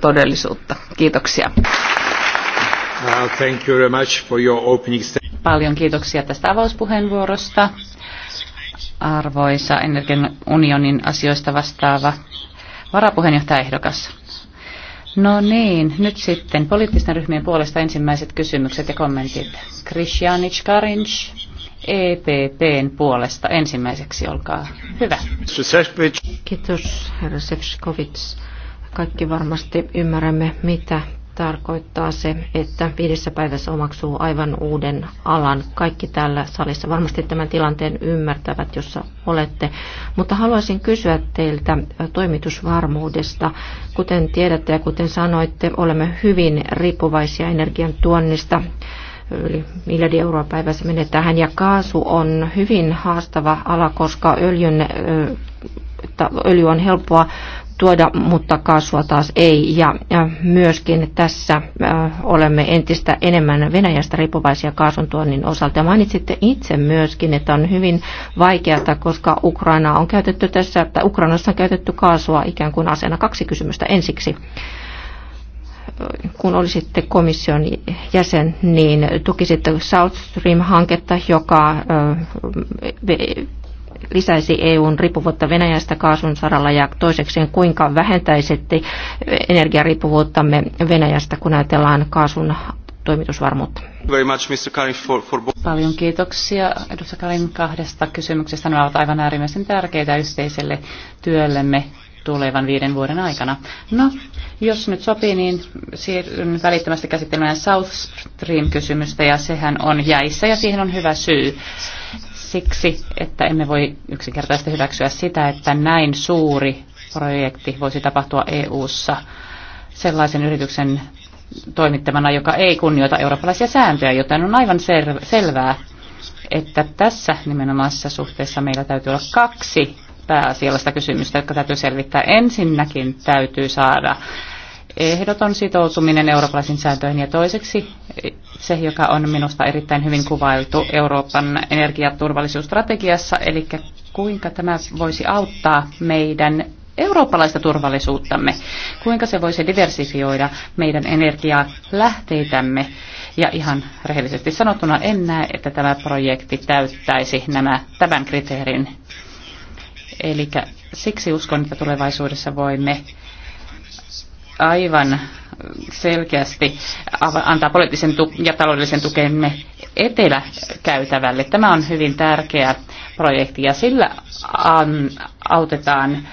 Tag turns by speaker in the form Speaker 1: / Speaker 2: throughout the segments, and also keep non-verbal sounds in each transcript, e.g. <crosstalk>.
Speaker 1: todellisuutta. Kiitoksia.
Speaker 2: Uh, thank you very much for your opening
Speaker 1: Paljon kiitoksia tästä avauspuheenvuorosta. Arvoisa Energian unionin asioista vastaava varapuheenjohtaja ehdokas. No niin, nyt sitten poliittisten ryhmien puolesta ensimmäiset kysymykset ja kommentit. Krishjanic Karinc, EPPn puolesta ensimmäiseksi, olkaa
Speaker 2: hyvä.
Speaker 3: Kiitos, herra Sefcovic kaikki varmasti ymmärrämme, mitä tarkoittaa se, että viidessä päivässä omaksuu aivan uuden alan. Kaikki täällä salissa varmasti tämän tilanteen ymmärtävät, jossa olette. Mutta haluaisin kysyä teiltä toimitusvarmuudesta. Kuten tiedätte ja kuten sanoitte, olemme hyvin riippuvaisia energian tuonnista yli miljardi euroa päivässä menetään. Ja kaasu on hyvin haastava ala, koska öljyn, öljy on helppoa tuoda, mutta kaasua taas ei. Ja, ja myöskin tässä äh, olemme entistä enemmän Venäjästä riippuvaisia kaasuntuonnin osalta. Ja mainitsitte itse myöskin, että on hyvin vaikeata, koska Ukraina on käytetty tässä, että Ukrainassa on käytetty kaasua ikään kuin asena. Kaksi kysymystä ensiksi kun olisitte komission jäsen, niin tukisitte South Stream-hanketta, joka äh, lisäisi EUn riippuvuutta Venäjästä kaasun saralla ja toisekseen kuinka vähentäisitte energiariippuvuuttamme Venäjästä, kun ajatellaan kaasun toimitusvarmuutta.
Speaker 1: Paljon kiitoksia edustaja Karin kahdesta kysymyksestä. ne ovat aivan äärimmäisen tärkeitä yhteiselle työllemme tulevan viiden vuoden aikana. No, jos nyt sopii, niin siirryn välittömästi käsittelemään South Stream-kysymystä, ja sehän on jäissä, ja siihen on hyvä syy siksi, että emme voi yksinkertaisesti hyväksyä sitä, että näin suuri projekti voisi tapahtua EU-ssa sellaisen yrityksen toimittamana, joka ei kunnioita eurooppalaisia sääntöjä, joten on aivan sel- selvää, että tässä nimenomaisessa suhteessa meillä täytyy olla kaksi pääasiallista kysymystä, jotka täytyy selvittää. Ensinnäkin täytyy saada ehdoton sitoutuminen eurooppalaisiin sääntöihin ja toiseksi se, joka on minusta erittäin hyvin kuvailtu Euroopan energiaturvallisuusstrategiassa, eli kuinka tämä voisi auttaa meidän eurooppalaista turvallisuuttamme, kuinka se voisi diversifioida meidän energialähteitämme. Ja ihan rehellisesti sanottuna en näe, että tämä projekti täyttäisi nämä, tämän kriteerin. Eli siksi uskon, että tulevaisuudessa voimme aivan selkeästi antaa poliittisen ja taloudellisen tukemme eteläkäytävälle. Tämä on hyvin tärkeä projekti ja sillä autetaan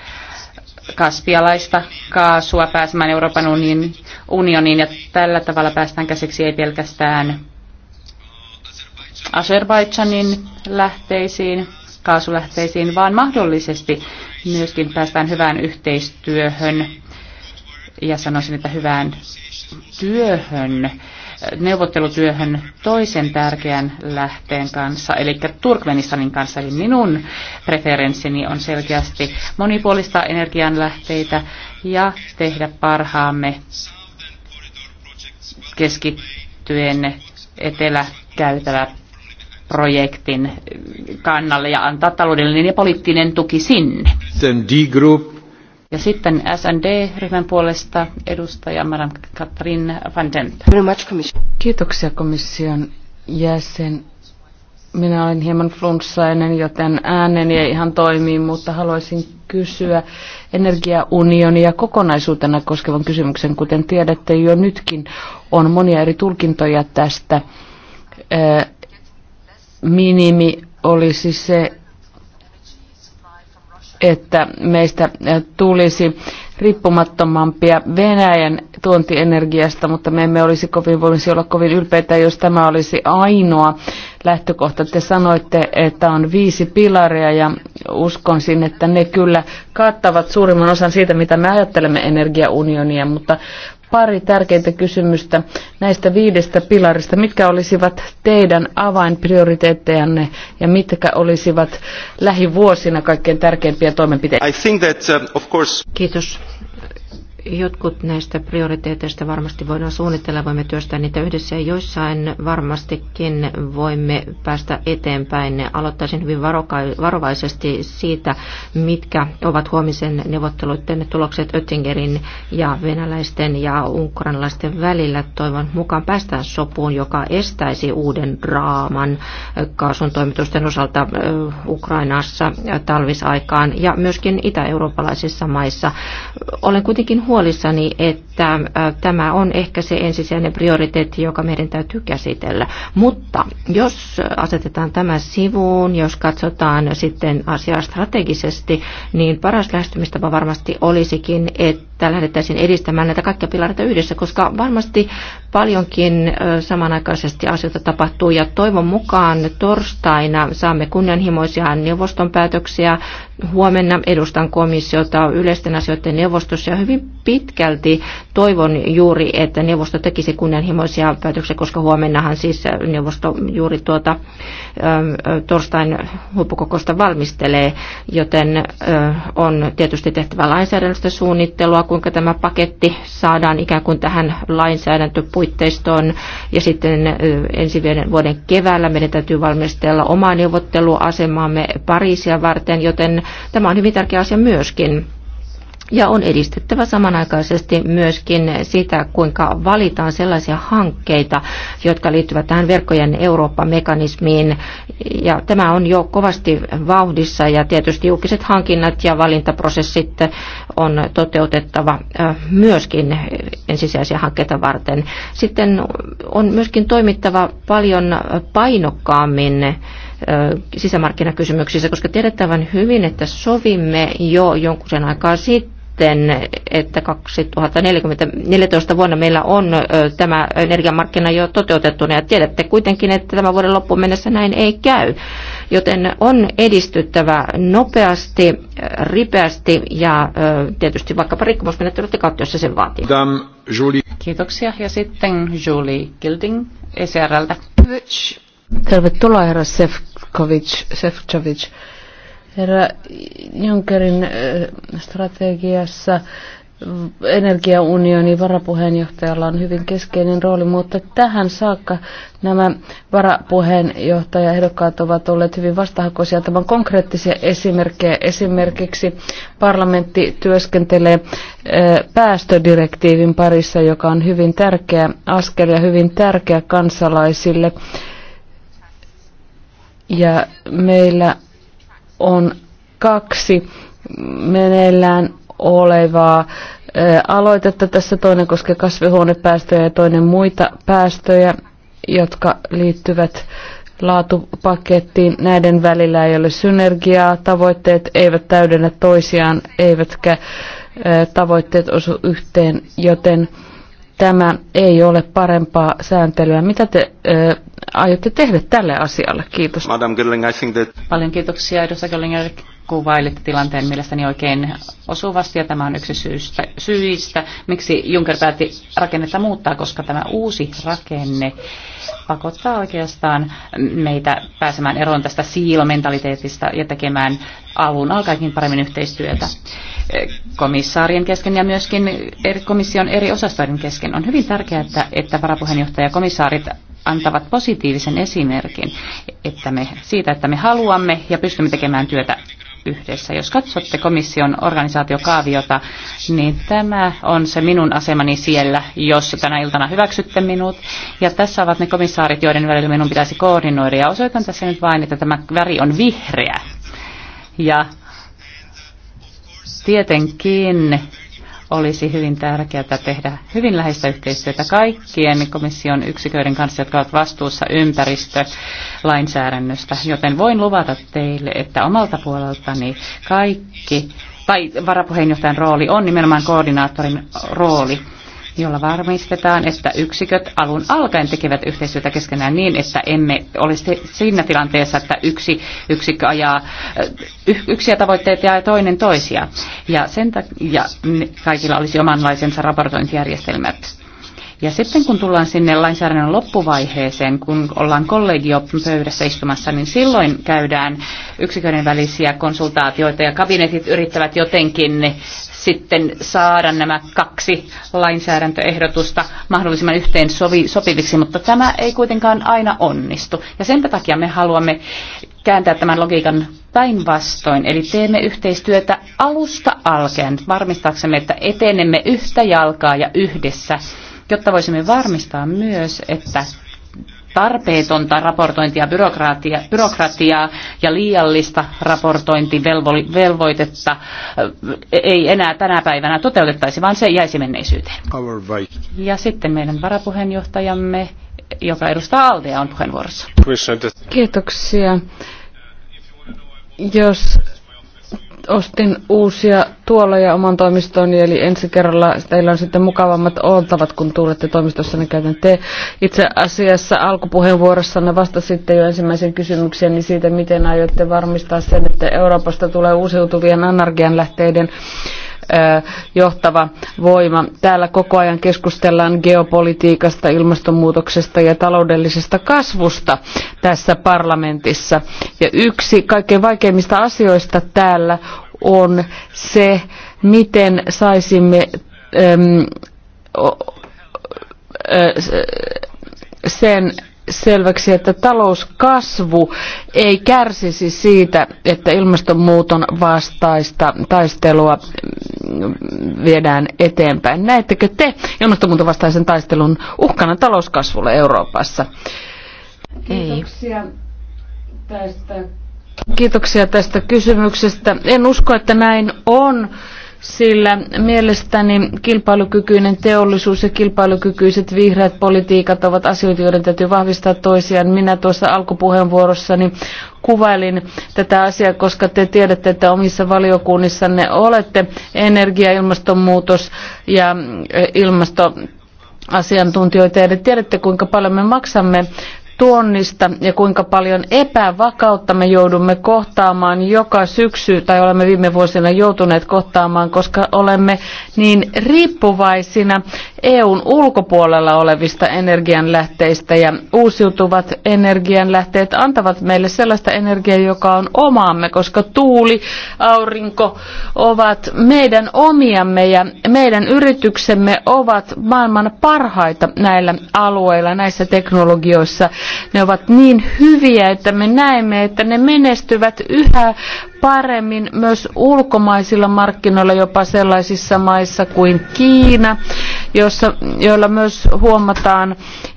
Speaker 1: kaspialaista kaasua pääsemään Euroopan unionin, unioniin ja tällä tavalla päästään käsiksi ei pelkästään Azerbaidžanin lähteisiin, kaasulähteisiin, vaan mahdollisesti myöskin päästään hyvään yhteistyöhön ja sanoisin, että hyvään työhön, neuvottelutyöhön toisen tärkeän lähteen kanssa, eli Turkmenistanin kanssa. Eli minun preferenssini on selkeästi monipuolistaa energianlähteitä ja tehdä parhaamme keskittyen eteläkäytävä projektin kannalle ja antaa taloudellinen ja poliittinen tuki sinne.
Speaker 2: D-Group
Speaker 1: ja sitten SND-ryhmän puolesta edustaja Madame Katrin van Demp.
Speaker 4: Kiitoksia komission jäsen. Minä olen hieman flunssainen, joten ääneni ei ihan toimi, mutta haluaisin kysyä energiaunionia kokonaisuutena koskevan kysymyksen. Kuten tiedätte, jo nytkin on monia eri tulkintoja tästä. Minimi olisi se, että meistä tulisi riippumattomampia Venäjän tuontienergiasta, mutta me emme olisi kovin, voisi olla kovin ylpeitä, jos tämä olisi ainoa lähtökohta. Te sanoitte, että on viisi pilaria ja uskon sinne, että ne kyllä kattavat suurimman osan siitä, mitä me ajattelemme energiaunionia, mutta pari tärkeintä kysymystä näistä viidestä pilarista. Mitkä olisivat teidän avainprioriteettejanne ja mitkä olisivat lähivuosina kaikkein
Speaker 2: tärkeimpiä toimenpiteitä? I think that, uh, of course... Kiitos.
Speaker 3: Jotkut näistä prioriteeteista varmasti voidaan suunnitella, voimme työstää niitä yhdessä ja joissain varmastikin voimme päästä eteenpäin. Aloittaisin hyvin varovaisesti siitä, mitkä ovat huomisen neuvotteluiden tulokset Öttingerin ja venäläisten ja ukrainalaisten välillä. Toivon mukaan päästään sopuun, joka estäisi uuden draaman kaasun toimitusten osalta Ukrainassa talvisaikaan ja myöskin itä-eurooppalaisissa maissa. Olen kuitenkin huolissani, että äh, tämä on ehkä se ensisijainen prioriteetti, joka meidän täytyy käsitellä. Mutta jos asetetaan tämä sivuun, jos katsotaan sitten asiaa strategisesti, niin paras lähestymistapa varmasti olisikin, että että lähdettäisiin edistämään näitä kaikkia pilareita yhdessä, koska varmasti paljonkin samanaikaisesti asioita tapahtuu ja toivon mukaan torstaina saamme kunnianhimoisia neuvoston päätöksiä. Huomenna edustan komissiota yleisten asioiden neuvostossa ja hyvin pitkälti toivon juuri, että neuvosto tekisi kunnianhimoisia päätöksiä, koska huomennahan siis neuvosto juuri tuota torstain huippukokosta valmistelee, joten on tietysti tehtävä lainsäädännöstä suunnittelua, kuinka tämä paketti saadaan ikään kuin tähän lainsäädäntöpuitteistoon. Ja sitten ensi vuoden keväällä meidän täytyy valmistella omaa neuvotteluasemaamme Pariisia varten, joten tämä on hyvin tärkeä asia myöskin. Ja on edistettävä samanaikaisesti myöskin sitä, kuinka valitaan sellaisia hankkeita, jotka liittyvät tähän verkkojen Eurooppa-mekanismiin. Ja tämä on jo kovasti vauhdissa ja tietysti julkiset hankinnat ja valintaprosessit on toteutettava myöskin ensisijaisia hankkeita varten. Sitten on myöskin toimittava paljon painokkaammin sisämarkkinakysymyksissä, koska tiedetään hyvin, että sovimme jo jonkun sen aikaa sitten, sitten, että 2014 vuonna meillä on tämä energiamarkkina jo toteutettuna ja tiedätte kuitenkin, että tämän vuoden loppuun mennessä näin ei käy. Joten on edistyttävä nopeasti, ripeästi ja tietysti vaikkapa rikkomusmenettelyt kautta, jos se sen vaatii.
Speaker 1: Kiitoksia. Ja sitten Julie Gilding ECRltä.
Speaker 4: Tervetuloa herra Sefcovic, Sefcovic. Herra Junckerin äh, strategiassa energiaunioni varapuheenjohtajalla on hyvin keskeinen rooli, mutta tähän saakka nämä varapuheenjohtajaehdokkaat ovat olleet hyvin vastahakoisia. Tämän konkreettisia esimerkkejä esimerkiksi parlamentti työskentelee äh, päästödirektiivin parissa, joka on hyvin tärkeä askel ja hyvin tärkeä kansalaisille. Ja meillä on kaksi meneillään olevaa aloitetta. Tässä toinen koskee kasvihuonepäästöjä ja toinen muita päästöjä, jotka liittyvät laatupakettiin. Näiden välillä ei ole synergiaa, tavoitteet eivät täydennä toisiaan, eivätkä tavoitteet osu yhteen, joten tämä ei ole parempaa sääntelyä. Mitä te äh, aiotte tehdä
Speaker 1: tälle asialle?
Speaker 4: Kiitos.
Speaker 2: Madam Gilling, I think that...
Speaker 1: Paljon kiitoksia edustaja Gillinger kuvailitte tilanteen mielestäni oikein osuvasti ja tämä on yksi syystä, syistä, miksi Juncker päätti rakennetta muuttaa, koska tämä uusi rakenne pakottaa oikeastaan meitä pääsemään eroon tästä siilomentaliteetista ja tekemään alun alkaenkin paremmin yhteistyötä komissaarien kesken ja myöskin komission eri osastoiden kesken. On hyvin tärkeää, että, että varapuheenjohtaja ja komissaarit antavat positiivisen esimerkin että me, siitä, että me haluamme ja pystymme tekemään työtä yhdessä. Jos katsotte komission organisaatiokaaviota, niin tämä on se minun asemani siellä, jos tänä iltana hyväksytte minut. Ja tässä ovat ne komissaarit, joiden välillä minun pitäisi koordinoida. Ja osoitan tässä nyt vain, että tämä väri on vihreä. Ja tietenkin olisi hyvin tärkeää tehdä hyvin läheistä yhteistyötä kaikkien komission yksiköiden kanssa, jotka ovat vastuussa ympäristölainsäädännöstä. Joten voin luvata teille, että omalta puoleltani kaikki, tai varapuheenjohtajan rooli on nimenomaan koordinaattorin rooli jolla varmistetaan, että yksiköt alun alkaen tekevät yhteistyötä keskenään niin, että emme ole siinä tilanteessa, että yksi yksikkö ajaa äh, yksiä tavoitteita ja toinen toisia. Ja, sen takia ja kaikilla olisi omanlaisensa raportointijärjestelmät. Ja sitten kun tullaan sinne lainsäädännön loppuvaiheeseen, kun ollaan pöydässä istumassa, niin silloin käydään yksiköiden välisiä konsultaatioita ja kabinetit yrittävät jotenkin sitten saada nämä kaksi lainsäädäntöehdotusta mahdollisimman yhteen sovi, sopiviksi, mutta tämä ei kuitenkaan aina onnistu. Ja sen takia me haluamme kääntää tämän logiikan päinvastoin, eli teemme yhteistyötä alusta alkeen varmistaaksemme, että etenemme yhtä jalkaa ja yhdessä, jotta voisimme varmistaa myös, että tarpeetonta raportointia, byrokratia, byrokratiaa ja liiallista raportointivelvoitetta ei enää tänä päivänä toteutettaisi, vaan se jäisi menneisyyteen. Ja sitten meidän varapuheenjohtajamme, joka edustaa Aldea, on puheenvuorossa. Kiitoksia. Jos
Speaker 4: ostin uusia tuoleja oman toimistoni, eli ensi kerralla teillä on sitten mukavammat oltavat, kun tuulette toimistossa, niin käytän te. Itse asiassa alkupuheenvuorossanne vastasitte jo ensimmäisen kysymyksen niin siitä, miten aiotte varmistaa sen, että Euroopasta tulee uusiutuvien energianlähteiden lähteiden johtava voima. Täällä koko ajan keskustellaan geopolitiikasta, ilmastonmuutoksesta ja taloudellisesta kasvusta tässä parlamentissa. Ja yksi kaikkein vaikeimmista asioista täällä on se, miten saisimme sen selväksi, että talouskasvu ei kärsisi siitä, että ilmastonmuuton vastaista taistelua mm, viedään eteenpäin. Näettekö te ilmastonmuuton vastaisen taistelun uhkana talouskasvulle Euroopassa? Kiitoksia tästä, Kiitoksia tästä kysymyksestä. En usko, että näin on sillä mielestäni kilpailukykyinen teollisuus ja kilpailukykyiset vihreät politiikat ovat asioita, joiden täytyy vahvistaa toisiaan. Minä tuossa alkupuheenvuorossani kuvailin tätä asiaa, koska te tiedätte, että omissa valiokunnissanne olette energia, ilmastonmuutos ja ilmasto asiantuntijoita ja tiedätte kuinka paljon me maksamme tuonnista ja kuinka paljon epävakautta me joudumme kohtaamaan joka syksy tai olemme viime vuosina joutuneet kohtaamaan, koska olemme niin riippuvaisina EUn ulkopuolella olevista energianlähteistä ja uusiutuvat energianlähteet antavat meille sellaista energiaa, joka on omaamme, koska tuuli, aurinko ovat meidän omiamme ja meidän yrityksemme ovat maailman parhaita näillä alueilla, näissä teknologioissa ne ovat niin hyviä, että me näemme, että ne menestyvät yhä paremmin myös ulkomaisilla markkinoilla, jopa sellaisissa maissa kuin Kiina, jossa, joilla myös huomataan,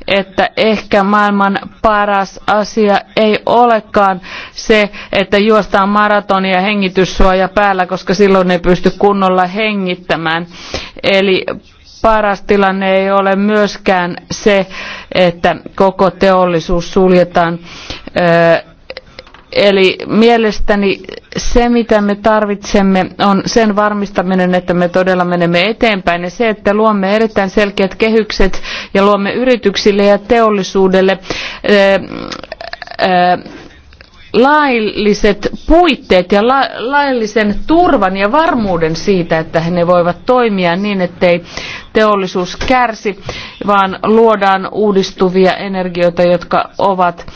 Speaker 4: että ehkä maailman paras asia ei olekaan se, että juostaan maratonia hengityssuoja päällä, koska silloin ei pysty kunnolla hengittämään. Eli paras tilanne ei ole myöskään se, että koko teollisuus suljetaan. Eli mielestäni se, mitä me tarvitsemme, on sen varmistaminen, että me todella menemme eteenpäin. Ja se, että luomme erittäin selkeät kehykset ja luomme yrityksille ja teollisuudelle ää, ää, lailliset puitteet ja la, laillisen turvan ja varmuuden siitä, että he ne voivat toimia niin, ettei teollisuus kärsi, vaan luodaan uudistuvia energioita, jotka ovat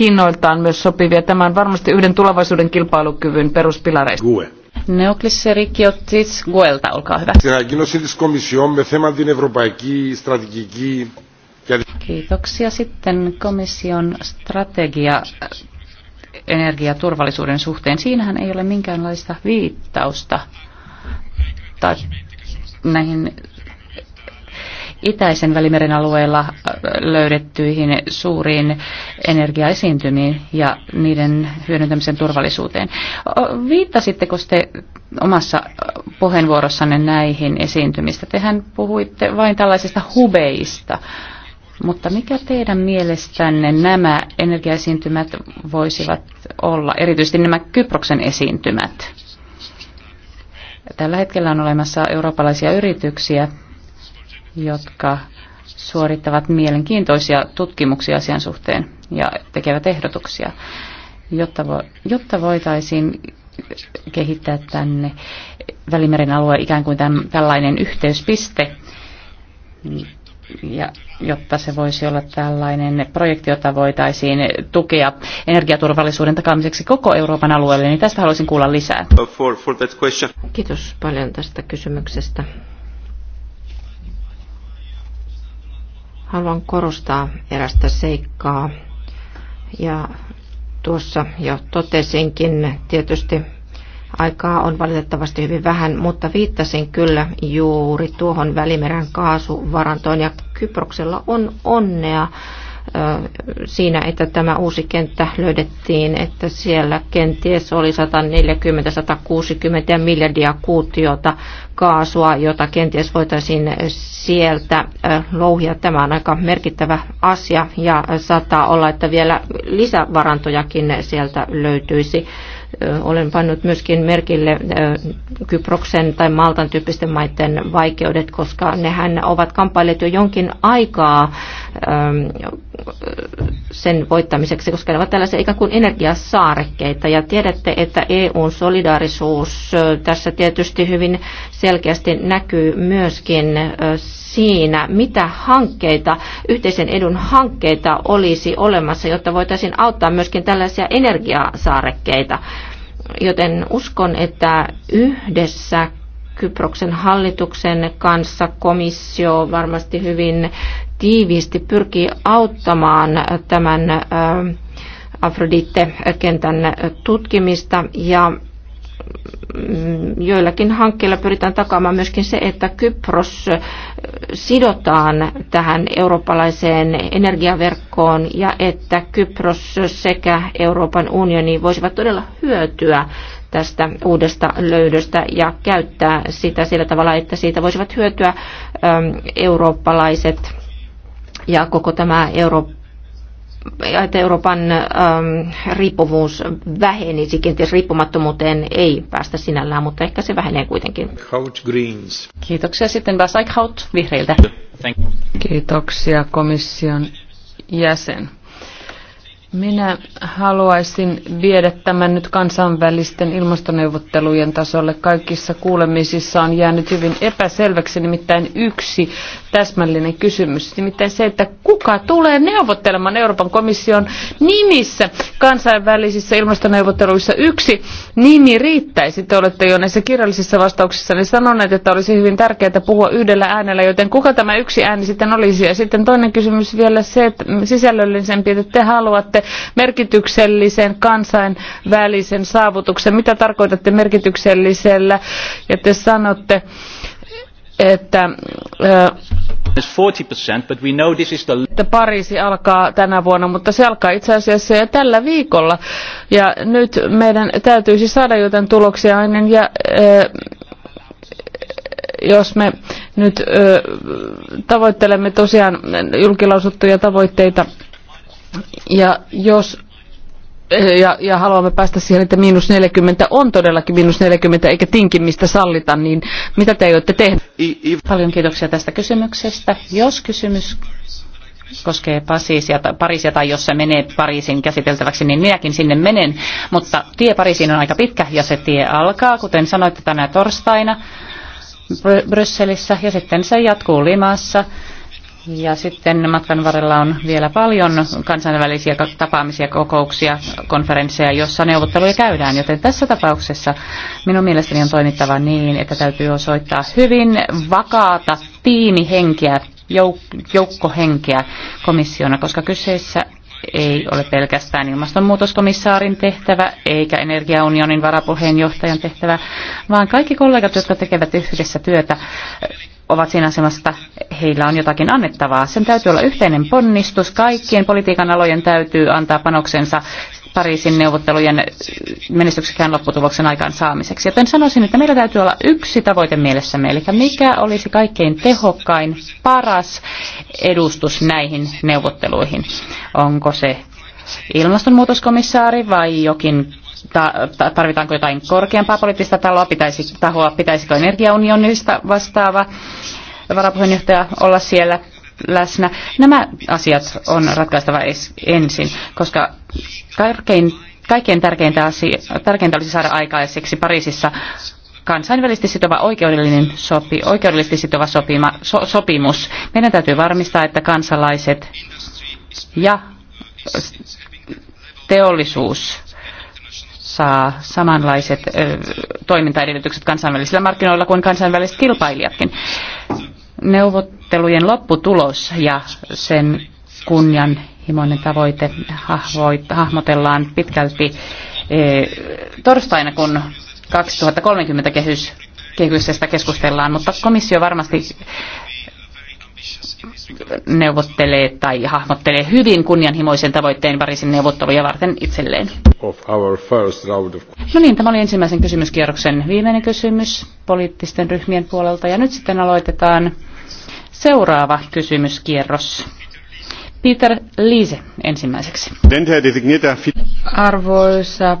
Speaker 4: hinnoiltaan myös sopivia. Tämä on varmasti yhden tulevaisuuden kilpailukyvyn peruspilareista. Gue.
Speaker 1: Neoklis Rikiotsis Guelta, olkaa hyvä. Kiitoksia sitten komission strategia energiaturvallisuuden suhteen. Siinähän ei ole minkäänlaista viittausta tai näihin itäisen välimeren alueella äh, löydettyihin suuriin energiaesiintymiin ja niiden hyödyntämisen turvallisuuteen. Viittasitteko te omassa äh, puheenvuorossanne näihin esiintymistä? Tehän puhuitte vain tällaisista hubeista. Mutta mikä teidän mielestänne nämä energiaesiintymät voisivat olla, erityisesti nämä Kyproksen esiintymät? Tällä hetkellä on olemassa eurooppalaisia yrityksiä, jotka suorittavat mielenkiintoisia tutkimuksia asian suhteen ja tekevät ehdotuksia, jotta, vo, jotta voitaisiin kehittää tänne Välimeren alue ikään kuin tämän, tällainen yhteyspiste ja jotta se voisi olla tällainen projekti, jota voitaisiin tukea energiaturvallisuuden takaamiseksi koko Euroopan alueelle, niin tästä haluaisin kuulla lisää.
Speaker 2: For, for that
Speaker 3: question. Kiitos paljon tästä kysymyksestä. Haluan korostaa erästä seikkaa ja tuossa jo totesinkin tietysti Aikaa on valitettavasti hyvin vähän, mutta viittasin kyllä juuri tuohon Välimeren kaasuvarantoon ja Kyproksella on onnea siinä, että tämä uusi kenttä löydettiin, että siellä kenties oli 140-160 miljardia kuutiota kaasua, jota kenties voitaisiin sieltä louhia. Tämä on aika merkittävä asia ja saattaa olla, että vielä lisävarantojakin sieltä löytyisi. Olen pannut myöskin merkille Kyproksen tai Maltan tyyppisten maiden vaikeudet, koska nehän ovat kamppailleet jo jonkin aikaa sen voittamiseksi, koska ne ovat tällaisia ikään kuin energiasaarekkeita. Ja tiedätte, että EUn solidaarisuus tässä tietysti hyvin selkeästi näkyy myöskin siinä, mitä hankkeita, yhteisen edun hankkeita olisi olemassa, jotta voitaisiin auttaa myöskin tällaisia energiasaarekkeita. Joten uskon, että yhdessä Kyproksen hallituksen kanssa komissio varmasti hyvin tiiviisti pyrkii auttamaan tämän Afrodite-kentän tutkimista ja joillakin hankkeilla pyritään takaamaan myöskin se, että Kypros sidotaan tähän eurooppalaiseen energiaverkkoon ja että Kypros sekä Euroopan unioni voisivat todella hyötyä tästä uudesta löydöstä ja käyttää sitä sillä tavalla, että siitä voisivat hyötyä eurooppalaiset ja koko tämä Eurooppa että Euroopan ähm, riippuvuus vähenisi, kenties riippumattomuuteen ei päästä sinällään, mutta ehkä se vähenee kuitenkin. Greens. Kiitoksia sitten Bas Eichhout vihreiltä.
Speaker 4: Kiitoksia komission
Speaker 1: jäsen. Minä
Speaker 4: haluaisin viedä tämän nyt kansainvälisten ilmastoneuvottelujen tasolle. Kaikissa kuulemisissa on jäänyt hyvin epäselväksi nimittäin yksi täsmällinen kysymys. Nimittäin se, että kuka tulee neuvottelemaan Euroopan komission nimissä kansainvälisissä ilmastoneuvotteluissa. Yksi nimi riittäisi. Te olette jo näissä kirjallisissa niin sanoneet, että olisi hyvin tärkeää puhua yhdellä äänellä, joten kuka tämä yksi ääni sitten olisi. Ja sitten toinen kysymys vielä se, että sisällöllisempi, että te haluatte sanoitte merkityksellisen kansainvälisen saavutuksen. Mitä tarkoitatte merkityksellisellä? Ja te sanotte, että, että Pariisi alkaa tänä vuonna, mutta se alkaa itse asiassa jo tällä viikolla. Ja nyt meidän täytyisi saada joten tuloksia ennen ja jos me nyt tavoittelemme tosiaan julkilausuttuja tavoitteita ja jos eh, ja, ja haluamme päästä siihen, että miinus 40 on todellakin miinus 40 eikä tinkimistä sallita, niin mitä te aiotte tehdä? Paljon kiitoksia tästä kysymyksestä.
Speaker 1: Jos kysymys koskee Pariisia, Pariisia tai jos se menee Pariisin käsiteltäväksi, niin minäkin sinne menen. Mutta tie Pariisiin on aika pitkä ja se tie alkaa, kuten sanoitte tänä torstaina Brysselissä ja sitten se jatkuu Limassa ja sitten matkan varrella on vielä paljon kansainvälisiä tapaamisia, kokouksia, konferensseja, jossa neuvotteluja käydään. Joten tässä tapauksessa minun mielestäni on toimittava niin, että täytyy osoittaa hyvin vakaata tiimihenkeä, jouk- joukkohenkeä komissiona, koska kyseessä ei ole pelkästään ilmastonmuutoskomissaarin tehtävä eikä energiaunionin varapuheenjohtajan tehtävä, vaan kaikki kollegat, jotka tekevät yhdessä työtä ovat siinä asemassa, että heillä on jotakin annettavaa. Sen täytyy olla yhteinen ponnistus. Kaikkien politiikan alojen täytyy antaa panoksensa Pariisin neuvottelujen menestyksekään lopputuloksen aikaan saamiseksi. Joten sanoisin, että meillä täytyy olla yksi tavoite mielessämme, eli mikä olisi kaikkein tehokkain, paras edustus näihin neuvotteluihin. Onko se ilmastonmuutoskomissaari vai jokin tarvitaanko jotain korkeampaa poliittista taloa, pitäisi, tahoa, pitäisikö energiaunionista vastaava varapuheenjohtaja olla siellä läsnä. Nämä asiat on ratkaistava ensin, koska kaikkein, kaikkein tärkeintä, asia, tärkeintä olisi saada aikaiseksi Pariisissa kansainvälisesti sitova oikeudellinen sopi, oikeudellisesti sitova sopima, so, sopimus. Meidän täytyy varmistaa, että kansalaiset ja teollisuus saa samanlaiset ö, toimintaedellytykset kansainvälisillä markkinoilla kuin kansainväliset kilpailijatkin. Neuvottelujen lopputulos ja sen kunnianhimoinen tavoite hahmotellaan pitkälti torstaina, kun 2030 kehys kehyksestä keskustellaan, mutta komissio varmasti neuvottelee tai hahmottelee hyvin kunnianhimoisen tavoitteen Pariisin neuvotteluja varten itselleen. No niin, tämä oli ensimmäisen kysymyskierroksen viimeinen kysymys poliittisten ryhmien puolelta. Ja nyt sitten aloitetaan seuraava kysymyskierros. Peter Liise ensimmäiseksi.
Speaker 4: Arvoisa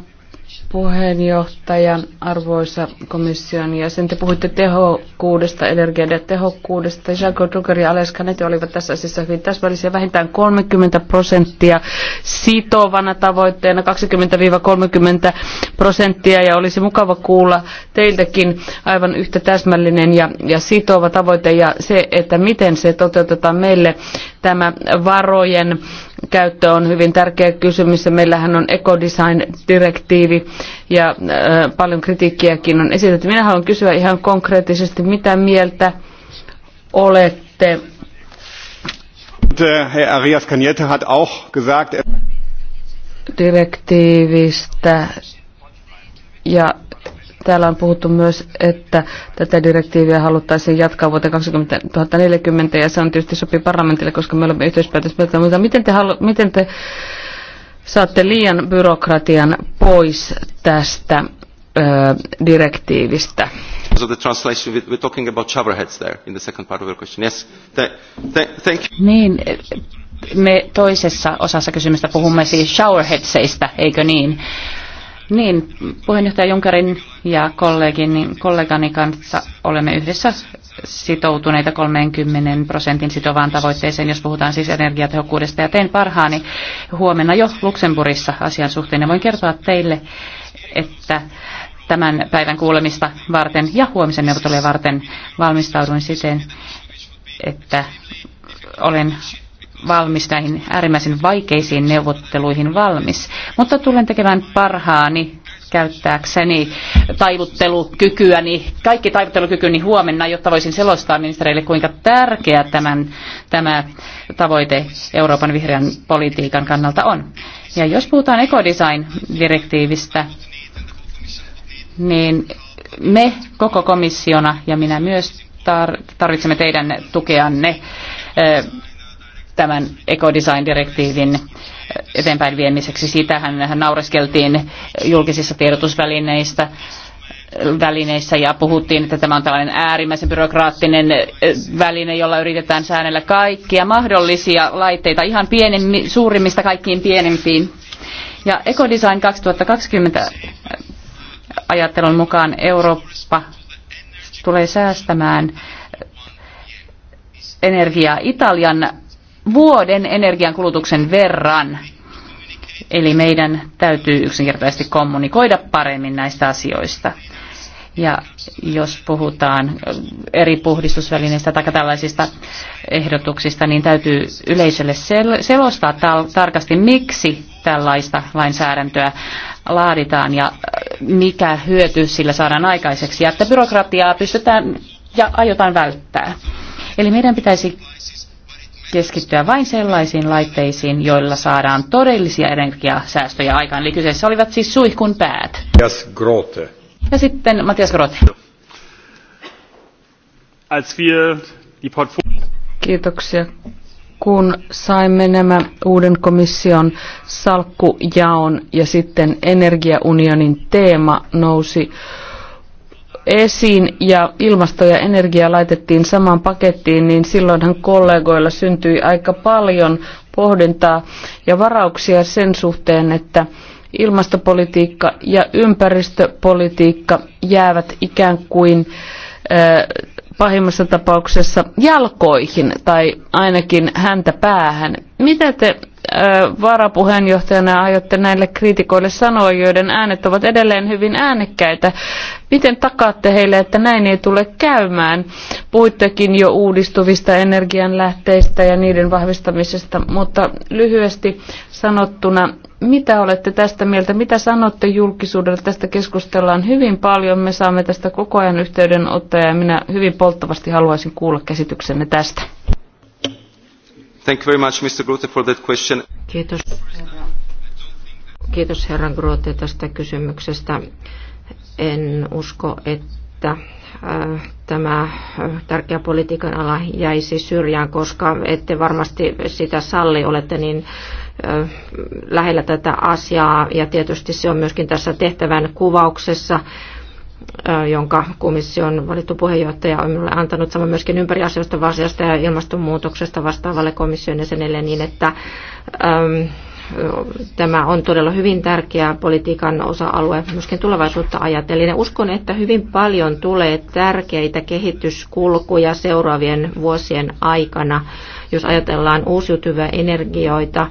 Speaker 4: puheenjohtaja, arvoisa komission jäsen, te puhuitte tehokkuudesta, energian ja tehokkuudesta. Jaco Drucker ja Aleska Neti olivat tässä asiassa hyvin täsmällisiä. Vähintään 30 prosenttia sitovana tavoitteena, 20-30 prosenttia ja olisi mukava kuulla teiltäkin aivan yhtä täsmällinen ja, ja sitova tavoite ja se, että miten se toteutetaan meille tämä varojen käyttö on hyvin tärkeä kysymys ja meillähän on ekodesign-direktiivi ja äh, paljon kritiikkiäkin on esitetty. Minä haluan kysyä ihan konkreettisesti, mitä mieltä olette?
Speaker 2: Herr Arias Cañete hat auch gesagt, er-
Speaker 4: direktiivistä ja Täällä on puhuttu myös, että tätä direktiiviä haluttaisiin jatkaa vuoteen 2040 ja se on tietysti sopii parlamentille, koska me olemme yhteispäätöspäätöllä. Mutta miten te, halu, miten te saatte liian byrokratian pois tästä ö, direktiivistä?
Speaker 2: Because the translation, we're talking about showerheads there in the second part of your question. Yes, th th thank
Speaker 1: you. Niin, me toisessa osassa kysymystä puhumme siis showerheadseista, eikö niin? Niin, puheenjohtaja Junkerin ja kollegani kanssa olemme yhdessä sitoutuneita 30 prosentin sitovaan tavoitteeseen, jos puhutaan siis energiatehokkuudesta. Ja teen parhaani huomenna jo Luxemburissa asian suhteen. Ja voin kertoa teille, että tämän päivän kuulemista varten ja huomisen neuvotteluja varten valmistauduin siten, että olen valmis näihin äärimmäisen vaikeisiin neuvotteluihin valmis. Mutta tulen tekemään parhaani käyttääkseni taivuttelukykyäni, kaikki taivuttelukykyni huomenna, jotta voisin selostaa ministereille, kuinka tärkeä tämän, tämä tavoite Euroopan vihreän politiikan kannalta on. Ja jos puhutaan ekodesign-direktiivistä, niin me koko komissiona ja minä myös tarvitsemme teidän tukeanne tämän ekodesign-direktiivin eteenpäin viemiseksi. Siitähän naureskeltiin julkisissa tiedotusvälineistä välineissä ja puhuttiin, että tämä on tällainen äärimmäisen byrokraattinen eh, väline, jolla yritetään säännellä kaikkia mahdollisia laitteita ihan pienemmi, suurimmista kaikkiin pienempiin. Ja Ecodesign 2020 ajattelun mukaan Eurooppa tulee säästämään energiaa. Italian vuoden energiankulutuksen verran. Eli meidän täytyy yksinkertaisesti kommunikoida paremmin näistä asioista. Ja jos puhutaan äh, eri puhdistusvälineistä tai tällaisista ehdotuksista, niin täytyy yleisölle sel- selostaa tal- tarkasti, miksi tällaista lainsäädäntöä laaditaan ja äh, mikä hyöty sillä saadaan aikaiseksi ja että byrokratiaa pystytään ja aiotaan välttää. Eli meidän pitäisi keskittyä vain sellaisiin laitteisiin, joilla saadaan todellisia energiasäästöjä aikaan. Eli kyseessä olivat siis suihkun päät.
Speaker 2: Yes, Grote.
Speaker 1: Ja sitten Matias Grote.
Speaker 2: Als wir die
Speaker 1: Kiitoksia.
Speaker 4: Kun saimme nämä uuden komission salkkujaon ja sitten energiaunionin teema nousi esiin ja ilmasto ja energia laitettiin samaan pakettiin, niin silloinhan kollegoilla syntyi aika paljon pohdintaa ja varauksia sen suhteen, että ilmastopolitiikka ja ympäristöpolitiikka jäävät ikään kuin pahimmassa tapauksessa jalkoihin tai ainakin häntä päähän. Mitä te varapuheenjohtajana aiotte näille kriitikoille sanoa, joiden äänet ovat edelleen hyvin äänekkäitä? Miten takaatte heille, että näin ei tule käymään? Puhuittekin jo uudistuvista energianlähteistä ja niiden vahvistamisesta, mutta lyhyesti sanottuna mitä olette tästä mieltä? Mitä sanotte julkisuudelle? Tästä keskustellaan hyvin paljon. Me saamme tästä koko ajan yhteydenottoja ja minä hyvin polttavasti haluaisin kuulla käsityksenne tästä.
Speaker 2: Thank you very much, Mr. Grote, for that question.
Speaker 3: Kiitos. Kiitos herra Grote tästä kysymyksestä. En usko, että äh, tämä äh, tärkeä politiikan ala jäisi syrjään, koska ette varmasti sitä salli, olette niin lähellä tätä asiaa ja tietysti se on myöskin tässä tehtävän kuvauksessa jonka komission valittu puheenjohtaja on minulle antanut, sama myöskin ympäriasioista asiasta ja ilmastonmuutoksesta vastaavalle komission jäsenelle, niin että äm, tämä on todella hyvin tärkeä politiikan osa-alue myöskin tulevaisuutta ajatellen. uskon, että hyvin paljon tulee tärkeitä kehityskulkuja seuraavien vuosien aikana, jos ajatellaan uusiutuvia energioita,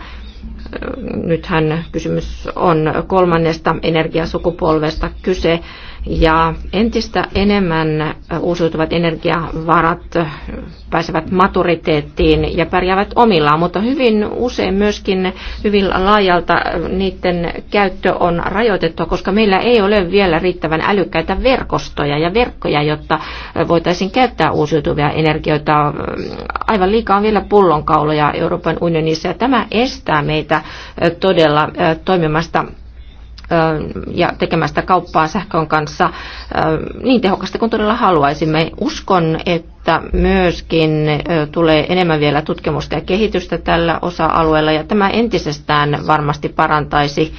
Speaker 3: Nythän kysymys on kolmannesta energiasukupolvesta kyse ja entistä enemmän uusiutuvat energiavarat pääsevät maturiteettiin ja pärjäävät omillaan, mutta hyvin usein myöskin hyvin laajalta niiden käyttö on rajoitettu, koska meillä ei ole vielä riittävän älykkäitä verkostoja ja verkkoja, jotta voitaisiin käyttää uusiutuvia energioita. Aivan liikaa on vielä pullonkauloja Euroopan unionissa ja tämä estää meitä todella toimimasta ja tekemästä kauppaa sähkön kanssa niin tehokasta kuin todella haluaisimme. Uskon, että myöskin tulee enemmän vielä tutkimusta ja kehitystä tällä osa-alueella ja tämä entisestään varmasti parantaisi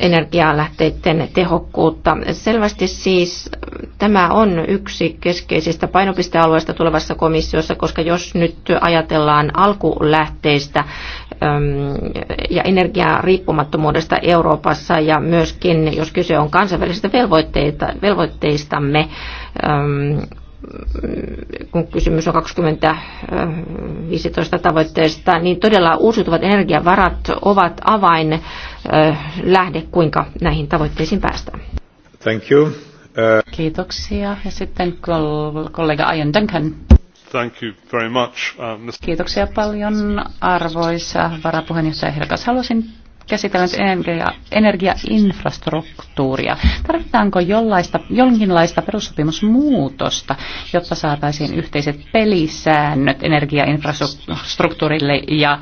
Speaker 3: energialähteiden tehokkuutta. Selvästi siis tämä on yksi keskeisistä painopistealueista tulevassa komissiossa, koska jos nyt ajatellaan alkulähteistä ja energiaa riippumattomuudesta Euroopassa ja myöskin jos kyse on kansainvälisistä velvoitteistamme, kun kysymys on 2015 tavoitteesta, niin todella uusiutuvat energiavarat ovat avain lähde, kuinka näihin tavoitteisiin päästään. Thank you. Uh... Kiitoksia. Ja sitten kollega Ian Duncan.
Speaker 2: Thank you very much, uh, Mr.
Speaker 1: Kiitoksia paljon arvoisa varapuheenjohtaja Hirkas. Haluaisin käsitellään siis energia, energiainfrastruktuuria. Tarvitaanko jollaista, jonkinlaista perussopimusmuutosta, jotta saataisiin yhteiset pelisäännöt energiainfrastruktuurille ja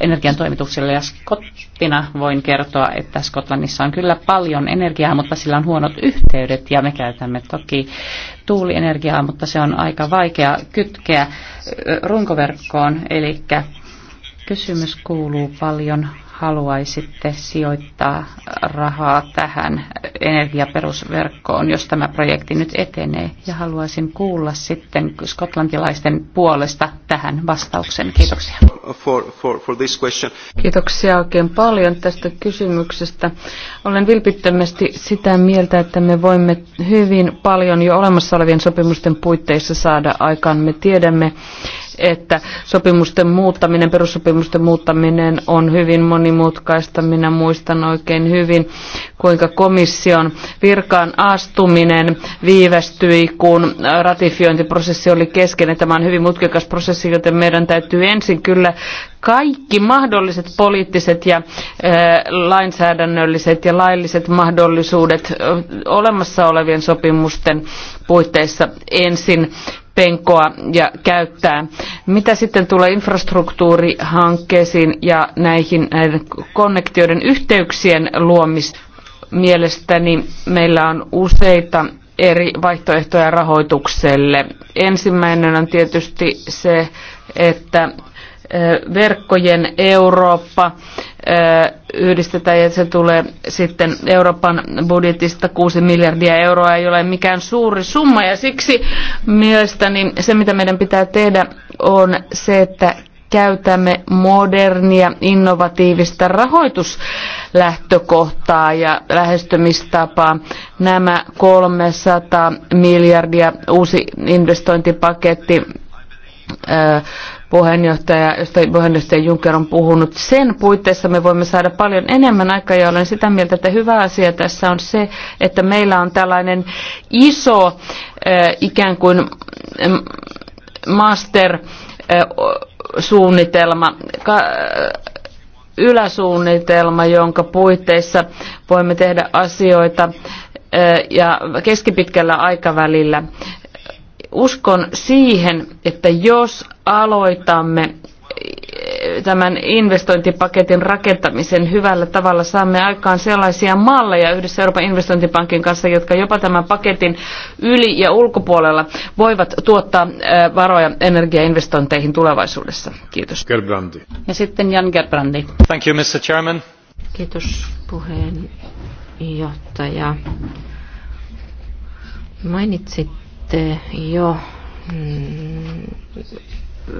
Speaker 1: energiantoimituksille? Ja skottina voin kertoa, että Skotlannissa on kyllä paljon energiaa, mutta sillä on huonot yhteydet ja me käytämme toki tuulienergiaa, mutta se on aika vaikea kytkeä runkoverkkoon, eli Kysymys kuuluu paljon, haluaisitte sijoittaa rahaa tähän energiaperusverkkoon, jos tämä projekti nyt etenee. Ja haluaisin kuulla sitten skotlantilaisten puolesta tähän vastauksen. Kiitoksia.
Speaker 2: For, for, for this question.
Speaker 1: Kiitoksia oikein paljon
Speaker 4: tästä kysymyksestä. Olen vilpittömästi sitä mieltä, että me voimme hyvin paljon jo olemassa olevien sopimusten puitteissa saada aikaan. Me tiedämme, että sopimusten muuttaminen, perussopimusten muuttaminen on hyvin monimutkaista. Minä muistan oikein hyvin, kuinka komission virkaan astuminen viivästyi, kun ratifiointiprosessi oli kesken. Tämä on hyvin mutkikas prosessi, joten meidän täytyy ensin kyllä kaikki mahdolliset poliittiset ja lainsäädännölliset ja lailliset mahdollisuudet olemassa olevien sopimusten puitteissa ensin penkoa ja käyttää. Mitä sitten tulee infrastruktuurihankkeisiin ja näihin näiden konnektioiden yhteyksien luomista? Mielestäni niin meillä on useita eri vaihtoehtoja rahoitukselle. Ensimmäinen on tietysti se, että verkkojen Eurooppa yhdistetään ja se tulee sitten Euroopan budjetista 6 miljardia euroa, ei ole mikään suuri summa ja siksi mielestäni se mitä meidän pitää tehdä on se, että käytämme modernia, innovatiivista rahoituslähtökohtaa ja lähestymistapaa. Nämä 300 miljardia uusi investointipaketti puheenjohtaja, josta puheenjohtaja Juncker on puhunut. Sen puitteissa me voimme saada paljon enemmän aikaa ja olen sitä mieltä, että hyvä asia tässä on se, että meillä on tällainen iso eh, ikään kuin mm, master eh, suunnitelma, eh, yläsuunnitelma, jonka puitteissa voimme tehdä asioita ja keskipitkällä aikavälillä uskon siihen, että jos aloitamme eh, tämän investointipaketin rakentamisen hyvällä tavalla saamme aikaan sellaisia malleja yhdessä Euroopan investointipankin kanssa, jotka jopa tämän paketin yli ja ulkopuolella voivat tuottaa eh, varoja energiainvestointeihin tulevaisuudessa. Kiitos.
Speaker 2: Gerbrandi.
Speaker 1: Ja sitten Jan Gerbrandi. Thank you, Mr. Chairman.
Speaker 3: Kiitos puheenjohtaja. Mainitsit sitten jo mm,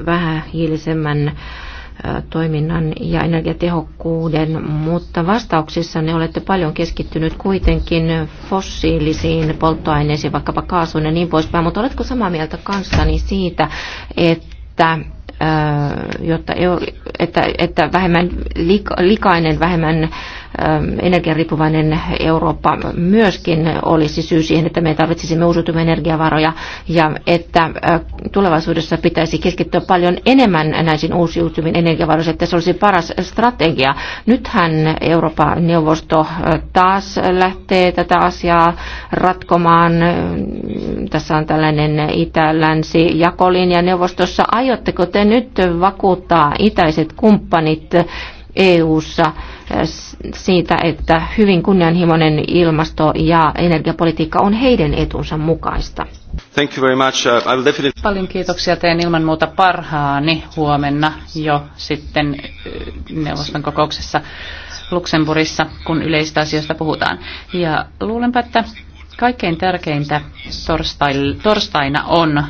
Speaker 3: vähähiilisemmän toiminnan ja energiatehokkuuden, mutta vastauksissa ne olette paljon keskittynyt kuitenkin fossiilisiin polttoaineisiin, vaikkapa kaasuun ja niin poispäin. Mutta oletko samaa mieltä kanssani siitä, että jotta, että, että vähemmän likainen, vähemmän Ähm, energiariippuvainen Eurooppa myöskin olisi syy siihen, että me tarvitsisimme uusiutuvia energiavaroja ja että äh, tulevaisuudessa pitäisi keskittyä paljon enemmän näisiin uusiutuviin energiavaroihin, että se olisi paras strategia. Nythän Euroopan neuvosto äh, taas lähtee tätä asiaa ratkomaan. Tässä on tällainen itä-länsi jakolinja neuvostossa. Aiotteko te nyt vakuuttaa itäiset kumppanit EU:ssa? ssa siitä, että hyvin kunnianhimoinen ilmasto- ja energiapolitiikka on heidän etunsa mukaista.
Speaker 2: Thank you very much. Uh, I will definitely...
Speaker 3: Paljon kiitoksia. Teen ilman muuta parhaani
Speaker 1: huomenna jo sitten uh, neuvoston kokouksessa Luxemburissa, kun yleistä asioista puhutaan. Ja luulenpa, että kaikkein tärkeintä torstaina on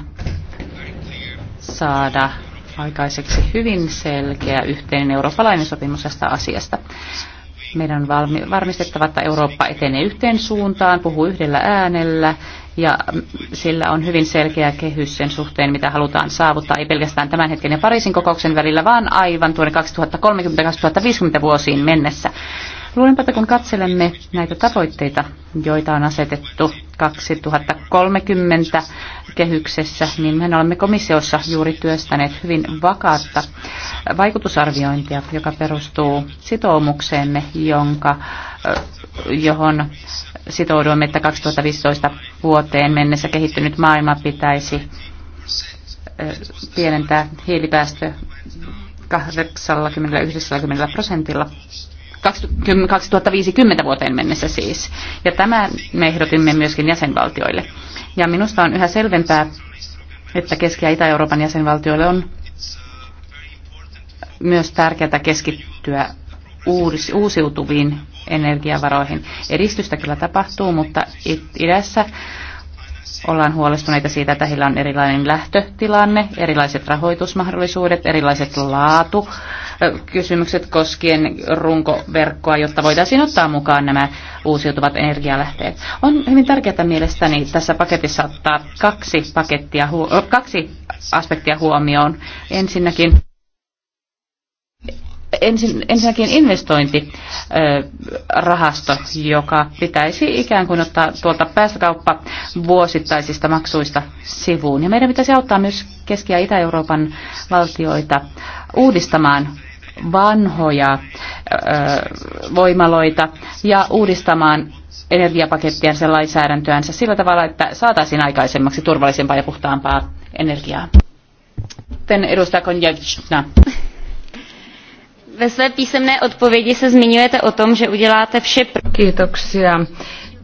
Speaker 1: saada aikaiseksi hyvin selkeä yhteinen eurooppalainen sopimus tästä asiasta. Meidän on varmistettava, että Eurooppa etenee yhteen suuntaan, puhuu yhdellä äänellä ja sillä on hyvin selkeä kehys sen suhteen, mitä halutaan saavuttaa, ei pelkästään tämän hetken ja Pariisin kokouksen välillä, vaan aivan tuonne 2030-2050 vuosiin mennessä. Luulenpa, että kun katselemme näitä tavoitteita, joita on asetettu 2030 kehyksessä, niin me olemme komissiossa juuri työstäneet hyvin vakaatta vaikutusarviointia, joka perustuu sitoumukseemme, jonka, johon sitouduimme, että 2015 vuoteen mennessä kehittynyt maailma pitäisi pienentää hiilipäästö 80-90 prosentilla 2050 vuoteen mennessä siis. Ja tämä me ehdotimme myöskin jäsenvaltioille. Ja minusta on yhä selvempää, että Keski- ja Itä-Euroopan jäsenvaltioille on myös tärkeää keskittyä uusiutuviin energiavaroihin. Edistystä kyllä tapahtuu, mutta idässä ollaan huolestuneita siitä, että heillä on erilainen lähtötilanne, erilaiset rahoitusmahdollisuudet, erilaiset laatu kysymykset koskien runkoverkkoa, jotta voitaisiin ottaa mukaan nämä uusiutuvat energialähteet. On hyvin tärkeää mielestäni tässä paketissa ottaa kaksi, pakettia, kaksi aspektia huomioon. Ensinnäkin ensin, ensinnäkin investointirahasto, joka pitäisi ikään kuin ottaa tuolta päästökauppa vuosittaisista maksuista sivuun. Ja meidän pitäisi auttaa myös Keski- ja Itä-Euroopan valtioita uudistamaan vanhoja ö, voimaloita ja uudistamaan sen lainsäädäntöänsä sillä tavalla, että saataisiin aikaisemmaksi turvallisempaa ja puhtaampaa energiaa. Sitten edustaja Konjevna. Ve své písemné odpovědi se zmiňujete o
Speaker 4: tom, že uděláte vše. Kiitoksia.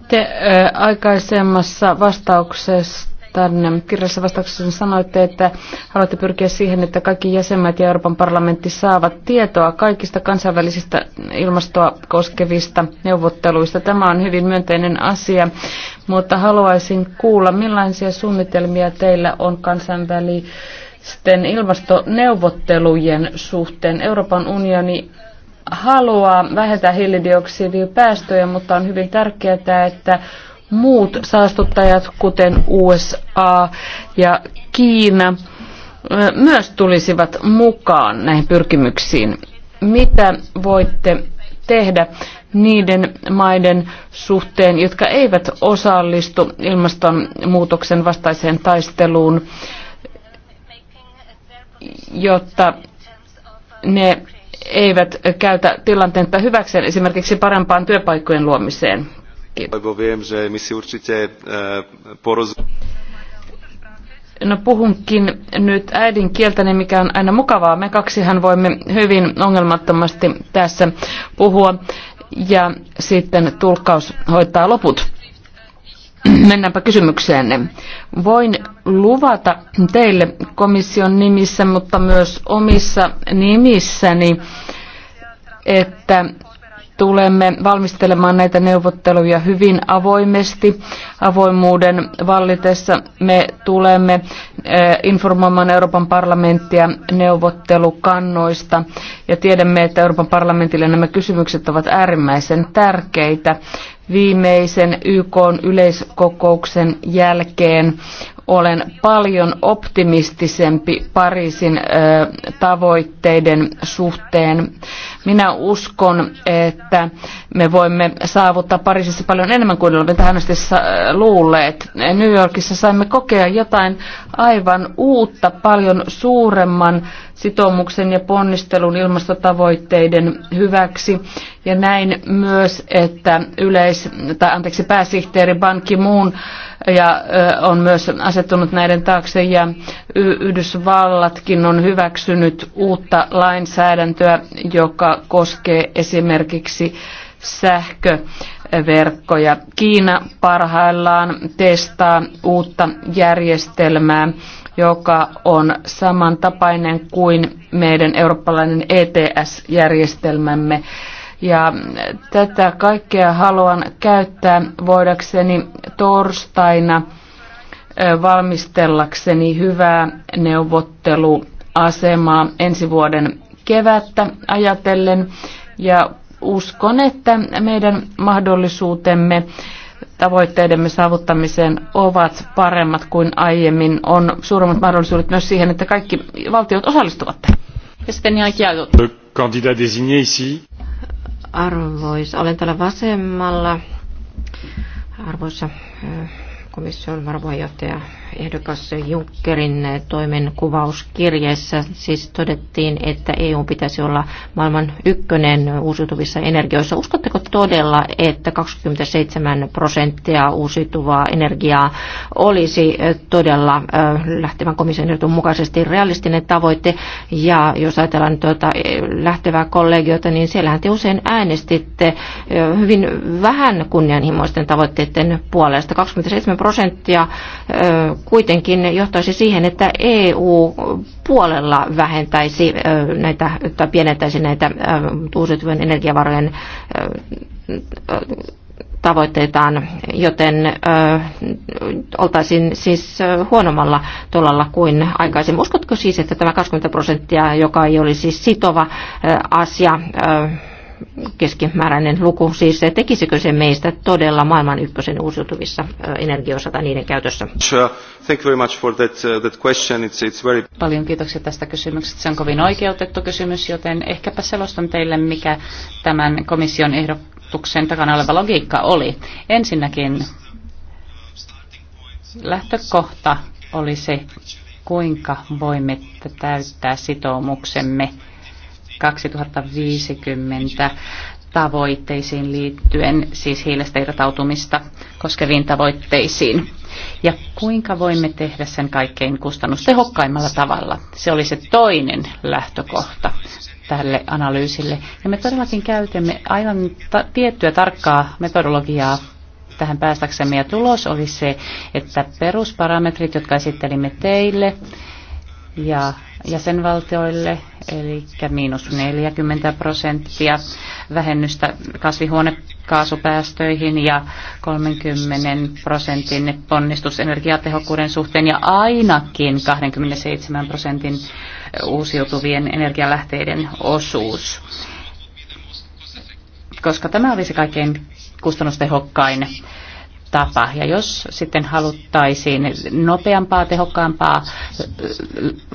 Speaker 4: Te äh, aikaisemmassa vastauksessa tänne kirjassa vastauksessa sanoitte, että haluatte pyrkiä siihen, että kaikki jäsenmaat ja Euroopan parlamentti saavat tietoa kaikista kansainvälisistä ilmastoa koskevista neuvotteluista. Tämä on hyvin myönteinen asia, mutta haluaisin kuulla, millaisia suunnitelmia teillä on kansainvälisiin sitten ilmastoneuvottelujen suhteen Euroopan unioni haluaa vähentää hiilidioksidipäästöjä, mutta on hyvin tärkeää, että muut saastuttajat, kuten USA ja Kiina, myös tulisivat mukaan näihin pyrkimyksiin. Mitä voitte tehdä niiden maiden suhteen, jotka eivät osallistu ilmastonmuutoksen vastaiseen taisteluun? jotta ne eivät käytä tilanteetta hyväkseen esimerkiksi parempaan työpaikkojen luomiseen. Kiitos. E, no puhunkin nyt äidinkieltäni, mikä on aina mukavaa. Me kaksihan voimme hyvin ongelmattomasti tässä puhua ja sitten tulkkaus hoitaa loput. Mennäänpä kysymykseenne. Voin luvata teille komission nimissä, mutta myös omissa nimissäni, että tulemme valmistelemaan näitä neuvotteluja hyvin avoimesti. Avoimuuden vallitessa me tulemme eh, informoimaan Euroopan parlamenttia neuvottelukannoista ja tiedämme, että Euroopan parlamentille nämä kysymykset ovat äärimmäisen tärkeitä viimeisen YK yleiskokouksen jälkeen olen paljon optimistisempi Pariisin ö, tavoitteiden suhteen. Minä uskon, että me voimme saavuttaa Pariisissa paljon enemmän kuin olemme tähän asti luulleet. New Yorkissa saimme kokea jotain aivan uutta, paljon suuremman sitoumuksen ja ponnistelun ilmastotavoitteiden hyväksi. Ja näin myös, että yleis, tai anteeksi, pääsihteeri Ban Ki-moon ja on myös asettunut näiden taakse ja Yhdysvallatkin on hyväksynyt uutta lainsäädäntöä, joka koskee esimerkiksi verkkoja. Kiina parhaillaan testaa uutta järjestelmää, joka on samantapainen kuin meidän eurooppalainen ETS-järjestelmämme ja tätä kaikkea haluan käyttää voidakseni torstaina valmistellakseni hyvää neuvotteluasemaa ensi vuoden kevättä ajatellen. Ja uskon, että meidän mahdollisuutemme tavoitteidemme saavuttamiseen ovat paremmat kuin aiemmin. On suuremmat mahdollisuudet myös siihen, että kaikki valtiot osallistuvat tähän.
Speaker 3: Ja sitten Le
Speaker 2: candidat désigné ici
Speaker 3: Arvoisa, olen täällä vasemmalla. Arvoisa komission varapuheenjohtaja ehdokas Junckerin toimenkuvauskirjeessä siis todettiin, että EU pitäisi olla maailman ykkönen uusiutuvissa energioissa. Uskotteko todella, että 27 prosenttia uusiutuvaa energiaa olisi todella lähtevän komission ehdotun mukaisesti realistinen tavoite? Ja jos ajatellaan tuota e, lähtevää kollegiota, niin siellähän te usein äänestitte hyvin vähän kunnianhimoisten tavoitteiden puolesta. 27 prosenttia kuitenkin johtaisi siihen, että EU-puolella vähentäisi näitä, tai pienentäisi näitä uusiutuvien energiavarojen tavoitteitaan, joten ö, oltaisiin siis huonommalla tolalla kuin aikaisemmin. Uskotko siis, että tämä 20 prosenttia, joka ei olisi sitova ö, asia, ö, keskimääräinen luku, siis eh, tekisikö se meistä todella maailman ykkösen uusiutuvissa eh, energioissa tai niiden
Speaker 2: käytössä? Thank very much for that, uh, that question. It's, it's very...
Speaker 3: Paljon kiitoksia tästä kysymyksestä.
Speaker 1: Se on kovin oikeutettu kysymys, joten ehkäpä selostan teille, mikä tämän komission ehdotuksen takana oleva logiikka oli. Ensinnäkin lähtökohta oli se, kuinka voimme täyttää sitoumuksemme 2050 tavoitteisiin liittyen, siis hiilestä irtautumista koskeviin tavoitteisiin. Ja kuinka voimme tehdä sen kaikkein kustannustehokkaimmalla tavalla? Se oli se toinen lähtökohta tälle analyysille. Ja me todellakin käytämme aivan ta- tiettyä tarkkaa metodologiaa tähän päästäksemme. Ja tulos oli se, että perusparametrit, jotka esittelimme teille ja jäsenvaltioille eli miinus 40 prosenttia vähennystä kasvihuonekaasupäästöihin ja 30 prosentin ponnistus energiatehokkuuden suhteen ja ainakin 27 prosentin uusiutuvien energialähteiden osuus. Koska tämä olisi kaikkein kustannustehokkain tapa. Ja jos sitten haluttaisiin nopeampaa, tehokkaampaa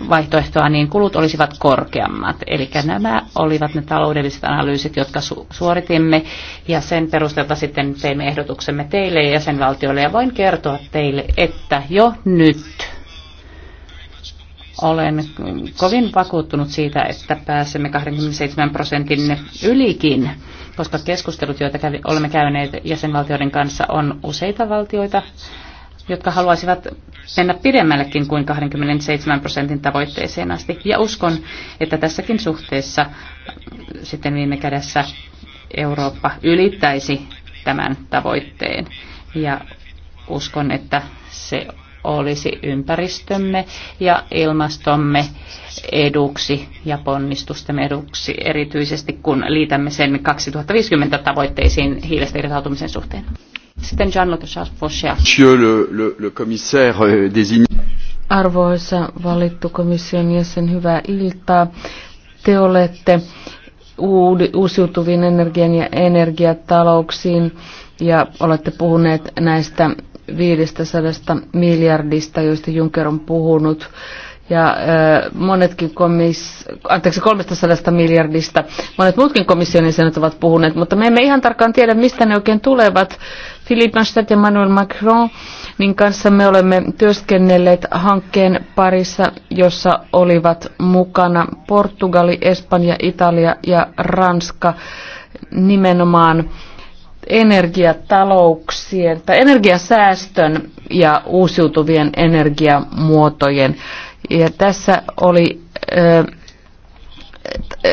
Speaker 1: vaihtoehtoa, niin kulut olisivat korkeammat. Eli nämä olivat ne taloudelliset analyysit, jotka su- suoritimme, ja sen perusteelta sitten teimme ehdotuksemme teille ja jäsenvaltioille. Ja voin kertoa teille, että jo nyt olen kovin vakuuttunut siitä, että pääsemme 27 prosentin ylikin koska keskustelut, joita kävi, olemme käyneet jäsenvaltioiden kanssa, on useita valtioita, jotka haluaisivat mennä pidemmällekin kuin 27 prosentin tavoitteeseen asti. Ja uskon, että tässäkin suhteessa sitten viime kädessä Eurooppa ylittäisi tämän tavoitteen. Ja uskon, että se olisi ympäristömme ja ilmastomme eduksi ja ponnistustemme eduksi, erityisesti kun liitämme sen 2050 tavoitteisiin hiilestä irtautumisen suhteen. Sitten Jean-Luc Monsieur
Speaker 2: le, le, le commissaire euh, désigné.
Speaker 4: Arvoisa valittu komission jäsen, hyvää iltaa. Te olette uusiutuviin energian ja energiatalouksiin ja olette puhuneet näistä 500 miljardista, joista Juncker on puhunut, ja monetkin komis, anteeksi, 300 miljardista. Monet muutkin komission jäsenet ovat puhuneet, mutta me emme ihan tarkkaan tiedä, mistä ne oikein tulevat. Philippe Anstad ja Emmanuel Macron niin kanssa me olemme työskennelleet hankkeen parissa, jossa olivat mukana Portugali, Espanja, Italia ja Ranska nimenomaan energiatalouksien tai energiasäästön ja uusiutuvien energiamuotojen. Ja tässä oli ö,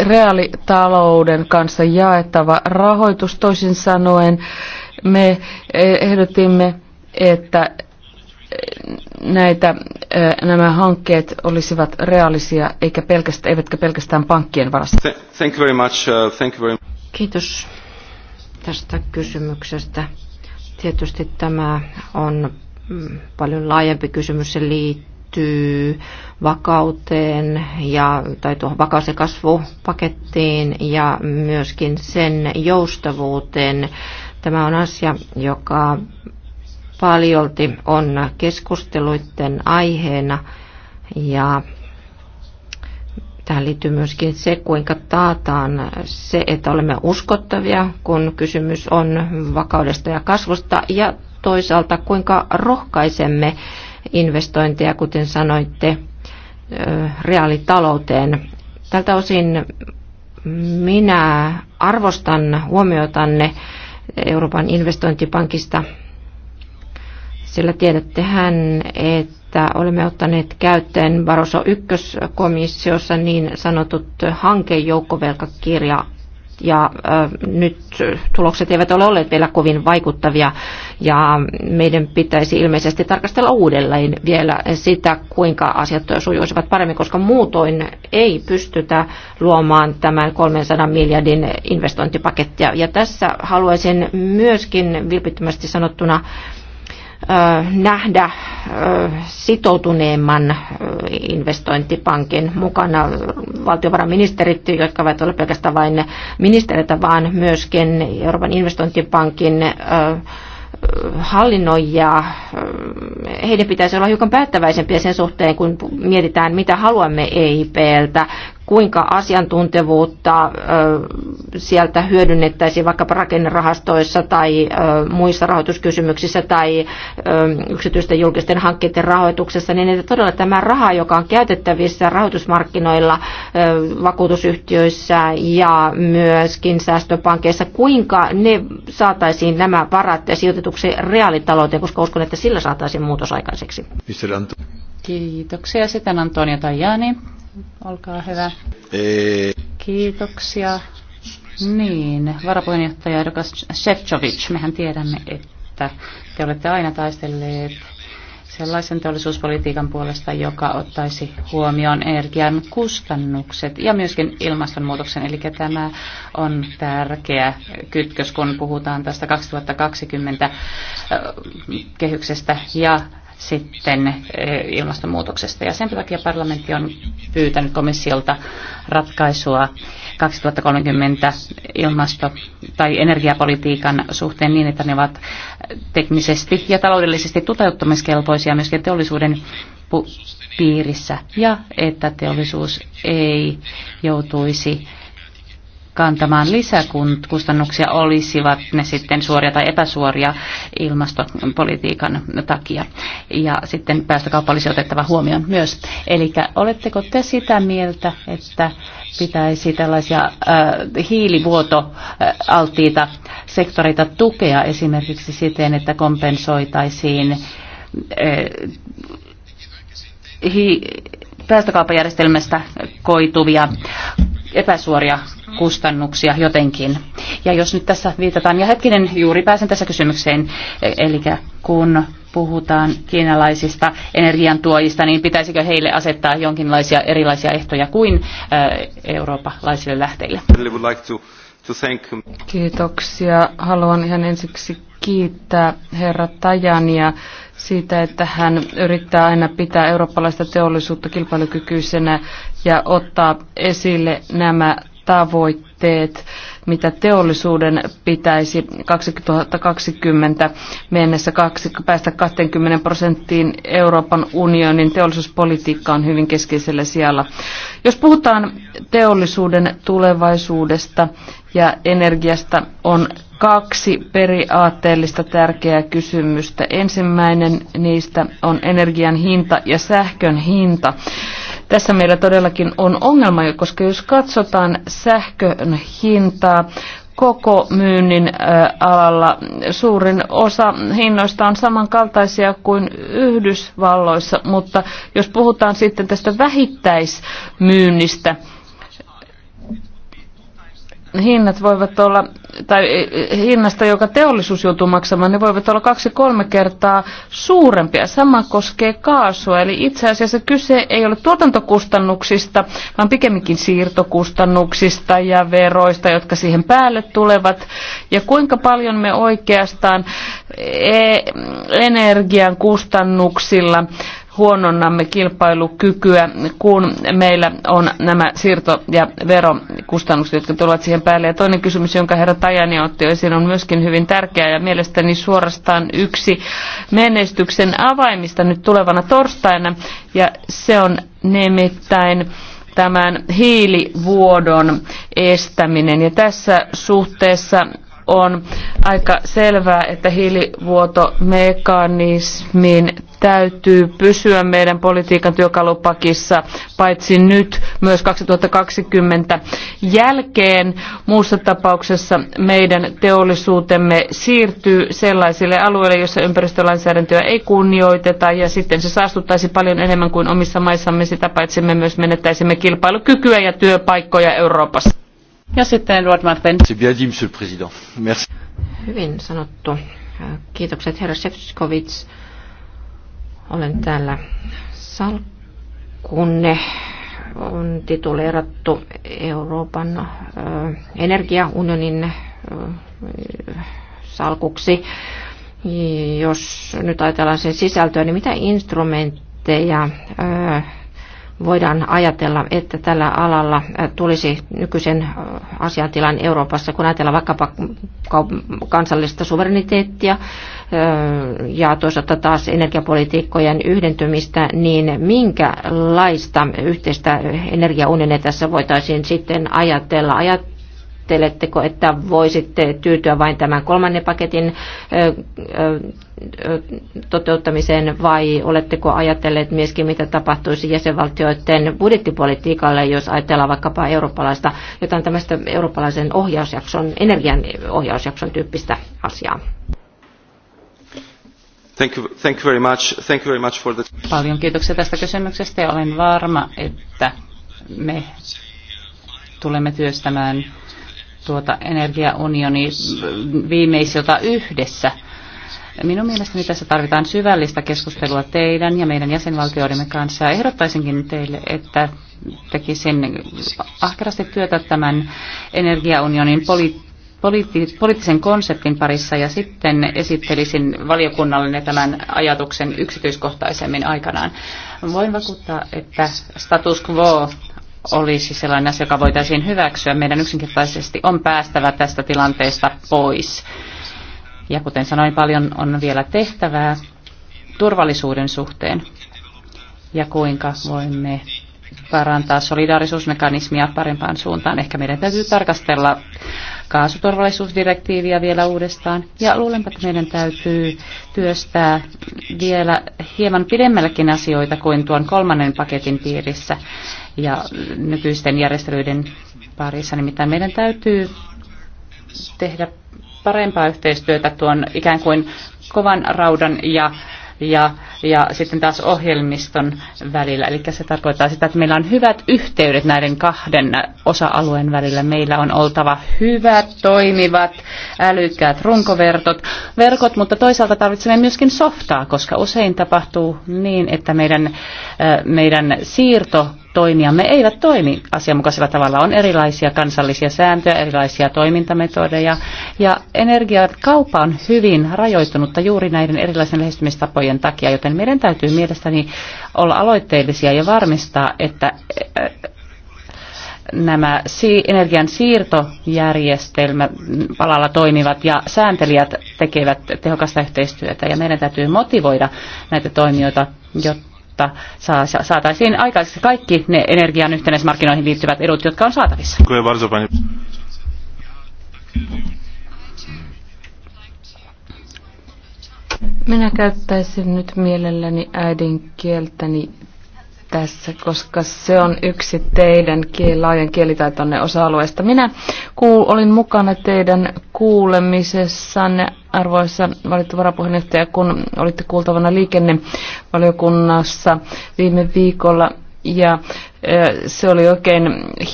Speaker 4: reaalitalouden kanssa jaettava rahoitus. Toisin sanoen me e, ehdotimme, että e, näitä, e, nämä hankkeet olisivat reaalisia, eikä pelkästään,
Speaker 3: eivätkä pelkästään pankkien varassa.
Speaker 2: Thank you very much. Uh, thank you very much.
Speaker 3: Kiitos tästä kysymyksestä. Tietysti tämä on mm, paljon laajempi kysymys. Se liittyy vakauteen ja, tai tuohon vakaus- ja kasvupakettiin ja myöskin sen joustavuuteen. Tämä on asia, joka paljolti on keskusteluiden aiheena ja Tähän liittyy myöskin se, kuinka taataan se, että olemme uskottavia, kun kysymys on vakaudesta ja kasvusta, ja toisaalta kuinka rohkaisemme investointeja, kuten sanoitte, reaalitalouteen. Tältä osin minä arvostan huomiotanne Euroopan investointipankista, sillä tiedättehän, että että olemme ottaneet käyttöön Varoso 1-komissiossa niin sanotut hankejoukkovelkakirja ja äh, nyt tulokset eivät ole olleet vielä kovin vaikuttavia ja meidän pitäisi ilmeisesti tarkastella uudelleen vielä sitä, kuinka asiat sujuisivat paremmin, koska muutoin ei pystytä luomaan tämän 300 miljardin investointipakettia. Ja tässä haluaisin myöskin vilpittömästi sanottuna äh, nähdä sitoutuneemman investointipankin mukana valtiovarainministerit, jotka ovat olleet pelkästään vain ministeritä, vaan myöskin Euroopan investointipankin hallinnoijaa. heidän pitäisi olla hiukan päättäväisempiä sen suhteen, kun mietitään, mitä haluamme EIPltä, kuinka asiantuntevuutta sieltä hyödynnettäisiin vaikkapa rakennerahastoissa tai muissa rahoituskysymyksissä tai yksityisten julkisten hankkeiden rahoituksessa, niin että todella tämä raha, joka on käytettävissä rahoitusmarkkinoilla, vakuutusyhtiöissä ja myöskin säästöpankeissa, kuinka ne saataisiin nämä varat sijoitetuksi reaalitalouteen, koska uskon, että sillä saataisiin muutos aikaiseksi. Kiitoksia. Sitten Antonia Tajani
Speaker 1: olkaa hyvä. Kiitoksia. Niin, varapuheenjohtaja Edokas Shevchovic, mehän tiedämme, että te olette aina taistelleet sellaisen teollisuuspolitiikan puolesta, joka ottaisi huomioon energian kustannukset ja myöskin ilmastonmuutoksen. Eli tämä on tärkeä kytkös, kun puhutaan tästä 2020 kehyksestä ja sitten eh, ilmastonmuutoksesta. Ja sen takia parlamentti on pyytänyt komissiolta ratkaisua 2030 ilmasto- tai energiapolitiikan suhteen niin, että ne ovat teknisesti ja taloudellisesti toteuttamiskelpoisia myöskin teollisuuden piirissä ja että teollisuus ei joutuisi kantamaan lisäkustannuksia, olisivat ne sitten suoria tai epäsuoria ilmastopolitiikan takia. Ja sitten päästökauppa olisi otettava huomioon myös. Eli oletteko te sitä mieltä, että pitäisi tällaisia äh, hiilivuotoaltiita sektoreita tukea esimerkiksi siten, että kompensoitaisiin äh, hi- päästökauppajärjestelmästä koituvia epäsuoria kustannuksia jotenkin. Ja jos nyt tässä viitataan, ja hetkinen, juuri pääsen tässä kysymykseen, eli kun puhutaan kiinalaisista energiantuojista, niin pitäisikö heille asettaa jonkinlaisia erilaisia ehtoja kuin äh,
Speaker 2: eurooppalaisille lähteille?
Speaker 1: Kiitoksia.
Speaker 4: Haluan ihan ensiksi kiittää herra Tajania siitä, että hän yrittää aina pitää eurooppalaista teollisuutta kilpailukykyisenä ja ottaa esille nämä tavoitteet, mitä teollisuuden pitäisi 2020 mennessä kaksi, päästä 20 prosenttiin. Euroopan unionin teollisuuspolitiikka on hyvin keskeisellä sijalla. Jos puhutaan teollisuuden tulevaisuudesta ja energiasta, on kaksi periaatteellista tärkeää kysymystä. Ensimmäinen niistä on energian hinta ja sähkön hinta. Tässä meillä todellakin on ongelma, koska jos katsotaan sähkön hintaa, koko myynnin alalla. Suurin osa hinnoista on samankaltaisia kuin Yhdysvalloissa, mutta jos puhutaan sitten tästä vähittäismyynnistä, hinnat voivat olla, tai eh, eh, hinnasta, joka teollisuus joutuu maksamaan, ne voivat olla kaksi-kolme kertaa suurempia. Sama koskee kaasua, eli itse asiassa kyse ei ole tuotantokustannuksista, vaan pikemminkin siirtokustannuksista ja veroista, jotka siihen päälle tulevat. Ja kuinka paljon me oikeastaan eh, energian kustannuksilla huononnamme kilpailukykyä, kun meillä on nämä siirto- ja verokustannukset, jotka tulevat siihen päälle. Ja toinen kysymys, jonka herra Tajani otti esiin, on myöskin hyvin tärkeä ja mielestäni suorastaan yksi menestyksen avaimista nyt tulevana torstaina, ja se on nimittäin tämän hiilivuodon estäminen. Ja tässä suhteessa on aika selvää, että hiilivuotomekanismin täytyy pysyä meidän politiikan työkalupakissa paitsi nyt myös 2020 jälkeen. Muussa tapauksessa meidän teollisuutemme siirtyy sellaisille alueille, joissa ympäristölainsäädäntöä ei kunnioiteta ja sitten se saastuttaisi paljon enemmän kuin omissa maissamme. Sitä paitsi me myös menettäisimme kilpailukykyä ja
Speaker 1: työpaikkoja Euroopassa.
Speaker 3: Ja sitten Edward Martin. Hyvin sanottu. Kiitokset herra Sefcovic. Olen täällä salkkunne on tituleerattu Euroopan energiaunionin salkuksi. Jos nyt ajatellaan sen sisältöä, niin mitä instrumentteja voidaan ajatella, että tällä alalla tulisi nykyisen asiantilan Euroopassa, kun ajatellaan vaikkapa kansallista suvereniteettia ja toisaalta taas energiapolitiikkojen yhdentymistä, niin minkälaista yhteistä energiaunionia tässä voitaisiin sitten ajatella? Ajat ajatteletteko, että voisitte tyytyä vain tämän kolmannen paketin toteuttamiseen vai oletteko ajatelleet myöskin, mitä tapahtuisi jäsenvaltioiden budjettipolitiikalle, jos ajatellaan vaikkapa eurooppalaista, jotain tämmöistä eurooppalaisen ohjausjakson, energian ohjausjakson tyyppistä asiaa?
Speaker 1: Paljon kiitoksia tästä kysymyksestä ja olen varma, että me tulemme työstämään tuota energiaunioni viimeisiltä yhdessä. Minun mielestäni tässä tarvitaan syvällistä keskustelua teidän ja meidän jäsenvaltioidemme kanssa. Ehdottaisinkin teille, että tekisin ahkerasti työtä tämän energiaunionin poli- poliitti- poliittisen konseptin parissa ja sitten esittelisin valiokunnalle tämän ajatuksen yksityiskohtaisemmin aikanaan. Voin vakuuttaa, että status quo olisi sellainen asia, joka voitaisiin hyväksyä. Meidän yksinkertaisesti on päästävä tästä tilanteesta pois. Ja kuten sanoin, paljon on vielä tehtävää turvallisuuden suhteen ja kuinka voimme parantaa solidaarisuusmekanismia parempaan suuntaan. Ehkä meidän täytyy tarkastella kaasuturvallisuusdirektiiviä vielä uudestaan. Ja luulenpa, että meidän täytyy työstää vielä hieman pidemmälläkin asioita kuin tuon kolmannen paketin piirissä ja nykyisten järjestelyiden parissa. Nimittäin meidän täytyy tehdä parempaa yhteistyötä tuon ikään kuin kovan raudan ja ja, ja sitten taas ohjelmiston välillä. Eli se tarkoittaa sitä, että meillä on hyvät yhteydet näiden kahden osa-alueen välillä. Meillä on oltava hyvät, toimivat, älykkäät runkoverkot, verkot, mutta toisaalta tarvitsemme myöskin softaa, koska usein tapahtuu niin, että meidän, äh, meidän siirto toimiamme eivät toimi asianmukaisella tavalla. On erilaisia kansallisia sääntöjä, erilaisia toimintametodeja ja energiakauppa on hyvin rajoittunutta juuri näiden erilaisen lähestymistapojen takia, joten meidän täytyy mielestäni olla aloitteellisia ja varmistaa, että eh, nämä energian siirtojärjestelmät palalla toimivat ja sääntelijät tekevät tehokasta yhteistyötä ja meidän täytyy motivoida näitä toimijoita, jotta jotta saataisiin aikaiseksi kaikki ne energian yhtenäismarkkinoihin liittyvät
Speaker 2: edut, jotka on saatavissa.
Speaker 4: Minä käyttäisin nyt mielelläni äidinkieltäni tässä, koska se on yksi teidän laajan kielitaitonne osa-alueesta. Minä kuul, olin mukana teidän kuulemisessanne, arvoisa valittu varapuheenjohtaja, kun olitte kuultavana liikennevaliokunnassa viime viikolla. Ja se oli oikein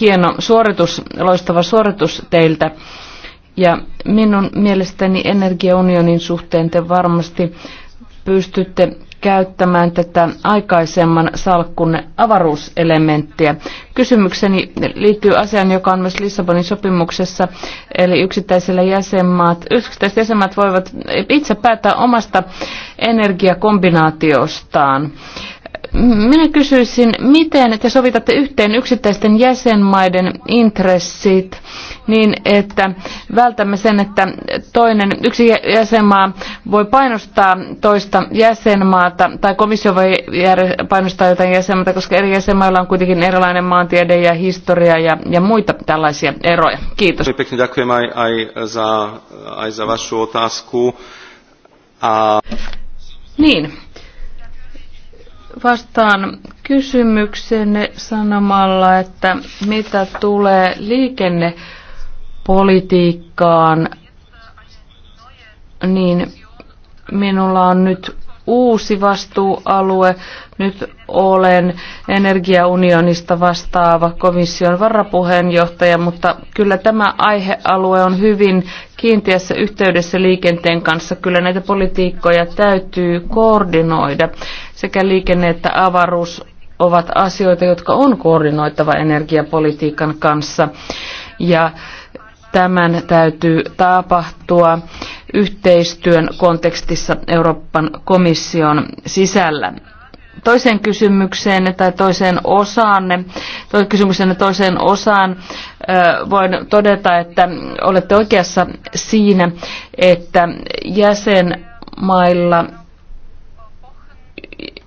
Speaker 4: hieno suoritus, loistava suoritus teiltä. Ja minun mielestäni energiaunionin suhteen te varmasti pystytte käyttämään tätä aikaisemman salkkunne avaruuselementtiä. Kysymykseni liittyy asiaan, joka on myös Lissabonin sopimuksessa, eli yksittäisillä jäsenmaat. Yksittäiset jäsenmaat voivat itse päättää omasta energiakombinaatiostaan. Minä kysyisin, miten te sovitatte yhteen yksittäisten jäsenmaiden intressit niin, että vältämme sen, että toinen yksi jäsenmaa voi painostaa toista jäsenmaata tai komissio voi painostaa jotain jäsenmaata, koska eri jäsenmailla on kuitenkin erilainen maantiede ja historia ja, ja muita tällaisia eroja. Kiitos. Niin, vastaan kysymyksenne sanomalla, että mitä tulee liikennepolitiikkaan, niin minulla on nyt uusi vastuualue. Nyt olen energiaunionista vastaava komission varapuheenjohtaja, mutta kyllä tämä aihealue on hyvin kiinteässä yhteydessä liikenteen kanssa. Kyllä näitä politiikkoja täytyy koordinoida. Sekä liikenne että avaruus ovat asioita, jotka on koordinoitava energiapolitiikan kanssa. Ja Tämän täytyy tapahtua yhteistyön kontekstissa Euroopan komission sisällä toiseen kysymykseen tai toiseen osaan, toi kysymyksenne toiseen osaan voin todeta, että olette oikeassa siinä, että jäsenmailla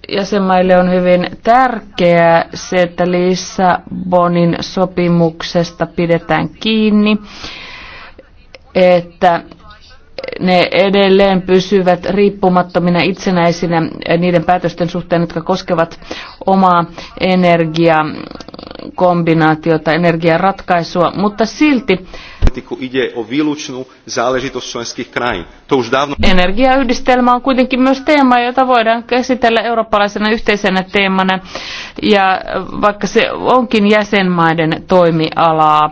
Speaker 4: jäsenmaille on hyvin tärkeää se, että Lissabonin sopimuksesta pidetään kiinni, että ne edelleen pysyvät riippumattomina itsenäisinä niiden päätösten suhteen, jotka koskevat omaa energiaa kombinaatiota, energiaratkaisua, mutta silti Energiayhdistelmä on kuitenkin myös teema, jota voidaan käsitellä eurooppalaisena yhteisenä teemana, ja vaikka se onkin jäsenmaiden toimialaa.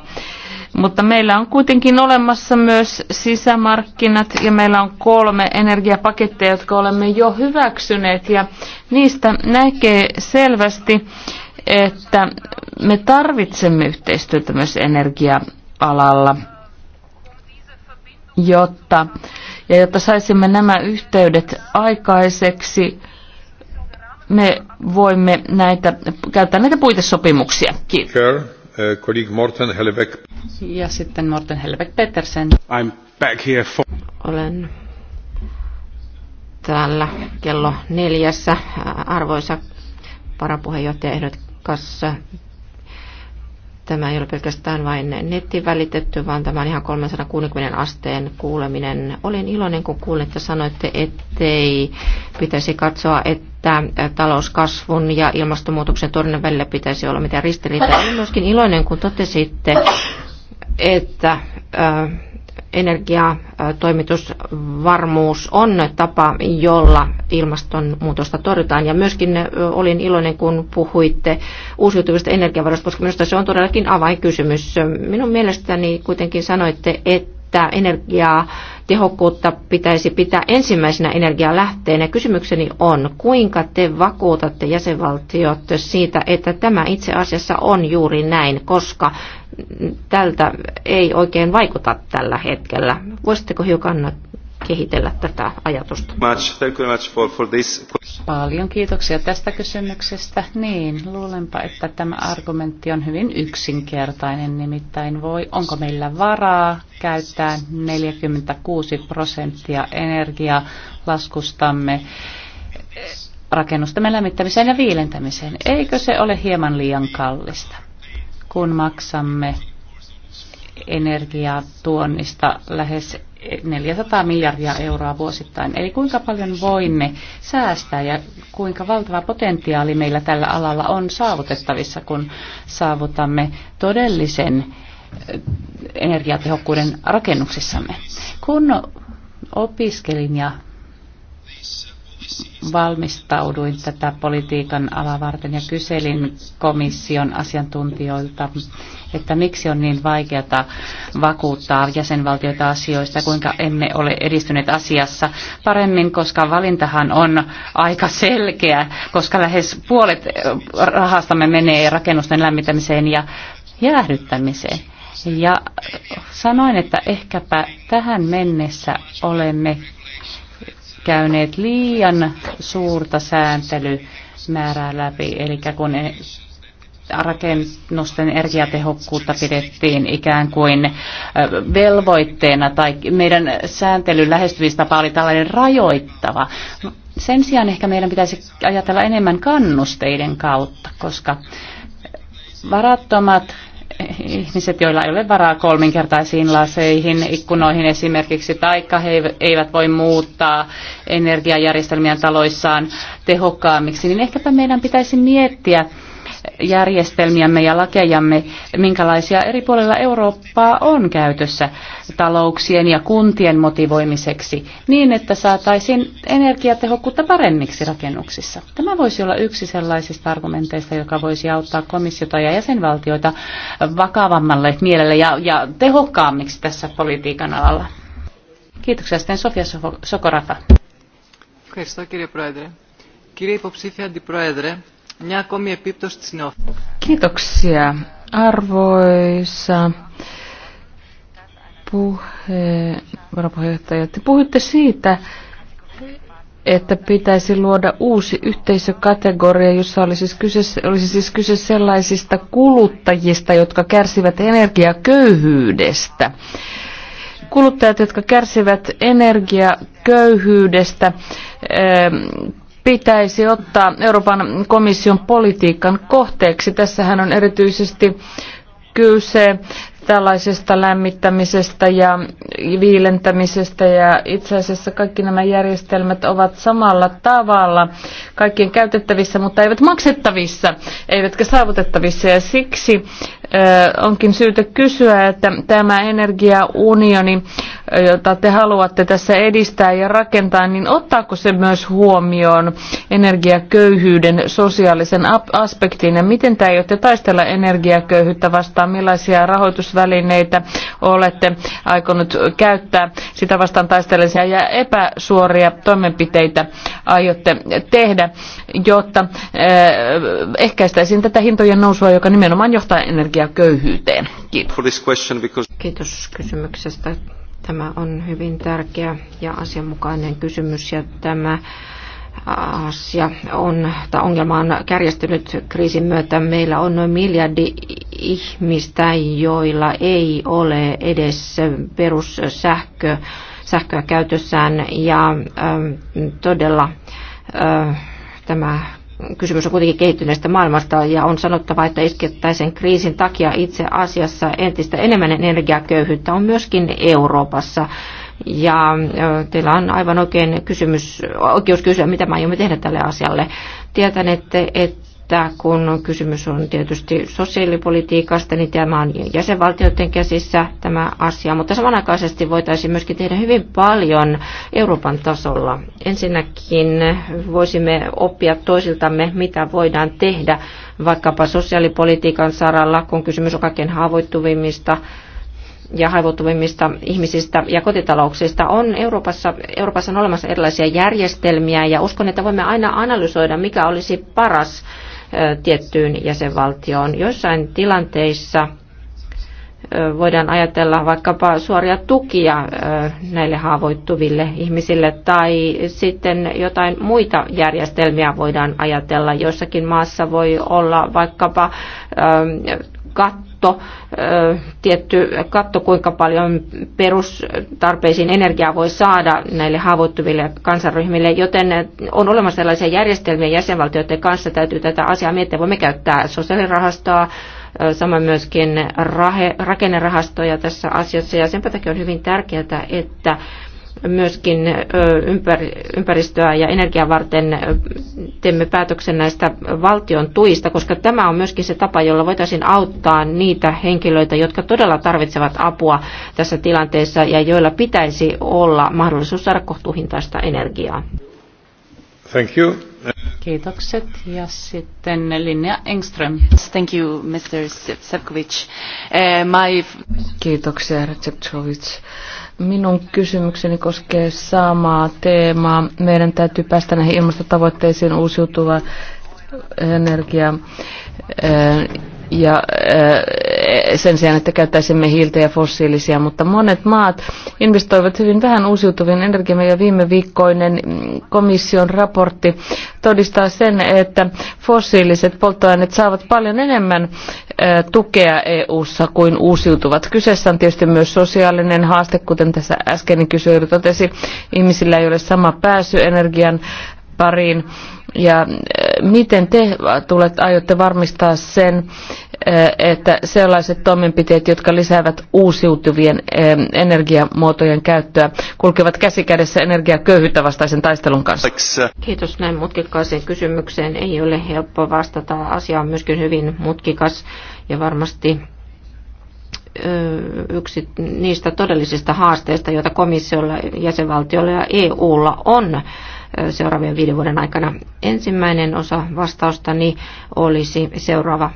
Speaker 4: Mutta meillä on kuitenkin olemassa myös sisämarkkinat ja meillä on kolme energiapakettia, jotka olemme jo hyväksyneet ja niistä näkee selvästi, että me tarvitsemme yhteistyötä myös energia-alalla, jotta, ja jotta saisimme nämä yhteydet aikaiseksi, me voimme näitä, käyttää näitä puitesopimuksia. Kiitos.
Speaker 2: Eh, colleague Morten Helbeck.
Speaker 1: Ja sitten Morten Helbeck Petersen.
Speaker 2: I'm back here for...
Speaker 3: Olen täällä kello neljässä arvoisa varapuheenjohtajaehdokas Tämä ei ole pelkästään vain nettiin välitetty, vaan tämä on ihan 360 asteen kuuleminen. Olin iloinen, kun kuulin, että sanoitte, ettei pitäisi katsoa, että talouskasvun ja ilmastonmuutoksen torjunnan välillä pitäisi olla mitään ristiriitaa. Olin myöskin iloinen, kun totesitte, että äh, energiatoimitusvarmuus on tapa, jolla ilmastonmuutosta torjutaan. Ja myöskin olin iloinen, kun puhuitte uusiutuvista energiavaroista, koska minusta se on todellakin avainkysymys. Minun mielestäni kuitenkin sanoitte, että energiaa tehokkuutta pitäisi pitää ensimmäisenä energialähteenä. Kysymykseni on, kuinka te vakuutatte jäsenvaltiot siitä, että tämä itse asiassa on juuri näin, koska tältä ei oikein vaikuta tällä hetkellä. Voisitteko hiukan kehitellä tätä ajatusta?
Speaker 2: Much, thank you much for, for this.
Speaker 3: Paljon kiitoksia
Speaker 1: tästä kysymyksestä. Niin, luulenpa, että tämä argumentti on hyvin yksinkertainen. Nimittäin voi, onko meillä varaa käyttää 46 prosenttia energialaskustamme eh, rakennustamme lämmittämiseen ja viilentämiseen. Eikö se ole hieman liian kallista? kun maksamme energiatuonnista lähes 400 miljardia euroa vuosittain. Eli kuinka paljon voimme säästää ja kuinka valtava potentiaali meillä tällä alalla on saavutettavissa, kun saavutamme todellisen energiatehokkuuden rakennuksissamme. Kun opiskelin ja valmistauduin tätä politiikan alaa varten ja kyselin komission asiantuntijoilta, että miksi on niin vaikeata vakuuttaa jäsenvaltioita asioista, kuinka emme ole edistyneet asiassa paremmin, koska valintahan on aika selkeä, koska lähes puolet rahastamme menee rakennusten lämmitämiseen ja jäähdyttämiseen. Ja sanoin, että ehkäpä tähän mennessä olemme käyneet liian suurta sääntelymäärää läpi, eli kun e- rakennusten energiatehokkuutta pidettiin ikään kuin velvoitteena tai meidän sääntelyn lähestymistapa oli tällainen rajoittava. Sen sijaan ehkä meidän pitäisi ajatella enemmän kannusteiden kautta, koska varattomat ihmiset, joilla ei ole varaa kolminkertaisiin laseihin, ikkunoihin esimerkiksi, taikka he eivät voi muuttaa energiajärjestelmiä taloissaan tehokkaammiksi, niin ehkäpä meidän pitäisi miettiä järjestelmiämme ja lakejamme, minkälaisia eri puolilla Eurooppaa on käytössä talouksien ja kuntien motivoimiseksi, niin että saataisiin energiatehokkuutta paremmiksi rakennuksissa. Tämä voisi olla yksi sellaisista argumenteista, joka voisi auttaa komissiota ja jäsenvaltioita vakavammalle mielelle ja, ja tehokkaammiksi tässä politiikan alalla. Kiitoksia sitten Sofia Sokorafa.
Speaker 2: Kiitos, kirja Πρόεδρε. Κύριε
Speaker 1: Kiitoksia
Speaker 4: arvoisa puhe, varapuheenjohtaja. Te puhuitte siitä, että pitäisi luoda uusi yhteisökategoria, jossa olisi siis, kyse, olisi siis kyse sellaisista kuluttajista, jotka kärsivät energiaköyhyydestä. Kuluttajat, jotka kärsivät energiaköyhyydestä, ehm, pitäisi ottaa Euroopan komission politiikan kohteeksi. Tässähän on erityisesti kyse tällaisesta lämmittämisestä ja viilentämisestä ja itse asiassa kaikki nämä järjestelmät ovat samalla tavalla kaikkien käytettävissä, mutta eivät maksettavissa, eivätkä saavutettavissa ja siksi äh, onkin syytä kysyä, että tämä energiaunioni, jota te haluatte tässä edistää ja rakentaa, niin ottaako se myös huomioon energiaköyhyyden sosiaalisen aspektin ja miten te aiotte taistella energiaköyhyyttä vastaan, millaisia rahoitus rahoitusvälineitä olette aikonut käyttää sitä vastaan taistelisia ja epäsuoria toimenpiteitä aiotte tehdä, jotta eh, ehkäistäisiin tätä hintojen nousua, joka nimenomaan johtaa energiaköyhyyteen.
Speaker 2: Kiitos.
Speaker 3: Kiitos kysymyksestä. Tämä on hyvin tärkeä ja asianmukainen kysymys ja tämä asia on, tai ongelma on kärjestynyt kriisin myötä. Meillä on noin miljardi ihmistä, joilla ei ole edes perussähkö, sähköä käytössään ja ähm, todella äh, tämä kysymys on kuitenkin kehittyneestä maailmasta ja on sanottava, että iskettäisen kriisin takia itse asiassa entistä enemmän energiaköyhyyttä on myöskin Euroopassa. Äh, ja teillä on aivan oikein kysymys, oikeus kysyä, mitä mä aiomme tehdä tälle asialle. Tietän, että, että että kun kysymys on tietysti sosiaalipolitiikasta, niin tämä on jäsenvaltioiden käsissä tämä asia, mutta samanaikaisesti voitaisiin myöskin tehdä hyvin paljon Euroopan tasolla. Ensinnäkin voisimme oppia toisiltamme, mitä voidaan tehdä vaikkapa sosiaalipolitiikan saralla, kun kysymys on kaikkein haavoittuvimmista ja haivottuvimmista ihmisistä ja kotitalouksista. On Euroopassa, Euroopassa on olemassa erilaisia järjestelmiä ja uskon, että voimme aina analysoida, mikä olisi paras tiettyyn jäsenvaltioon. Joissain tilanteissa voidaan ajatella vaikkapa suoria tukia näille haavoittuville ihmisille tai sitten jotain muita järjestelmiä voidaan ajatella. Jossakin maassa voi olla vaikkapa katto katto, tietty katto, kuinka paljon perustarpeisiin energiaa voi saada näille haavoittuville kansanryhmille, joten on olemassa sellaisia järjestelmiä jäsenvaltioiden kanssa, täytyy tätä asiaa miettiä. Voimme käyttää sosiaalirahastoa, sama myöskin rahe, rakennerahastoja tässä asiassa, ja sen takia on hyvin tärkeää, että myöskin ympäristöä ja energiaa varten teemme päätöksen näistä valtion tuista, koska tämä on myöskin se tapa, jolla voitaisiin auttaa niitä henkilöitä, jotka todella tarvitsevat apua tässä tilanteessa ja joilla pitäisi olla mahdollisuus saada kohtuuhintaista energiaa. Thank you.
Speaker 1: Kiitokset. Ja sitten Linnea Engström. Thank you, Mr. Uh, my... Kiitoksia, Recep Jovic.
Speaker 4: Minun kysymykseni koskee samaa teemaa. Meidän täytyy päästä näihin ilmastotavoitteisiin uusiutuva energia ja äh, sen sijaan, että käyttäisimme hiiltä ja fossiilisia, mutta monet maat investoivat hyvin vähän uusiutuviin energiamme ja viime viikkoinen komission raportti todistaa sen, että fossiiliset polttoaineet saavat paljon enemmän äh, tukea EU-ssa kuin uusiutuvat. Kyseessä on tietysti myös sosiaalinen haaste, kuten tässä äskeinen kysyjä totesi. Ihmisillä ei ole sama pääsy energian pariin ja äh, miten te tulet, aiotte varmistaa sen, äh, että sellaiset toimenpiteet, jotka lisäävät uusiutuvien äh, energiamuotojen käyttöä, kulkevat käsikädessä energiaköyhyyttä vastaisen taistelun kanssa?
Speaker 3: Kiitos näin mutkikkaaseen kysymykseen. Ei ole helppo vastata. Asia on myöskin hyvin mutkikas ja varmasti yksi niistä todellisista haasteista, joita komissiolla, jäsenvaltiolla ja EUlla on seuraavien viiden vuoden aikana. Ensimmäinen osa vastaustani olisi seuraava.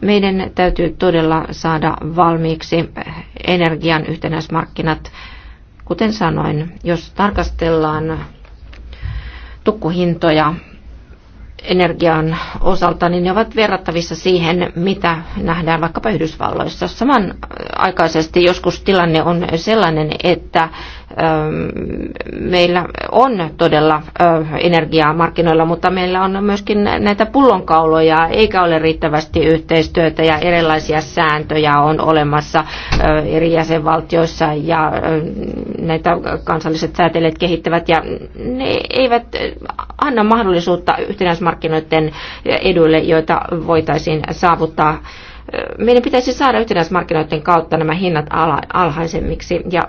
Speaker 3: Meidän täytyy todella saada valmiiksi energian yhtenäismarkkinat. Kuten sanoin, jos tarkastellaan tukkuhintoja energian osalta, niin ne ovat verrattavissa siihen, mitä nähdään vaikkapa Yhdysvalloissa. Samanaikaisesti joskus tilanne on sellainen, että meillä on todella energiaa markkinoilla, mutta meillä on myöskin näitä pullonkauloja, eikä ole riittävästi yhteistyötä ja erilaisia sääntöjä on olemassa eri jäsenvaltioissa ja näitä kansalliset säätelijät kehittävät ja ne eivät anna mahdollisuutta yhtenäismarkkinoiden eduille, joita voitaisiin saavuttaa meidän pitäisi saada yhtenäismarkkinoiden kautta nämä hinnat alhaisemmiksi. Ja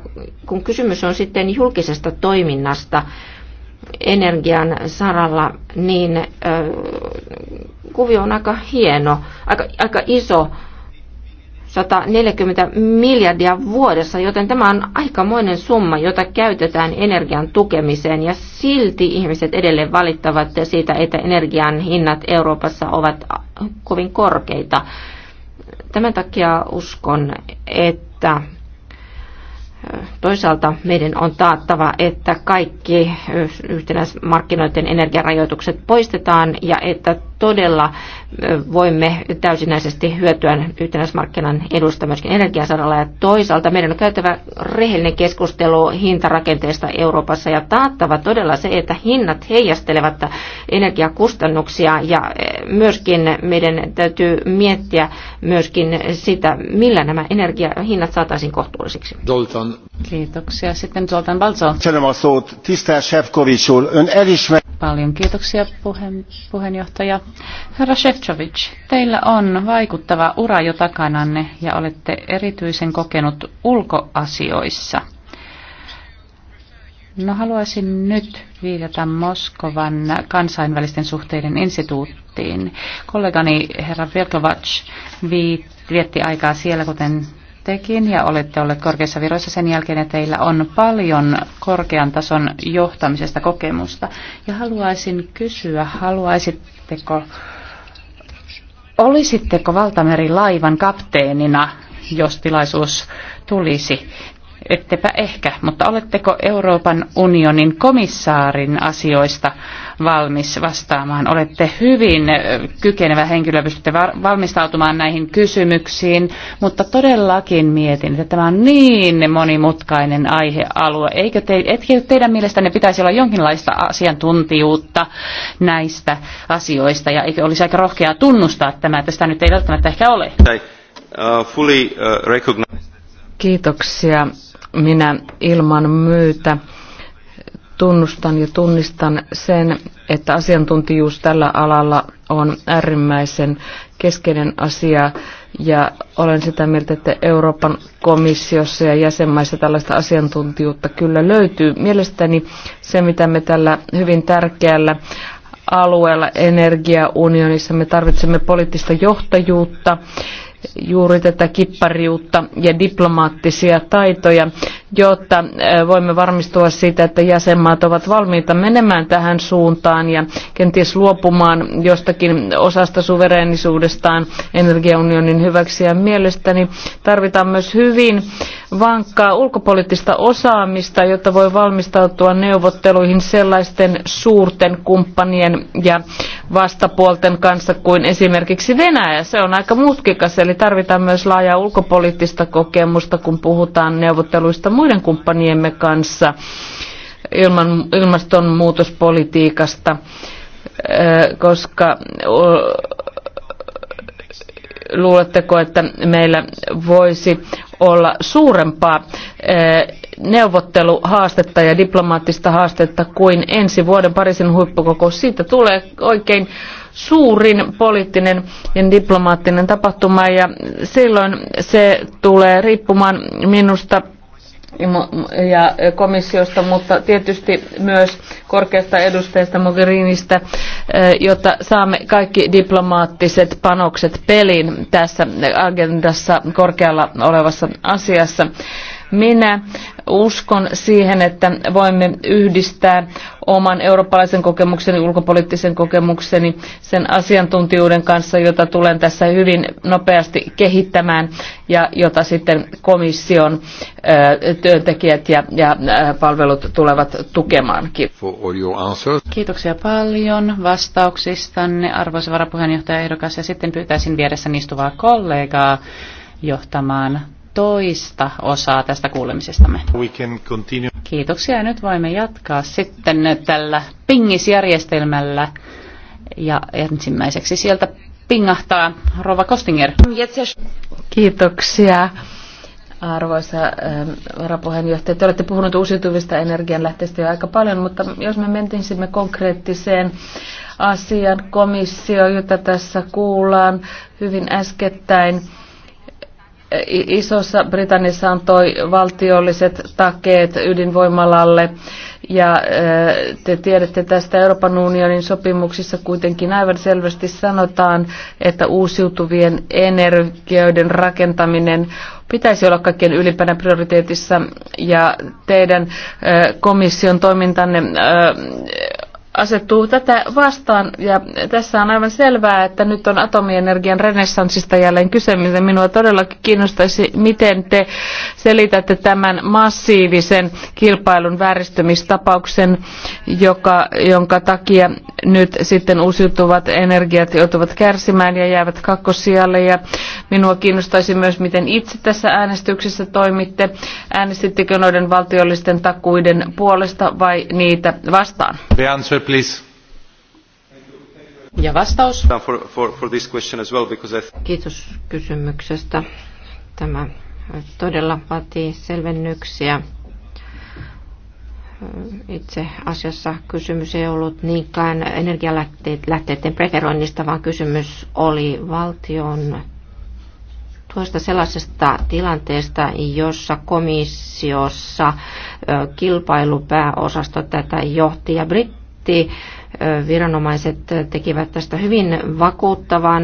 Speaker 3: kun kysymys on sitten julkisesta toiminnasta energian saralla, niin kuvio on aika hieno, aika, aika iso. 140 miljardia vuodessa, joten tämä on aikamoinen summa, jota käytetään energian tukemiseen ja silti ihmiset edelleen valittavat siitä, että energian hinnat Euroopassa ovat kovin korkeita. Tämän takia uskon, että Toisaalta meidän on taattava, että kaikki yhtenäismarkkinoiden energiarajoitukset poistetaan ja että todella voimme täysinäisesti hyötyä yhtenäismarkkinan edusta myöskin energiasaralla ja toisaalta meidän on käytävä rehellinen keskustelu hintarakenteesta Euroopassa ja taattava todella se, että hinnat heijastelevat energiakustannuksia ja myöskin meidän täytyy miettiä myöskin sitä, millä nämä energiahinnat saataisiin kohtuullisiksi. Kiitoksia. Sitten Zoltan Balzo. Köszönöm
Speaker 2: a ön elismer...
Speaker 1: Paljon kiitoksia puheen, puheenjohtaja. Herra Shevchovic, teillä on vaikuttava ura jo takananne ja olette erityisen kokenut ulkoasioissa. No haluaisin nyt viitata Moskovan kansainvälisten suhteiden instituuttiin. Kollegani herra Virtovac vietti aikaa siellä, kuten tekin ja olette olleet korkeissa viroissa sen jälkeen, että teillä on paljon korkean tason johtamisesta kokemusta. Ja haluaisin kysyä, haluaisitteko, olisitteko valtameri-laivan kapteenina, jos tilaisuus tulisi? Ettepä ehkä, mutta oletteko Euroopan unionin komissaarin asioista valmis vastaamaan? Olette hyvin kykenevä henkilö, pystytte valmistautumaan näihin kysymyksiin, mutta todellakin mietin, että tämä on niin monimutkainen aihealue. Eikö, te, etkö teidän mielestänne pitäisi olla jonkinlaista asiantuntijuutta näistä asioista ja eikö olisi aika rohkeaa tunnustaa tämä, että sitä nyt ei välttämättä ehkä ole?
Speaker 2: Äh, äh,
Speaker 4: Kiitoksia minä ilman myytä tunnustan ja tunnistan sen, että asiantuntijuus tällä alalla on äärimmäisen keskeinen asia ja olen sitä mieltä, että Euroopan komissiossa ja jäsenmaissa tällaista asiantuntijuutta kyllä löytyy. Mielestäni se, mitä me tällä hyvin tärkeällä alueella energiaunionissa, me tarvitsemme poliittista johtajuutta juuri tätä kippariutta ja diplomaattisia taitoja jotta voimme varmistua siitä, että jäsenmaat ovat valmiita menemään tähän suuntaan ja kenties luopumaan jostakin osasta suvereenisuudestaan energiaunionin hyväksi. Ja mielestäni tarvitaan myös hyvin vankkaa ulkopoliittista osaamista, jotta voi valmistautua neuvotteluihin sellaisten suurten kumppanien ja vastapuolten kanssa kuin esimerkiksi Venäjä. Se on aika mutkikas, eli tarvitaan myös laajaa ulkopoliittista kokemusta, kun puhutaan neuvotteluista muiden kumppaniemme kanssa ilman, ilmastonmuutospolitiikasta, koska luuletteko, että meillä voisi olla suurempaa neuvotteluhaastetta ja diplomaattista haastetta kuin ensi vuoden Pariisin huippukokous. Siitä tulee oikein suurin poliittinen ja diplomaattinen tapahtuma ja silloin se tulee riippumaan minusta ja komissiosta, mutta tietysti myös korkeasta edustajasta Mogherinistä, eh, jotta saamme kaikki diplomaattiset panokset peliin tässä agendassa korkealla olevassa asiassa. Minä uskon siihen, että voimme yhdistää oman eurooppalaisen kokemukseni, ulkopoliittisen kokemukseni, sen asiantuntijuuden kanssa, jota tulen tässä hyvin nopeasti kehittämään ja jota sitten komission työntekijät ja, ja palvelut tulevat
Speaker 1: tukemaan. Kiitoksia paljon vastauksistanne, arvoisa varapuheenjohtaja ehdokas, ja sitten pyytäisin vieressä istuvaa kollegaa johtamaan toista osaa tästä kuulemisestamme. Kiitoksia ja nyt voimme jatkaa sitten tällä pingisjärjestelmällä. Ja ensimmäiseksi sieltä pingahtaa Rova Kostinger.
Speaker 4: Kiitoksia. Arvoisa ähm, varapuheenjohtaja, te olette puhunut uusiutuvista energianlähteistä jo aika paljon, mutta jos me mentisimme konkreettiseen asian komissio, jota tässä kuullaan hyvin äskettäin, Isossa Britanniassa toi valtiolliset takeet ydinvoimalalle ja eh, te tiedätte tästä Euroopan unionin sopimuksissa kuitenkin aivan selvästi sanotaan, että uusiutuvien energioiden rakentaminen pitäisi olla kaikkien ylimpänä prioriteetissa ja teidän eh, komission toimintanne eh, asettuu tätä vastaan. Ja tässä on aivan selvää, että nyt on atomienergian renessanssista jälleen kyse, mitä minua todellakin kiinnostaisi, miten te selitätte tämän massiivisen kilpailun vääristymistapauksen, joka, jonka takia nyt sitten uusiutuvat energiat joutuvat kärsimään ja jäävät kakkosijalle. Ja Minua kiinnostaisi myös, miten itse tässä äänestyksessä toimitte. Äänestittekö noiden valtiollisten takuiden puolesta
Speaker 3: vai niitä vastaan?
Speaker 2: The answer, please.
Speaker 3: Ja vastaus?
Speaker 2: For, for, for this question as well, because I...
Speaker 3: Kiitos kysymyksestä. Tämä todella vaatii selvennyksiä itse asiassa kysymys ei ollut niinkään energialähteiden preferoinnista, vaan kysymys oli valtion tuosta sellaisesta tilanteesta, jossa komissiossa kilpailupääosasto tätä johti ja britti viranomaiset tekivät tästä hyvin vakuuttavan,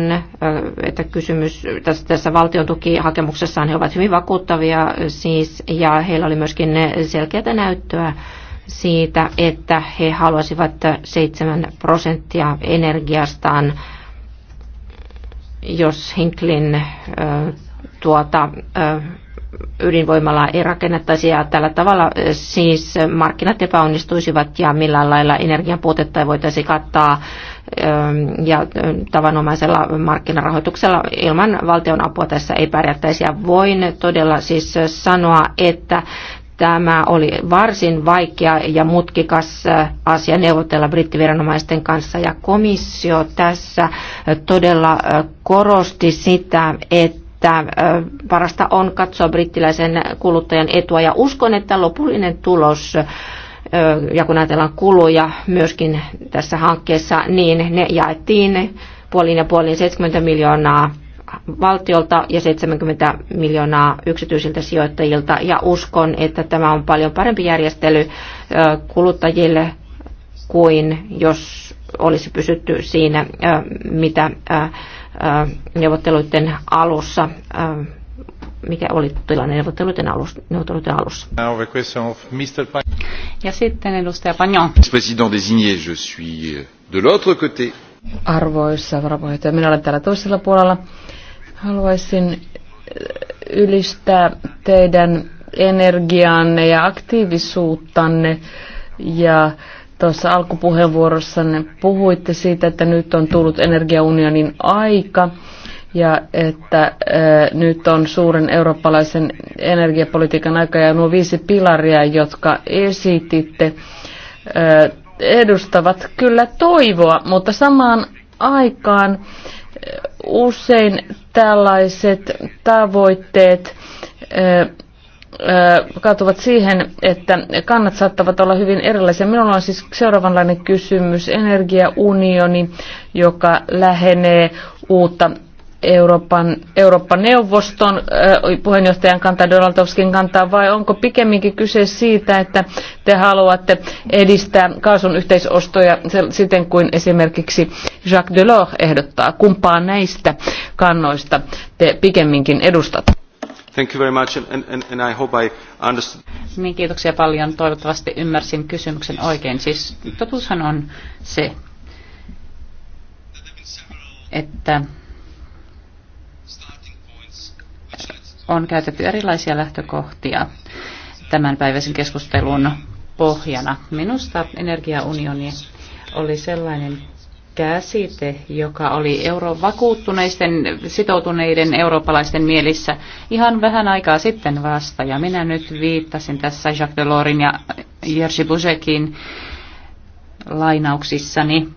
Speaker 3: että kysymys tässä, tässä valtion tukihakemuksessaan he ovat hyvin vakuuttavia siis, ja heillä oli myöskin selkeätä näyttöä siitä, että he haluaisivat 7 prosenttia energiastaan jos Hinklin tuota, ydinvoimalaa ei rakennettaisi ja tällä tavalla siis markkinat epäonnistuisivat ja millään lailla energian puutetta ei voitaisi kattaa ja tavanomaisella markkinarahoituksella ilman valtion apua tässä ei pärjättäisi. Ja voin todella siis sanoa, että Tämä oli varsin vaikea ja mutkikas äh, asia neuvotella brittiviranomaisten kanssa ja komissio tässä äh, todella äh, korosti sitä, että että parasta on katsoa brittiläisen kuluttajan etua ja uskon, että lopullinen tulos ja kun ajatellaan kuluja myöskin tässä hankkeessa, niin ne jaettiin puolin ja puolin 70 miljoonaa valtiolta ja 70 miljoonaa yksityisiltä sijoittajilta. Ja uskon, että tämä on paljon parempi järjestely kuluttajille kuin jos olisi pysytty siinä, mitä neuvotteluiden alussa mikä oli tilanne neuvotteluiden alussa. Neuvotteluiden alussa. Ja sitten edustaja Pagnon. Arvoisa
Speaker 4: varapuheenjohtaja, minä olen täällä toisella puolella. Haluaisin äh, ylistää teidän energiaanne ja aktiivisuuttanne ja tuossa alkupuheenvuorossanne puhuitte siitä, että nyt on tullut energiaunionin aika ja että äh, nyt on suuren eurooppalaisen energiapolitiikan aika ja nuo viisi pilaria, jotka esititte, äh, edustavat kyllä toivoa, mutta samaan aikaan äh, usein tällaiset tavoitteet katuvat siihen, että kannat saattavat olla hyvin erilaisia. Minulla on siis seuraavanlainen kysymys. Energiaunioni, joka lähenee uutta Euroopan, Euroopan neuvoston puheenjohtajan kantaa, Donaldovskin kantaa, vai onko pikemminkin kyse siitä, että te haluatte edistää kaasun yhteisostoja siten kuin esimerkiksi Jacques Delors ehdottaa? Kumpaa näistä kannoista te pikemminkin edustatte?
Speaker 2: Thank you very much and, and, and I hope I understood.
Speaker 1: Niin, kiitoksia paljon. Toivottavasti ymmärsin kysymyksen oikein. Siis totuushan on se, että on käytetty erilaisia lähtökohtia tämän päiväisen keskustelun pohjana. Minusta energiaunioni oli sellainen käsite, joka oli euro vakuuttuneisten, sitoutuneiden eurooppalaisten mielissä ihan vähän aikaa sitten vasta. Ja minä nyt viittasin tässä Jacques Delorsin ja Jerzy Buzekin lainauksissani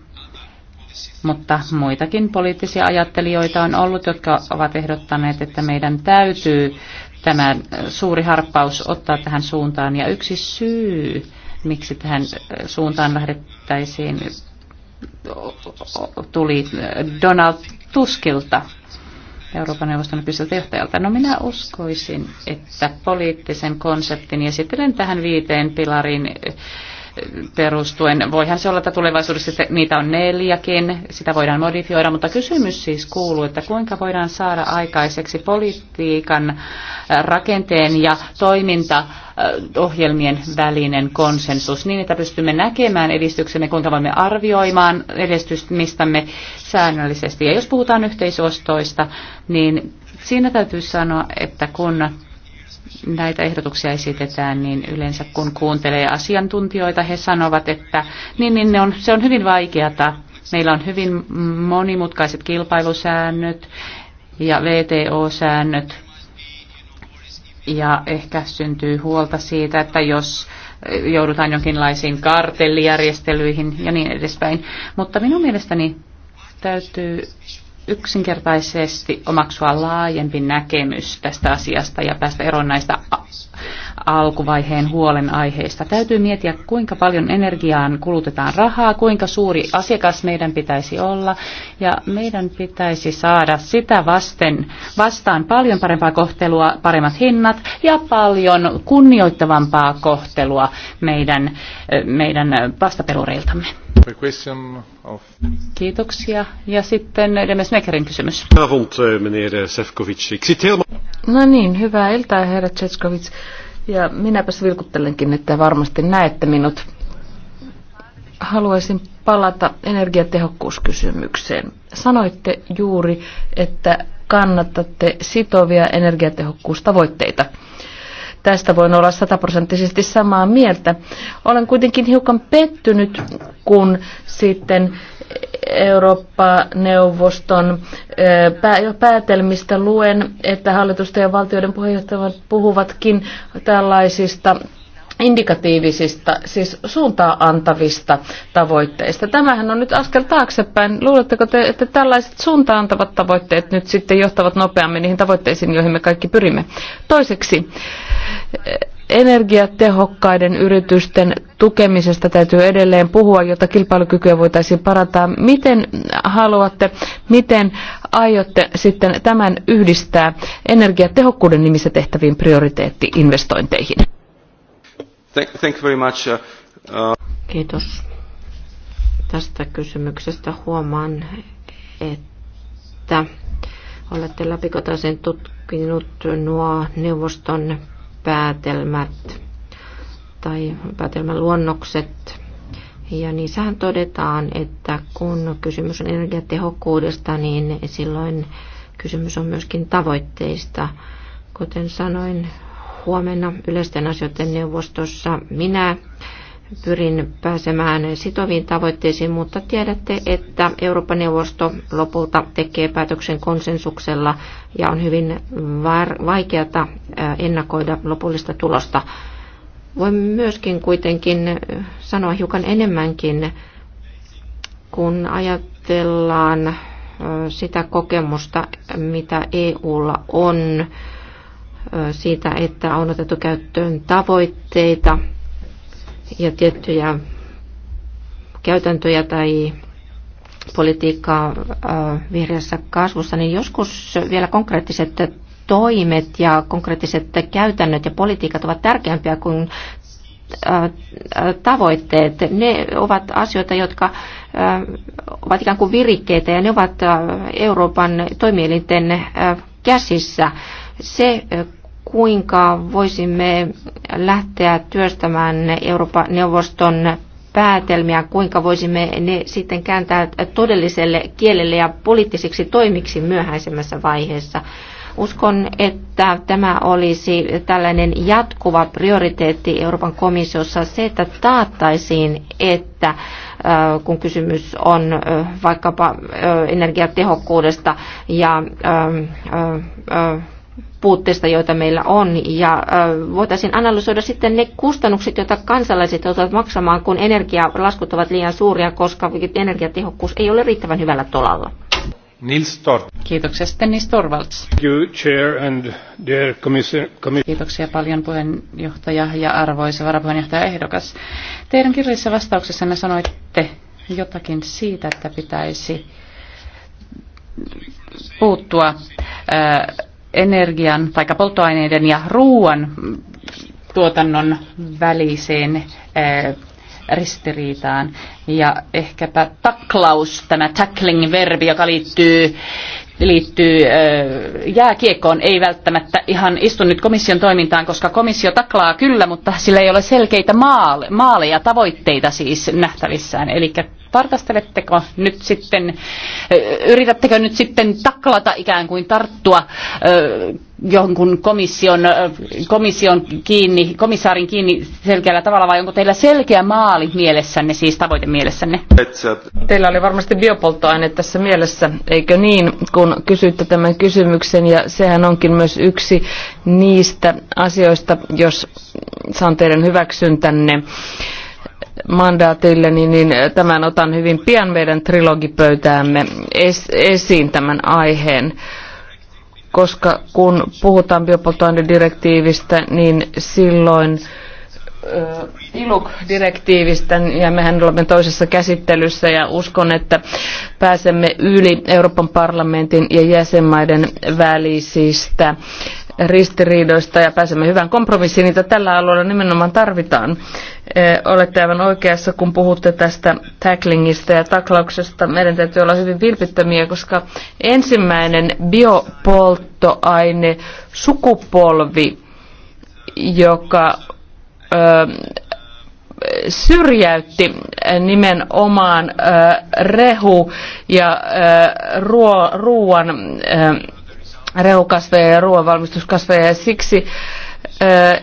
Speaker 1: mutta muitakin poliittisia ajattelijoita on ollut, jotka ovat ehdottaneet, että meidän täytyy tämä suuri harppaus ottaa tähän suuntaan. Ja yksi syy, miksi tähän suuntaan lähdettäisiin, tuli Donald Tuskilta, Euroopan neuvoston nykyiseltä johtajalta. No minä uskoisin, että poliittisen konseptin, ja sitten tähän viiteen pilariin perustuen. Voihan se olla, että tulevaisuudessa niitä on neljäkin, sitä voidaan modifioida, mutta kysymys siis kuuluu, että kuinka voidaan saada aikaiseksi politiikan äh, rakenteen ja toiminta äh, ohjelmien välinen konsensus niin, että pystymme näkemään edistyksemme, kuinka voimme arvioimaan edistymistämme säännöllisesti. Ja jos puhutaan yhteisostoista, niin siinä täytyy sanoa, että kun näitä ehdotuksia esitetään, niin yleensä kun kuuntelee asiantuntijoita, he sanovat, että niin, niin ne on, se on hyvin vaikeata. Meillä on hyvin monimutkaiset kilpailusäännöt ja VTO-säännöt. Ja ehkä syntyy huolta siitä, että jos joudutaan jonkinlaisiin kartellijärjestelyihin ja niin edespäin. Mutta minun mielestäni täytyy yksinkertaisesti omaksua laajempi näkemys tästä asiasta ja päästä eroon näistä alkuvaiheen huolenaiheista. Täytyy miettiä, kuinka paljon energiaan kulutetaan rahaa, kuinka suuri asiakas meidän pitäisi olla, ja meidän pitäisi saada sitä vasten, vastaan paljon parempaa kohtelua, paremmat hinnat ja paljon kunnioittavampaa kohtelua meidän, meidän vastapelureiltamme. Kiitoksia. Ja sitten Demesmekerin kysymys.
Speaker 2: Äh, äh,
Speaker 1: no niin, hyvää
Speaker 4: iltaa, herra Tsetskovits. Ja minäpäs vilkuttelenkin, että varmasti näette minut. Haluaisin palata energiatehokkuuskysymykseen. Sanoitte juuri, että kannatatte sitovia energiatehokkuustavoitteita. Tästä voin olla sataprosenttisesti samaa mieltä. Olen kuitenkin hiukan pettynyt, kun sitten Eurooppa-neuvoston päätelmistä luen, että hallitusten ja valtioiden puheenjohtajat puhuvatkin tällaisista indikatiivisista, siis suuntaa antavista tavoitteista. Tämähän on nyt askel taaksepäin. Luuletteko te, että tällaiset suuntaan antavat tavoitteet nyt sitten johtavat nopeammin niihin tavoitteisiin, joihin me kaikki pyrimme? Toiseksi, energiatehokkaiden yritysten tukemisesta täytyy edelleen puhua, jotta kilpailukykyä voitaisiin parantaa. Miten haluatte, miten aiotte sitten tämän yhdistää energiatehokkuuden nimissä
Speaker 3: tehtäviin prioriteetti-investointeihin?
Speaker 2: Thank, you very much. Uh, uh,
Speaker 3: Kiitos tästä kysymyksestä. Huomaan, että olette läpikotaisen tutkinut nuo neuvoston päätelmät tai päätelmäluonnokset. Ja niissähän todetaan, että kun kysymys on energiatehokkuudesta, niin silloin kysymys on myöskin tavoitteista. Kuten sanoin, huomenna yleisten asioiden neuvostossa. Minä pyrin pääsemään sitoviin tavoitteisiin, mutta tiedätte, että Euroopan neuvosto lopulta tekee päätöksen konsensuksella ja on hyvin vaikeata ennakoida lopullista tulosta. Voin myöskin kuitenkin sanoa hiukan enemmänkin, kun ajatellaan sitä kokemusta, mitä EUlla on siitä, että on otettu käyttöön tavoitteita ja tiettyjä käytäntöjä tai politiikkaa vihreässä kasvussa, niin joskus vielä konkreettiset toimet ja konkreettiset käytännöt ja politiikat ovat tärkeämpiä kuin tavoitteet. Ne ovat asioita, jotka ovat ikään kuin virikkeitä ja ne ovat Euroopan toimielinten käsissä se, kuinka voisimme lähteä työstämään Euroopan neuvoston päätelmiä, kuinka voisimme ne sitten kääntää todelliselle kielelle ja poliittisiksi toimiksi myöhäisemmässä vaiheessa. Uskon, että tämä olisi tällainen jatkuva prioriteetti Euroopan komissiossa se, että taattaisiin, että kun kysymys on vaikkapa energiatehokkuudesta ja puutteista, joita meillä on, ja voitaisiin analysoida sitten ne kustannukset, joita kansalaiset joutuvat maksamaan, kun energialaskut ovat liian suuria, koska energiatehokkuus ei ole riittävän hyvällä tolalla.
Speaker 2: Nils Tort.
Speaker 3: Kiitoksia sitten Nils Torvalds.
Speaker 1: Kiitoksia paljon puheenjohtaja ja arvoisa varapuheenjohtaja ehdokas. Teidän kirjallisessa vastauksessanne sanoitte jotakin siitä, että pitäisi puuttua energian tai polttoaineiden ja ruoan tuotannon väliseen eh, ristiriitaan. Ja ehkäpä taklaus, tämä tackling-verbi, joka liittyy, liittyy eh, jääkiekkoon, ei välttämättä ihan istu nyt komission toimintaan, koska komissio taklaa kyllä, mutta sillä ei ole selkeitä maale, maaleja, tavoitteita siis nähtävissään. Eli tarkasteletteko nyt sitten, yritättekö nyt sitten taklata ikään kuin tarttua jonkun komission, komission kiinni, komissaarin kiinni selkeällä tavalla vai onko teillä selkeä maali mielessänne, siis tavoite mielessänne? Teillä oli varmasti biopolttoaine tässä mielessä,
Speaker 4: eikö niin, kun kysyitte tämän kysymyksen ja sehän onkin myös yksi niistä asioista, jos saan teidän hyväksyntänne mandaatille, niin, niin tämän otan hyvin pian meidän trilogipöytäämme es, esiin tämän aiheen. Koska kun puhutaan biopolttoainedirektiivistä, niin silloin ILUK-direktiivistä ja mehän olemme toisessa käsittelyssä ja uskon, että pääsemme yli Euroopan parlamentin ja jäsenmaiden välisistä ristiriidoista ja pääsemme hyvään kompromissiin, niitä tällä alueella nimenomaan tarvitaan olette aivan oikeassa, kun puhutte tästä tacklingista ja taklauksesta. Meidän täytyy olla hyvin vilpittömiä, koska ensimmäinen biopolttoaine sukupolvi, joka ö, syrjäytti nimenomaan ö, rehu ja ö, ruo, ruoan, ö, rehukasveja ja ruoanvalmistuskasveja ja siksi ö,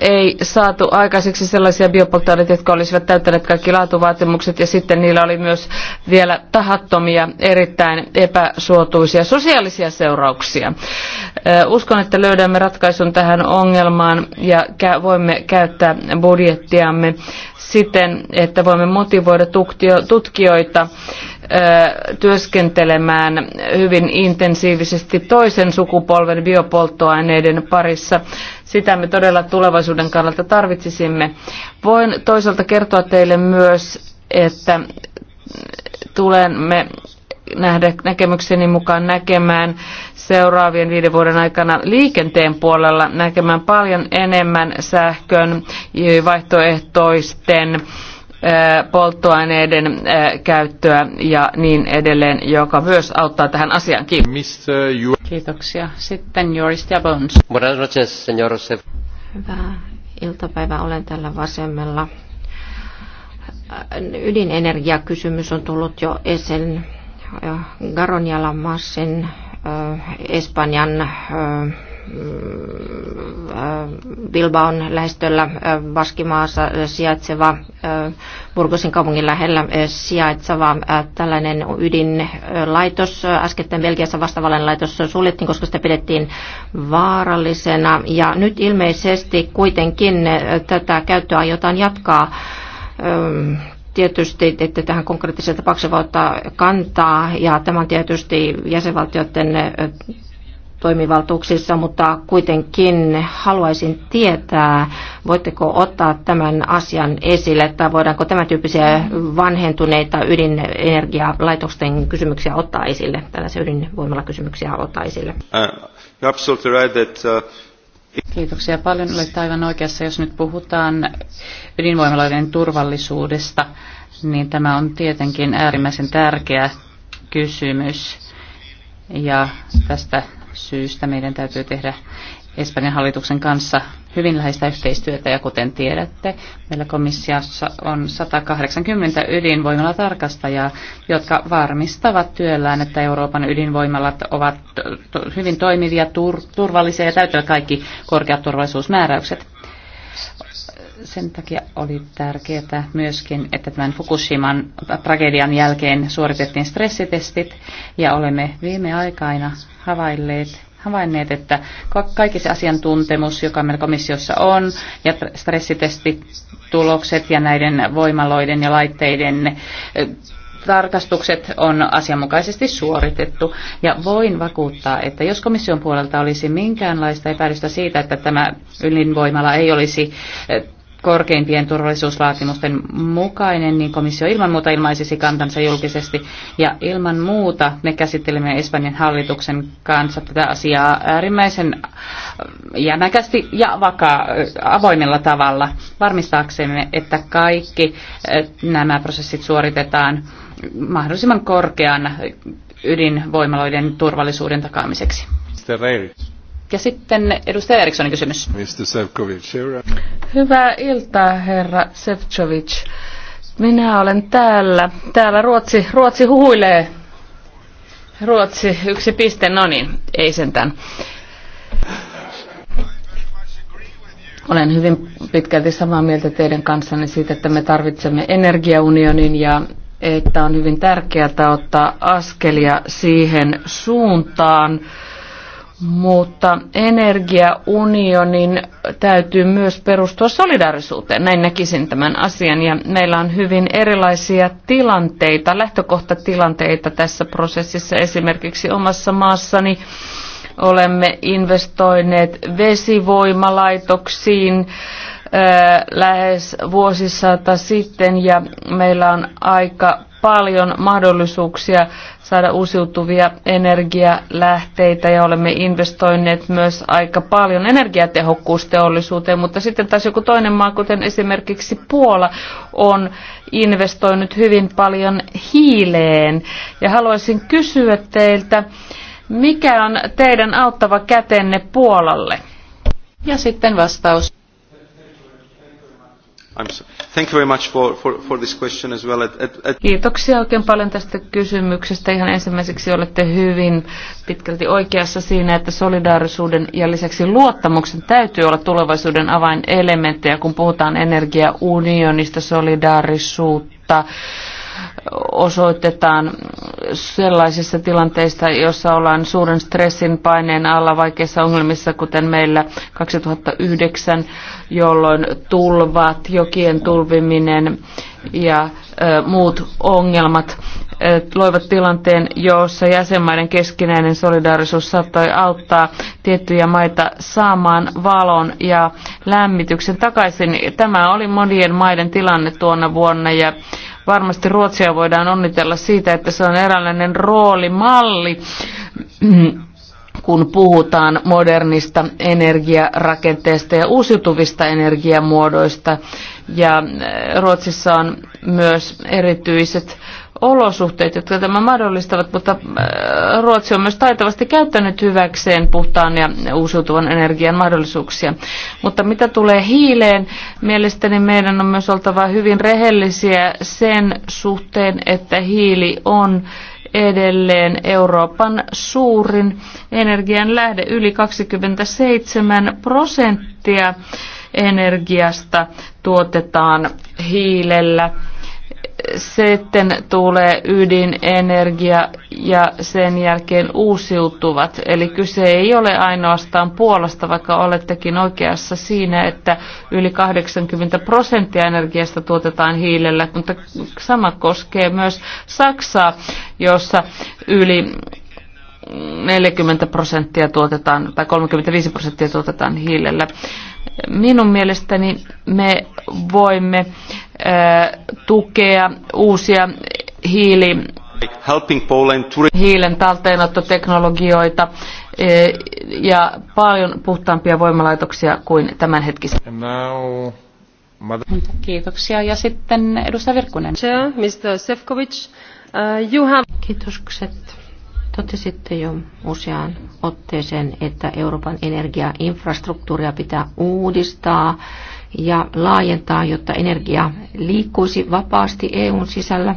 Speaker 4: ei saatu aikaiseksi sellaisia biopolttoaineita, jotka olisivat täyttäneet kaikki laatuvaatimukset ja sitten niillä oli myös vielä tahattomia, erittäin epäsuotuisia sosiaalisia seurauksia. Uskon, että löydämme ratkaisun tähän ongelmaan ja voimme käyttää budjettiamme siten, että voimme motivoida tutkijoita työskentelemään hyvin intensiivisesti toisen sukupolven biopolttoaineiden parissa. Sitä me todella tulevaisuuden kannalta tarvitsisimme. Voin toisaalta kertoa teille myös, että tulemme nähdä, näkemykseni mukaan näkemään seuraavien viiden vuoden aikana liikenteen puolella näkemään paljon enemmän sähkön vaihtoehtoisten polttoaineiden käyttöä ja niin edelleen, joka myös auttaa tähän asiaan.
Speaker 1: Kiitoksia. Sitten Joris Bones. Buenas noches, señor
Speaker 3: Hyvää iltapäivää. Olen täällä vasemmalla. Ydinenergiakysymys on tullut jo esiin. Garoniala Massin Espanjan Bilbaon lähestöllä Baskimaassa sijaitseva, Burgosin kaupungin lähellä sijaitseva tällainen ydinlaitos. Äskettäin Belgiassa vastaavallinen laitos suljettiin, koska sitä pidettiin vaarallisena. Ja nyt ilmeisesti kuitenkin tätä käyttöä aiotaan jatkaa tietysti, että tähän konkreettiseen tapaukseen voi ottaa kantaa, ja tämä on tietysti jäsenvaltioiden toimivaltuuksissa, mutta kuitenkin haluaisin tietää, voitteko ottaa tämän asian esille tai voidaanko tämän tyyppisiä vanhentuneita ydinenergialaitosten kysymyksiä ottaa esille, tällaisia ydinvoimalakysymyksiä ottaa esille.
Speaker 2: Uh, uh,
Speaker 3: Kiitoksia
Speaker 1: paljon. Olette aivan oikeassa, jos nyt puhutaan ydinvoimaloiden turvallisuudesta, niin tämä on tietenkin äärimmäisen tärkeä kysymys. Ja tästä syystä meidän täytyy tehdä Espanjan hallituksen kanssa hyvin läheistä yhteistyötä ja kuten tiedätte, meillä komissiossa on 180 ydinvoimalatarkastajaa, jotka varmistavat työllään, että Euroopan ydinvoimalat ovat hyvin toimivia, turvallisia ja täyttävät kaikki korkeat turvallisuusmääräykset sen takia oli tärkeää myöskin, että tämän Fukushiman tragedian jälkeen suoritettiin stressitestit ja olemme viime aikaina havailleet, havainneet, että kaikki se asiantuntemus, joka meillä komissiossa on ja stressitestitulokset ja näiden voimaloiden ja laitteiden tarkastukset on asianmukaisesti suoritettu. Ja voin vakuuttaa, että jos komission puolelta olisi minkäänlaista epäilystä siitä, että tämä ylinvoimala ei olisi korkeimpien turvallisuusvaatimusten mukainen, niin komissio ilman muuta ilmaisisi kantansa julkisesti. Ja ilman muuta me käsittelemme Espanjan hallituksen kanssa tätä asiaa äärimmäisen äh, jämäkästi ja vakaa, äh, avoimella tavalla varmistaaksemme, että kaikki äh, nämä prosessit suoritetaan mahdollisimman korkean ydinvoimaloiden turvallisuuden takaamiseksi. Ja sitten edustaja Erikssonin kysymys. Mr.
Speaker 2: Sefcovic,
Speaker 4: Hyvää iltaa, herra Sefcovic. Minä olen täällä. Täällä Ruotsi, Ruotsi huilee. Ruotsi, yksi piste, no niin, ei sentään. Olen hyvin pitkälti samaa mieltä teidän kanssanne siitä, että me tarvitsemme energiaunionin ja että on hyvin tärkeää ottaa askelia siihen suuntaan mutta energiaunionin täytyy myös perustua solidaarisuuteen. Näin näkisin tämän asian ja meillä on hyvin erilaisia tilanteita, lähtökohtatilanteita tässä prosessissa. Esimerkiksi omassa maassani olemme investoineet vesivoimalaitoksiin lähes vuosisata sitten ja meillä on aika paljon mahdollisuuksia saada uusiutuvia energialähteitä ja olemme investoineet myös aika paljon energiatehokkuusteollisuuteen, mutta sitten taas joku toinen maa, kuten esimerkiksi Puola, on investoinut hyvin paljon hiileen. Ja haluaisin kysyä teiltä, mikä on teidän auttava kätenne Puolalle? Ja sitten vastaus. Kiitoksia oikein paljon tästä kysymyksestä. Ihan ensimmäiseksi olette hyvin pitkälti oikeassa siinä, että solidaarisuuden ja lisäksi luottamuksen täytyy olla tulevaisuuden avainelementtejä, kun puhutaan energiaunionista, solidaarisuutta osoitetaan sellaisissa tilanteissa, joissa ollaan suuren stressin paineen alla vaikeissa ongelmissa, kuten meillä 2009, jolloin tulvat, jokien tulviminen ja muut ongelmat loivat tilanteen, jossa jäsenmaiden keskinäinen solidaarisuus saattoi auttaa tiettyjä maita saamaan valon ja lämmityksen takaisin. Tämä oli monien maiden tilanne tuona vuonna ja Varmasti Ruotsia voidaan onnitella siitä, että se on eräänlainen roolimalli <clears throat> kun puhutaan modernista energiarakenteesta ja uusiutuvista energiamuodoista. Ja eh, Ruotsissa on myös erityiset olosuhteet, jotka tämä mahdollistavat, mutta äh, Ruotsi on myös taitavasti käyttänyt hyväkseen puhtaan ja uusiutuvan energian mahdollisuuksia. Mutta mitä tulee hiileen, mielestäni meidän on myös oltava hyvin rehellisiä sen suhteen, että hiili on edelleen Euroopan suurin energian lähde, yli 27 prosenttia energiasta tuotetaan hiilellä sitten tulee ydinenergia ja sen jälkeen uusiutuvat. Eli kyse ei ole ainoastaan Puolasta, vaikka olettekin oikeassa siinä, että yli 80 prosenttia energiasta tuotetaan hiilellä, mutta sama koskee myös Saksaa, jossa yli 40 prosenttia tuotetaan, tai 35 prosenttia tuotetaan hiilellä. Minun mielestäni me voimme tukea uusia hiili hiilen talteenottoteknologioita ja paljon puhtaampia voimalaitoksia kuin tämänhetkiset.
Speaker 1: Kiitoksia. Ja sitten edustaja Virkkunen.
Speaker 3: Mr. Sefcovic, uh, you have... Kiitokset. Totesitte jo useaan otteeseen, että Euroopan energiainfrastruktuuria pitää uudistaa ja laajentaa, jotta energia liikkuisi vapaasti EUn sisällä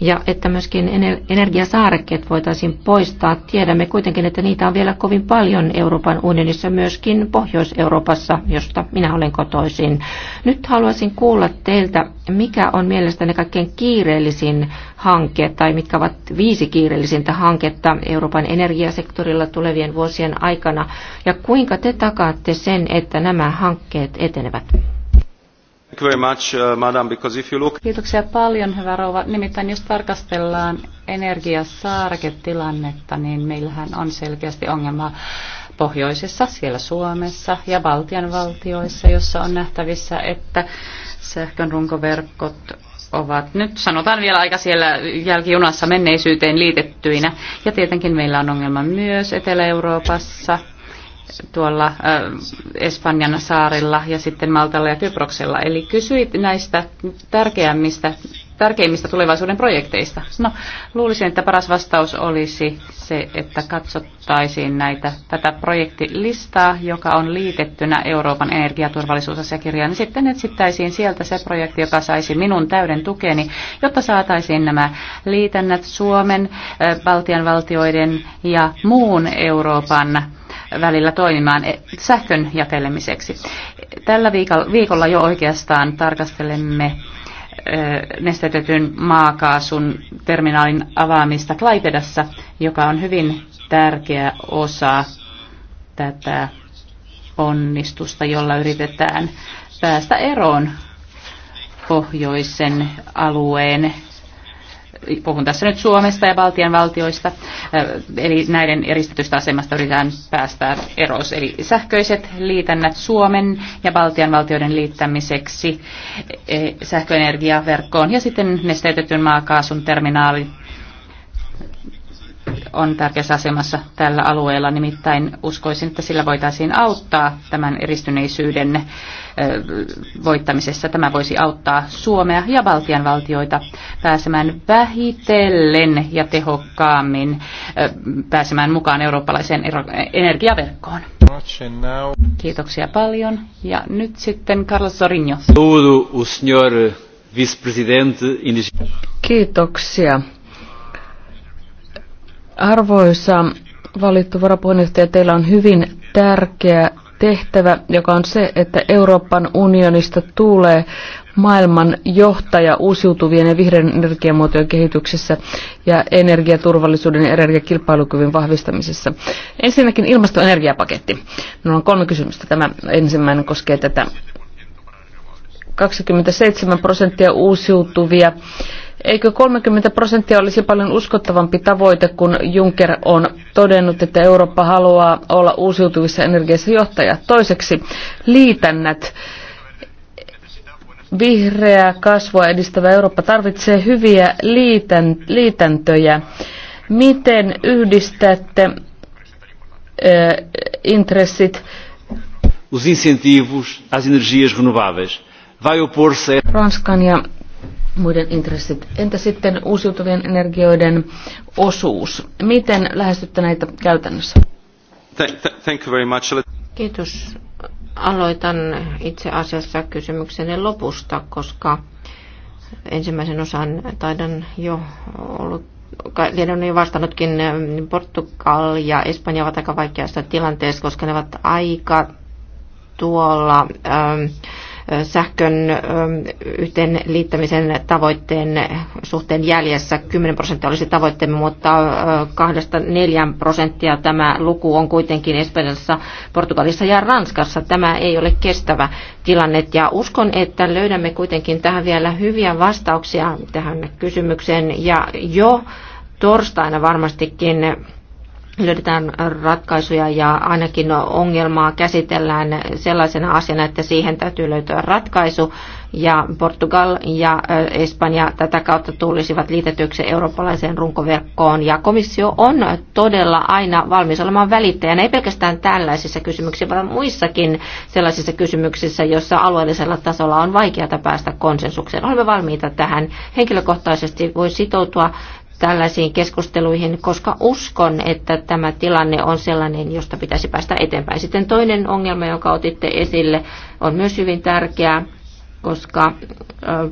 Speaker 3: ja että myöskin energiasaarekkeet voitaisiin poistaa. Tiedämme kuitenkin, että niitä on vielä kovin paljon Euroopan unionissa, myöskin Pohjois-Euroopassa, josta minä olen kotoisin. Nyt haluaisin kuulla teiltä, mikä on mielestäni kaikkein kiireellisin hanke, tai mitkä ovat viisi kiireellisintä hanketta Euroopan energiasektorilla tulevien vuosien aikana, ja kuinka te takaatte sen, että nämä hankkeet etenevät?
Speaker 1: Kiitoksia paljon, hyvä rouva. Nimittäin jos tarkastellaan energiasaarketilannetta, niin meillähän on selkeästi ongelma pohjoisessa, siellä Suomessa ja Baltian valtioissa, jossa on nähtävissä, että sähkön runkoverkot ovat nyt sanotaan vielä aika siellä jälkijunassa menneisyyteen liitettyinä. Ja tietenkin meillä on ongelma myös Etelä-Euroopassa, tuolla äh, Espanjan saarilla ja sitten Maltalla ja Kyproksella. Eli kysyit näistä tärkeimmistä tärkeimmistä tulevaisuuden projekteista. No, luulisin, että paras vastaus olisi se, että katsottaisiin näitä, tätä projektilistaa, joka on liitettynä Euroopan energiaturvallisuusasiakirjaan, niin sitten etsittäisiin sieltä se projekti, joka saisi minun täyden tukeni, jotta saataisiin nämä liitännät Suomen, äh, Baltian valtioiden ja muun Euroopan välillä toimimaan e, sähkön jakelemiseksi. Tällä viikolla jo oikeastaan tarkastelemme nestetetyn maakaasun terminaalin avaamista Klaipedassa, joka on hyvin tärkeä osa tätä onnistusta, jolla yritetään päästä eroon pohjoisen alueen puhun tässä nyt Suomesta ja Baltian valtioista, eli näiden eristetystä asemasta yritetään päästä eroon. Eli sähköiset liitännät Suomen ja Baltian valtioiden liittämiseksi e, sähköenergiaverkkoon ja sitten nesteytetyn maakaasun terminaali on tärkeässä asemassa tällä alueella. Nimittäin uskoisin, että sillä voitaisiin auttaa tämän eristyneisyyden voittamisessa. Tämä voisi auttaa Suomea ja Baltian valtioita pääsemään vähitellen ja tehokkaammin pääsemään mukaan eurooppalaiseen energiaverkkoon. Kiitoksia paljon. Ja nyt sitten Carlos Sorinho. Kiitoksia
Speaker 4: Arvoisa valittu varapuheenjohtaja, teillä on hyvin tärkeä tehtävä, joka on se, että Euroopan unionista tulee maailman johtaja uusiutuvien ja vihreän energiamuotojen kehityksessä ja energiaturvallisuuden ja energiakilpailukyvyn vahvistamisessa. Ensinnäkin ilmastoenergiapaketti. Minulla on kolme kysymystä. Tämä ensimmäinen koskee tätä 27 prosenttia uusiutuvia Eikö 30 prosenttia olisi paljon uskottavampi tavoite, kun Juncker on todennut, että Eurooppa haluaa olla uusiutuvissa energiassa johtaja? Toiseksi, liitännät. Vihreää kasvua edistävä Eurooppa tarvitsee hyviä liitän, liitäntöjä. Miten yhdistätte intressit?
Speaker 2: Os incentivos às energias renováveis. Vai opor-se...
Speaker 4: Ranskan ja muiden intressit. Entä sitten uusiutuvien energioiden osuus? Miten
Speaker 3: lähestytte näitä käytännössä?
Speaker 2: Thank you very much.
Speaker 3: Kiitos. Aloitan itse asiassa kysymyksenne lopusta, koska ensimmäisen osan taidan jo ollut Liedon jo vastannutkin, mm, Portugal ja Espanja ovat aika vaikeassa tilanteessa, koska ne ovat aika tuolla ähm, sähkön ähm, liittämisen tavoitteen suhteen jäljessä. 10 prosenttia olisi tavoitteemme, mutta 2-4 äh, prosenttia tämä luku on kuitenkin Espanjassa, Portugalissa ja Ranskassa. Tämä ei ole kestävä tilanne ja uskon, että löydämme kuitenkin tähän vielä hyviä vastauksia tähän kysymykseen ja jo torstaina varmastikin löydetään ratkaisuja ja ainakin ongelmaa käsitellään sellaisena asiana, että siihen täytyy löytyä ratkaisu. Ja Portugal ja Espanja tätä kautta tulisivat liitetyksi eurooppalaiseen runkoverkkoon. Ja komissio on todella aina valmis olemaan välittäjänä, ei pelkästään tällaisissa kysymyksissä, vaan muissakin sellaisissa kysymyksissä, joissa alueellisella tasolla on vaikeata päästä konsensukseen. Olemme valmiita tähän. Henkilökohtaisesti voi sitoutua tällaisiin keskusteluihin, koska uskon, että tämä tilanne on sellainen, josta pitäisi päästä eteenpäin. Sitten toinen ongelma, jonka otitte esille, on myös hyvin tärkeä, koska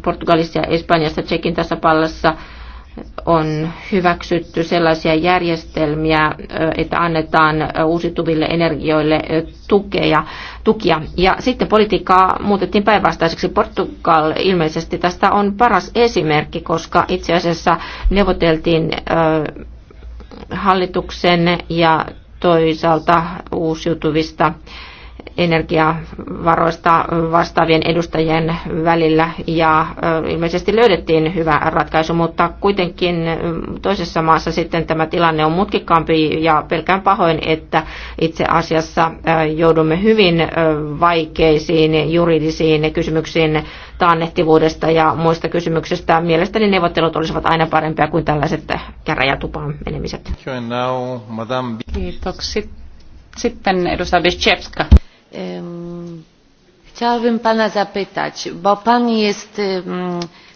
Speaker 3: Portugalissa ja Espanjassa, Tsekin tasapallossa on hyväksytty sellaisia järjestelmiä, että annetaan uusiutuville energioille tukea, tukia. Ja sitten politiikkaa muutettiin päinvastaiseksi. Portugal ilmeisesti tästä on paras esimerkki, koska itse asiassa neuvoteltiin hallituksen ja toisaalta uusiutuvista energiavaroista vastaavien edustajien välillä ja ilmeisesti löydettiin hyvä ratkaisu, mutta kuitenkin toisessa maassa sitten tämä tilanne on mutkikkaampi ja pelkään pahoin, että itse asiassa joudumme hyvin vaikeisiin juridisiin kysymyksiin taannehtivuudesta ja muista kysymyksistä. Mielestäni neuvottelut olisivat aina parempia kuin tällaiset käräjätupaan menemiset. Kiitoksia. Sitten edustaja Bischewska.
Speaker 1: Chciałabym pana zapytać, bo pan jest...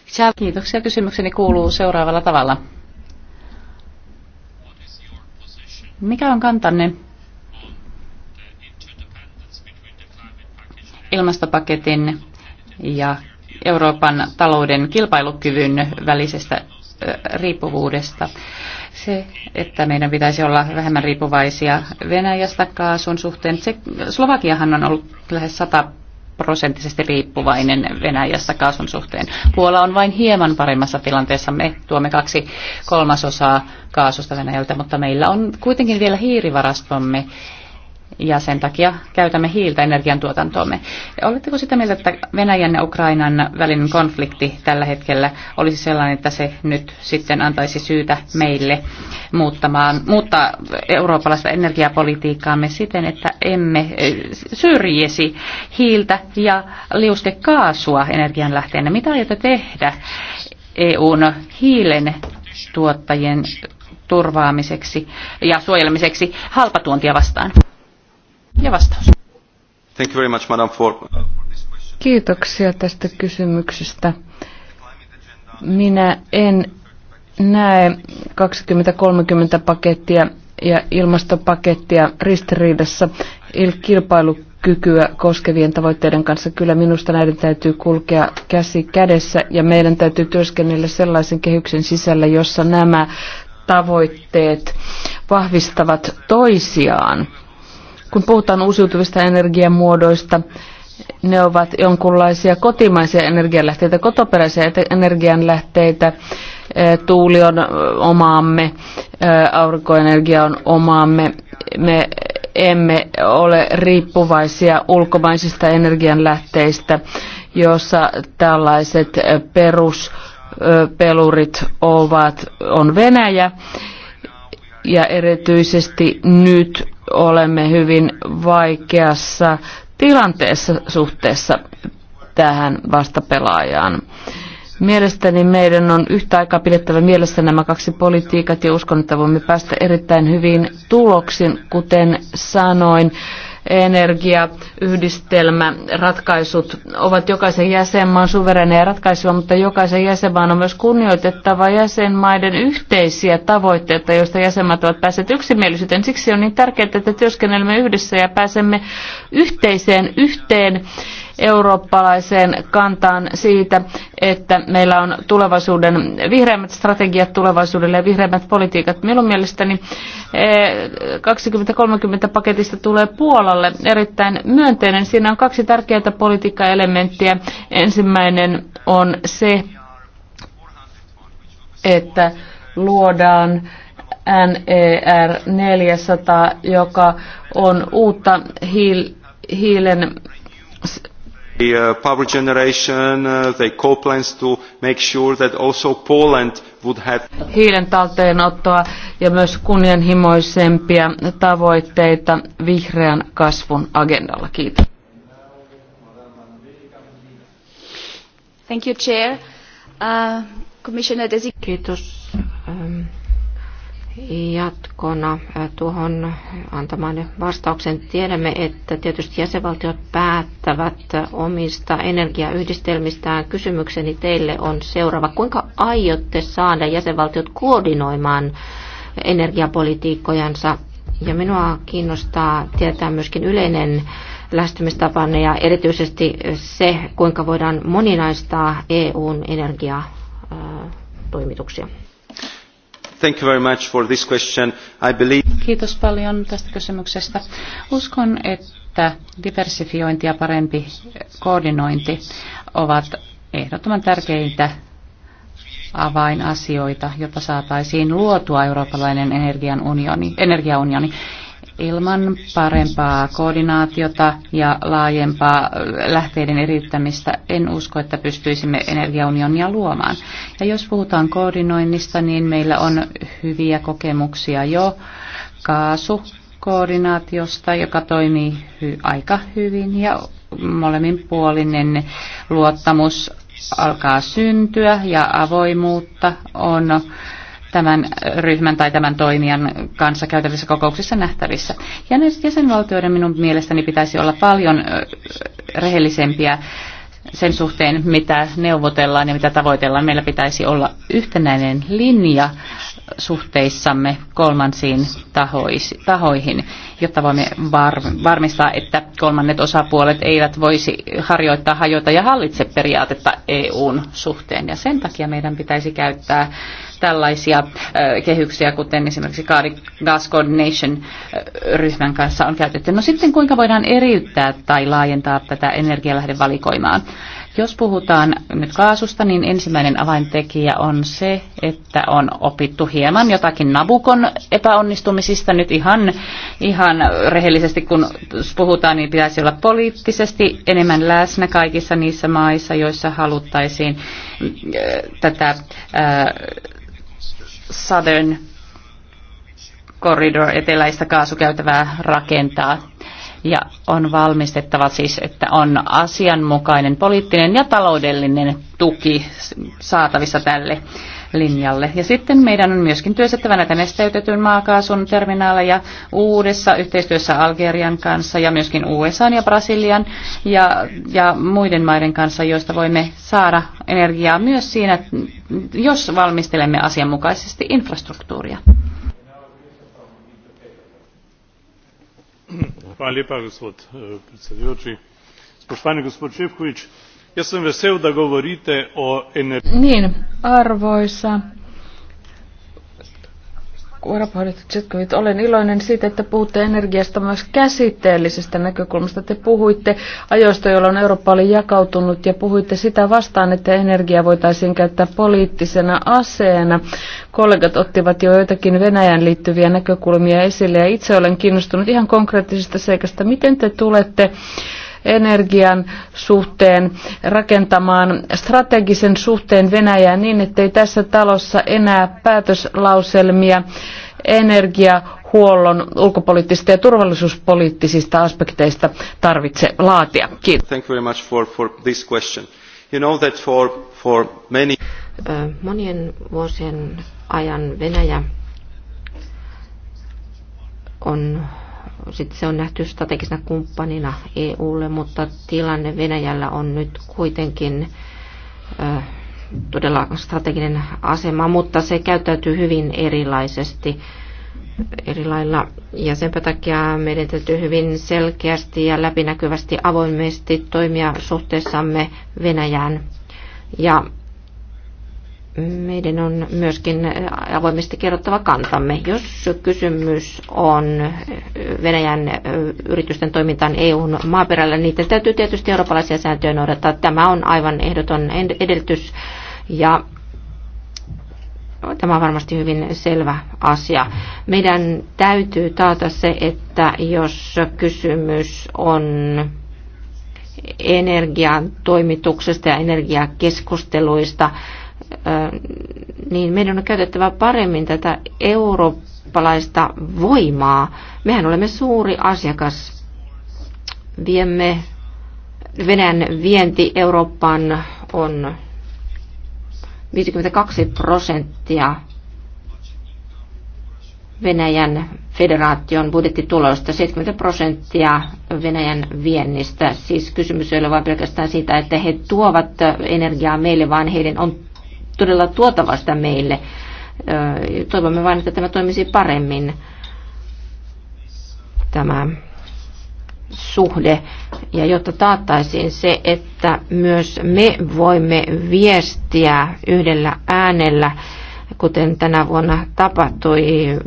Speaker 1: Chciał... Kiitoksia. Kysymykseni kuuluu seuraavalla tavalla. Mikä on kantanne ilmastopaketin ja Euroopan talouden kilpailukyvyn välisestä riippuvuudesta? se, että meidän pitäisi olla vähemmän riippuvaisia Venäjästä kaasun suhteen. Se, Slovakiahan on ollut lähes 100 prosenttisesti riippuvainen Venäjässä kaasun suhteen. Puola on vain hieman paremmassa tilanteessa. Me tuomme kaksi kolmasosaa kaasusta Venäjältä, mutta meillä on kuitenkin vielä hiirivarastomme ja sen takia käytämme hiiltä energiantuotantoomme. Oletteko sitä mieltä, että Venäjän ja Ukrainan välinen konflikti tällä hetkellä olisi sellainen, että se nyt sitten antaisi syytä meille muuttamaan, muuttaa eurooppalaista energiapolitiikkaamme siten, että emme eh, syrjisi hiiltä ja liuskekaasua energianlähteenä? Mitä aiotte tehdä EUn hiilen tuottajien turvaamiseksi ja suojelemiseksi halpatuontia vastaan? ja vastaus.
Speaker 2: Thank you very much, Madam for...
Speaker 4: Kiitoksia tästä kysymyksestä. Minä en näe 2030 pakettia ja ilmastopakettia ristiriidassa kilpailukykyä koskevien tavoitteiden kanssa. Kyllä minusta näiden täytyy kulkea käsi kädessä ja meidän täytyy työskennellä sellaisen kehyksen sisällä, jossa nämä tavoitteet vahvistavat toisiaan kun puhutaan uusiutuvista energiamuodoista, ne ovat jonkunlaisia kotimaisia energianlähteitä, kotoperäisiä energianlähteitä. Tuuli on omaamme, aurinkoenergia on omaamme. Me emme ole riippuvaisia ulkomaisista energianlähteistä, joissa tällaiset peruspelurit ovat, on Venäjä. Ja erityisesti nyt olemme hyvin vaikeassa tilanteessa suhteessa tähän vastapelaajaan. Mielestäni meidän on yhtä aikaa pidettävä mielessä nämä kaksi politiikat ja uskon, että voimme päästä erittäin hyvin tuloksiin, kuten sanoin energiayhdistelmäratkaisut ovat jokaisen jäsenmaan suvereneja ratkaisuja, mutta jokaisen jäsenmaan on myös kunnioitettava jäsenmaiden yhteisiä tavoitteita, joista jäsenmaat ovat päässeet yksimielisyyteen. Siksi on niin tärkeää, että työskennelemme yhdessä ja pääsemme yhteiseen yhteen eurooppalaiseen kantaan siitä, että meillä on tulevaisuuden vihreämmät strategiat tulevaisuudelle ja vihreämmät politiikat. Minun mielestäni 2030 eh, paketista tulee Puolalle erittäin myönteinen. Siinä on kaksi tärkeää politiikkaelementtiä. Ensimmäinen on se, että luodaan e NER 400, joka on uutta hiil, hiilen
Speaker 2: the uh, power generation, uh, the coal plants to make sure that also Poland would have...
Speaker 4: Hiilen talteenottoa ja myös kunnianhimoisempia tavoitteita vihreän kasvun agendalla. Kiitos.
Speaker 3: Thank you, Chair. Uh, Commissioner Desi- Kiitos. Um, Jatkona tuohon antamaan vastauksen tiedämme, että tietysti jäsenvaltiot päättävät omista energiayhdistelmistään. Kysymykseni teille on seuraava. Kuinka aiotte saada jäsenvaltiot koordinoimaan energiapolitiikkojansa? Ja minua kiinnostaa tietää myöskin yleinen lähestymistapanne ja erityisesti se, kuinka voidaan moninaistaa EUn energiatoimituksia.
Speaker 2: Thank you very much for this question. I believe...
Speaker 1: Kiitos paljon tästä kysymyksestä. Uskon, että diversifiointi ja parempi koordinointi ovat ehdottoman tärkeintä avainasioita, jotta saataisiin luotua eurooppalainen energian unioni, energiaunioni ilman parempaa koordinaatiota ja laajempaa lähteiden eriyttämistä en usko, että pystyisimme energiaunionia luomaan. Ja jos puhutaan koordinoinnista, niin meillä on hyviä kokemuksia jo kaasukoordinaatiosta, joka toimii hy- aika hyvin ja molemminpuolinen luottamus alkaa syntyä ja avoimuutta on tämän ryhmän tai tämän toimijan kanssa käytävissä kokouksissa nähtävissä. Ja jäsenvaltioiden minun mielestäni pitäisi olla paljon rehellisempiä sen suhteen, mitä neuvotellaan ja mitä tavoitellaan. Meillä pitäisi olla yhtenäinen linja suhteissamme kolmansiin tahoihin, jotta voimme varmistaa, että kolmannet osapuolet eivät voisi harjoittaa, hajota ja hallitse periaatetta EUn suhteen. Ja sen takia meidän pitäisi käyttää tällaisia kehyksiä, kuten esimerkiksi Gas Coordination-ryhmän kanssa on käytetty. No sitten kuinka voidaan eriyttää tai laajentaa tätä energialähdevalikoimaa? Jos puhutaan nyt kaasusta, niin ensimmäinen avaintekijä on se, että on opittu hieman jotakin Nabukon epäonnistumisista. Nyt ihan, ihan rehellisesti, kun puhutaan, niin pitäisi olla poliittisesti enemmän läsnä kaikissa niissä maissa, joissa haluttaisiin tätä Southern Corridor eteläistä kaasukäytävää rakentaa. Ja on valmistettava siis, että on asianmukainen poliittinen ja taloudellinen tuki saatavissa tälle linjalle. Ja sitten meidän on myöskin työstettävä näitä nesteytetyn maakaasun terminaaleja uudessa yhteistyössä Algerian kanssa ja myöskin USA ja Brasilian ja, ja muiden maiden kanssa, joista voimme saada energiaa myös siinä, jos valmistelemme asianmukaisesti infrastruktuuria.
Speaker 2: Hvala lepa, gospod eh, predsedujoči. Spoštovani gospod Šefkovič, niin,
Speaker 4: arvoisa Varapuheenjohtaja olen iloinen siitä, että puhutte energiasta myös käsitteellisestä näkökulmasta. Te puhuitte ajoista, jolloin Eurooppa oli jakautunut ja puhuitte sitä vastaan, että energia voitaisiin käyttää poliittisena aseena. Kollegat ottivat jo joitakin Venäjän liittyviä näkökulmia esille ja itse olen kiinnostunut ihan konkreettisesta seikasta. Miten te tulette energian suhteen, rakentamaan strategisen suhteen Venäjään niin, ettei tässä talossa enää päätöslauselmia energiahuollon ulkopoliittisista ja turvallisuuspoliittisista aspekteista tarvitse
Speaker 2: laatia. Kiitos. Thank you very much for, for this question. You know that for, for many...
Speaker 3: Monien vuosien ajan Venäjä on sitten se on nähty strategisena kumppanina EUlle, mutta tilanne Venäjällä on nyt kuitenkin todella strateginen asema, mutta se käyttäytyy hyvin erilaisesti eri lailla. Ja sen takia meidän täytyy hyvin selkeästi ja läpinäkyvästi avoimesti toimia suhteessamme Venäjään. Ja meidän on myöskin avoimesti kerrottava kantamme. Jos kysymys on Venäjän yritysten toimintaan EUn maaperällä, niitä täytyy tietysti eurooppalaisia sääntöjä noudattaa. Tämä on aivan ehdoton edellytys ja tämä on varmasti hyvin selvä asia. Meidän täytyy taata se, että jos kysymys on energiatoimituksesta ja energiakeskusteluista, keskusteluista, niin meidän on käytettävä paremmin tätä eurooppalaista voimaa. Mehän olemme suuri asiakas. Viemme Venäjän vienti Eurooppaan on 52 prosenttia Venäjän federaation budjettituloista 70 prosenttia Venäjän viennistä. Siis kysymys ei ole vain pelkästään siitä, että he tuovat energiaa meille, vaan heidän on todella tuotava sitä meille. Toivomme vain, että tämä toimisi paremmin, tämä suhde. Ja jotta taattaisiin se, että myös me voimme viestiä yhdellä äänellä, kuten tänä vuonna tapahtui.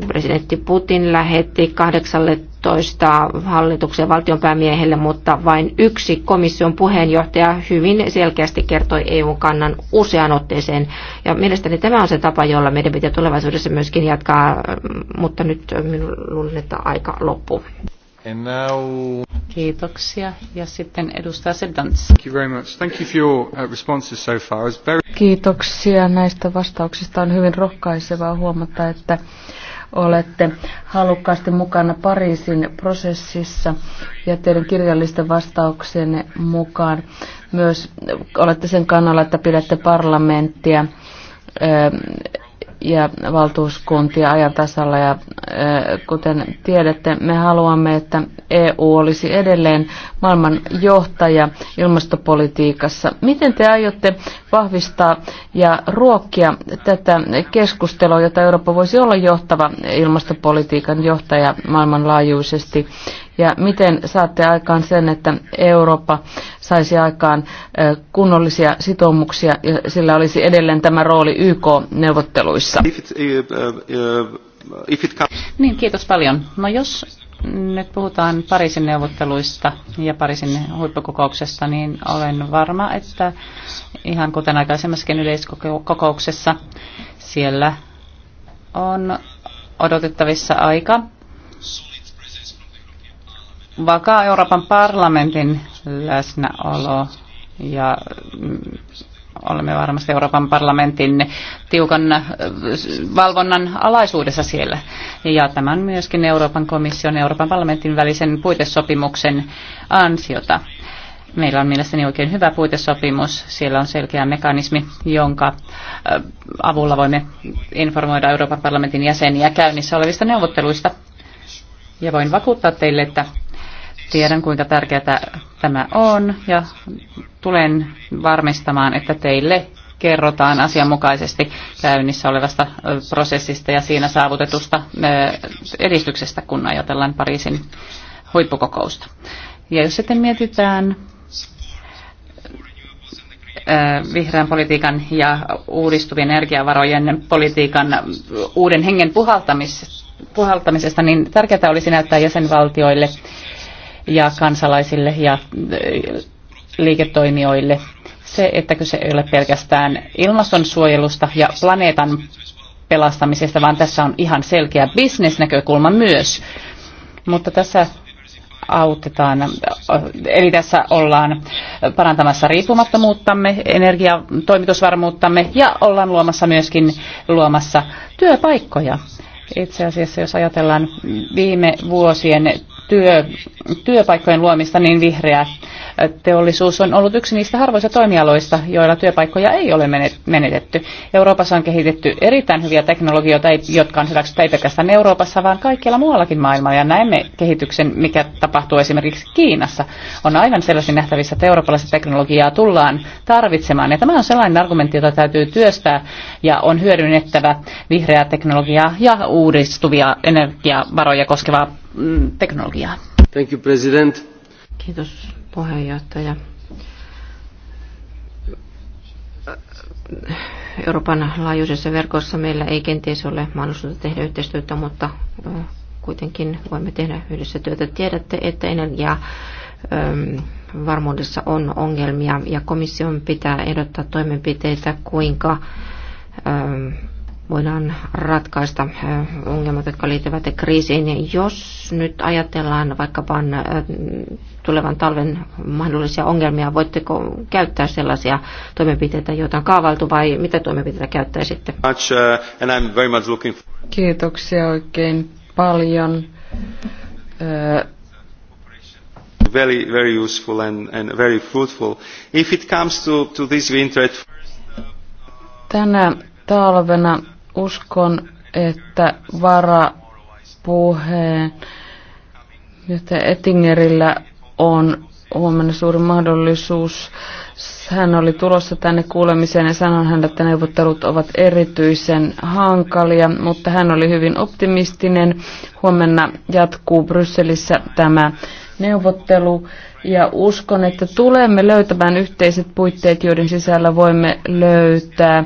Speaker 3: Presidentti Putin lähetti 18 hallituksen valtionpäämiehelle, mutta vain yksi komission puheenjohtaja hyvin selkeästi kertoi EU-kannan usean otteeseen. Ja mielestäni tämä on se tapa, jolla meidän pitää tulevaisuudessa myöskin jatkaa, mutta nyt minun luulen, että aika loppuu
Speaker 1: now... Kiitoksia. Ja sitten edustaja Sedans.
Speaker 2: Thank you very much. Thank you for your uh, responses so far. very...
Speaker 1: Kiitoksia
Speaker 4: näistä vastauksista. On hyvin rohkaisevaa huomata, että olette halukkaasti mukana Pariisin prosessissa ja teidän kirjallisten vastauksenne mukaan myös olette sen kannalla, että pidätte parlamenttia ja valtuuskuntia ajan tasalla. Ja kuten tiedätte, me haluamme, että EU olisi edelleen maailman johtaja ilmastopolitiikassa. Miten te aiotte vahvistaa ja ruokkia tätä keskustelua, jota Eurooppa voisi olla johtava ilmastopolitiikan johtaja maailmanlaajuisesti? ja miten saatte aikaan sen, että Eurooppa saisi aikaan kunnollisia sitoumuksia ja sillä olisi edelleen tämä rooli YK-neuvotteluissa?
Speaker 2: Uh, uh, niin, kiitos
Speaker 1: paljon. No jos nyt puhutaan Pariisin neuvotteluista ja Pariisin huippukokouksesta, niin olen varma, että ihan kuten aikaisemmassakin yleiskokouksessa, siellä on odotettavissa aika vakaa Euroopan parlamentin läsnäolo ja mm, olemme varmasti Euroopan parlamentin tiukan äh, valvonnan alaisuudessa siellä. Ja tämän myöskin Euroopan komission ja Euroopan parlamentin välisen puitesopimuksen ansiota. Meillä on mielestäni oikein hyvä puitesopimus. Siellä on selkeä mekanismi, jonka äh, avulla voimme informoida Euroopan parlamentin jäseniä käynnissä olevista neuvotteluista. Ja voin vakuuttaa teille, että Tiedän, kuinka tärkeää tämä on ja tulen varmistamaan, että teille kerrotaan asianmukaisesti käynnissä olevasta prosessista ja siinä saavutetusta edistyksestä, kun ajatellaan Pariisin huippukokousta. Ja jos sitten mietitään vihreän politiikan ja uudistuvien energiavarojen politiikan uuden hengen puhaltamisesta, niin tärkeää olisi näyttää jäsenvaltioille ja kansalaisille ja äh, liiketoimijoille se, että kyse ei ole pelkästään ilmastonsuojelusta ja planeetan pelastamisesta, vaan tässä on ihan selkeä bisnesnäkökulma myös. Mutta tässä autetaan, äh, eli tässä ollaan parantamassa riippumattomuuttamme, energiatoimitusvarmuuttamme ja ollaan luomassa myöskin luomassa työpaikkoja. Itse asiassa, jos ajatellaan viime vuosien työ, työpaikkojen luomista, niin vihreä teollisuus on ollut yksi niistä harvoista toimialoista, joilla työpaikkoja ei ole menetetty. Euroopassa on kehitetty erittäin hyviä teknologioita, jotka on hyväksytty ei pelkästään Euroopassa, vaan kaikkialla muuallakin maailmalla. Ja näemme kehityksen, mikä tapahtuu esimerkiksi Kiinassa. On aivan selvästi nähtävissä, että eurooppalaista teknologiaa tullaan tarvitsemaan. Ja tämä on sellainen argumentti, jota täytyy työstää ja on hyödynnettävä vihreää teknologiaa ja uudistuvia energiavaroja koskevaa Mm, teknologiaa.
Speaker 2: Thank you, president.
Speaker 1: Kiitos puheenjohtaja.
Speaker 3: Euroopan laajuisessa verkossa meillä ei kenties ole mahdollisuutta tehdä yhteistyötä, mutta kuitenkin voimme tehdä yhdessä työtä. Tiedätte, että energia varmuudessa on ongelmia ja komission pitää ehdottaa toimenpiteitä, kuinka voidaan ratkaista ongelmat, jotka liittyvät kriisiin. Jos nyt ajatellaan vaikkapa tulevan talven mahdollisia ongelmia, voitteko käyttää sellaisia toimenpiteitä, joita on kaavailtu, vai mitä toimenpiteitä käyttäisitte?
Speaker 2: Uh,
Speaker 3: Kiitoksia oikein paljon.
Speaker 4: Uh,
Speaker 2: very, very useful and, and very fruitful. If it comes to, to this winter,
Speaker 4: Tänä talvena. Uskon, että varapuheen johtaja Ettingerillä on huomenna suuri mahdollisuus. Hän oli tulossa tänne kuulemiseen ja sanoi hän, että neuvottelut ovat erityisen hankalia, mutta hän oli hyvin optimistinen. Huomenna jatkuu Brysselissä tämä neuvottelu ja uskon, että tulemme löytämään yhteiset puitteet, joiden sisällä voimme löytää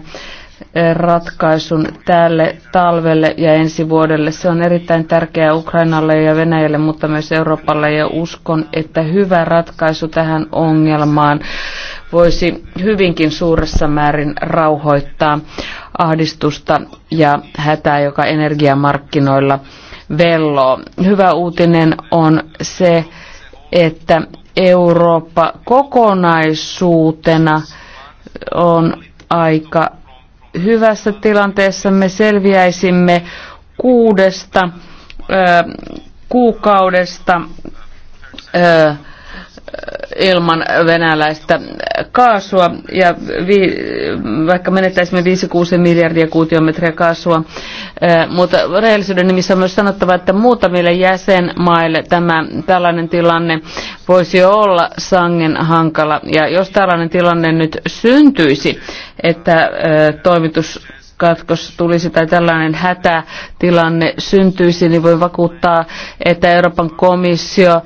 Speaker 4: ratkaisun tälle talvelle ja ensi vuodelle. Se on erittäin tärkeää Ukrainalle ja Venäjälle, mutta myös Euroopalle ja uskon, että hyvä ratkaisu tähän ongelmaan voisi hyvinkin suuressa määrin rauhoittaa ahdistusta ja hätää, joka energiamarkkinoilla velloo. Hyvä uutinen on se, että Eurooppa kokonaisuutena on aika hyvässä tilanteessa me selviäisimme kuudesta ö, kuukaudesta ö, ilman venäläistä kaasua ja vi, vaikka menettäisimme 5-6 miljardia kuutiometriä kaasua, eh, mutta rehellisyyden nimissä on myös sanottava, että muutamille jäsenmaille tämä tällainen tilanne voisi olla sangen hankala. Ja jos tällainen tilanne nyt syntyisi, että eh, toimitus katkos tulisi tai tällainen hätätilanne syntyisi, niin voi vakuuttaa, että Euroopan komissio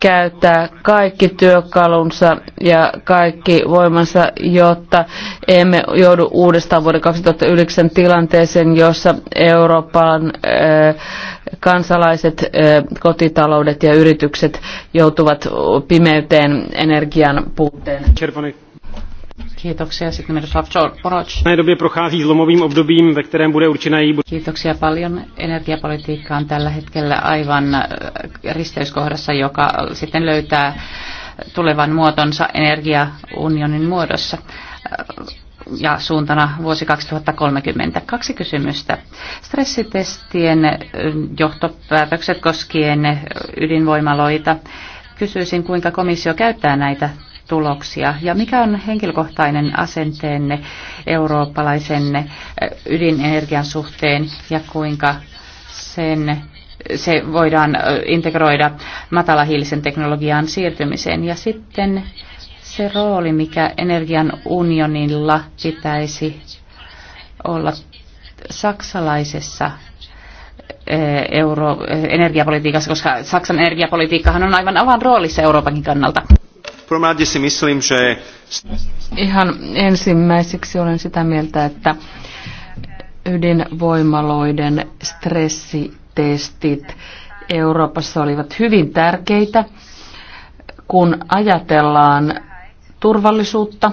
Speaker 4: käyttää kaikki työkalunsa ja kaikki voimansa, jotta emme joudu uudestaan vuoden 2009 tilanteeseen, jossa Euroopan eh, kansalaiset, eh, kotitaloudet ja yritykset joutuvat pimeyteen energian
Speaker 1: puutteen. Kiitoksia. Sitten Miroslav Poroc. Näin prochází zlomovým obdobím, ve kterém bude určena její... Kiitoksia paljon. Energiapolitiikka on tällä hetkellä aivan äh, risteyskohdassa, joka sitten löytää tulevan muotonsa energiaunionin muodossa äh, ja suuntana vuosi 2030. Kaksi kysymystä. Stressitestien äh, johtopäätökset koskien ydinvoimaloita. Kysyisin, kuinka komissio käyttää näitä tuloksia? Ja mikä on henkilökohtainen asenteenne eurooppalaisen eh, ydinenergian suhteen ja kuinka sen se voidaan eh, integroida matalahiilisen teknologiaan siirtymiseen. Ja sitten se rooli, mikä energian unionilla pitäisi olla saksalaisessa eh, euro, energiapolitiikassa, koska Saksan energiapolitiikkahan on aivan avan roolissa Euroopankin kannalta
Speaker 2: prvom rade si že...
Speaker 1: Ihan
Speaker 4: ensimmäiseksi
Speaker 1: olen sitä mieltä, että
Speaker 4: ydinvoimaloiden stressitestit Euroopassa olivat hyvin tärkeitä, kun ajatellaan turvallisuutta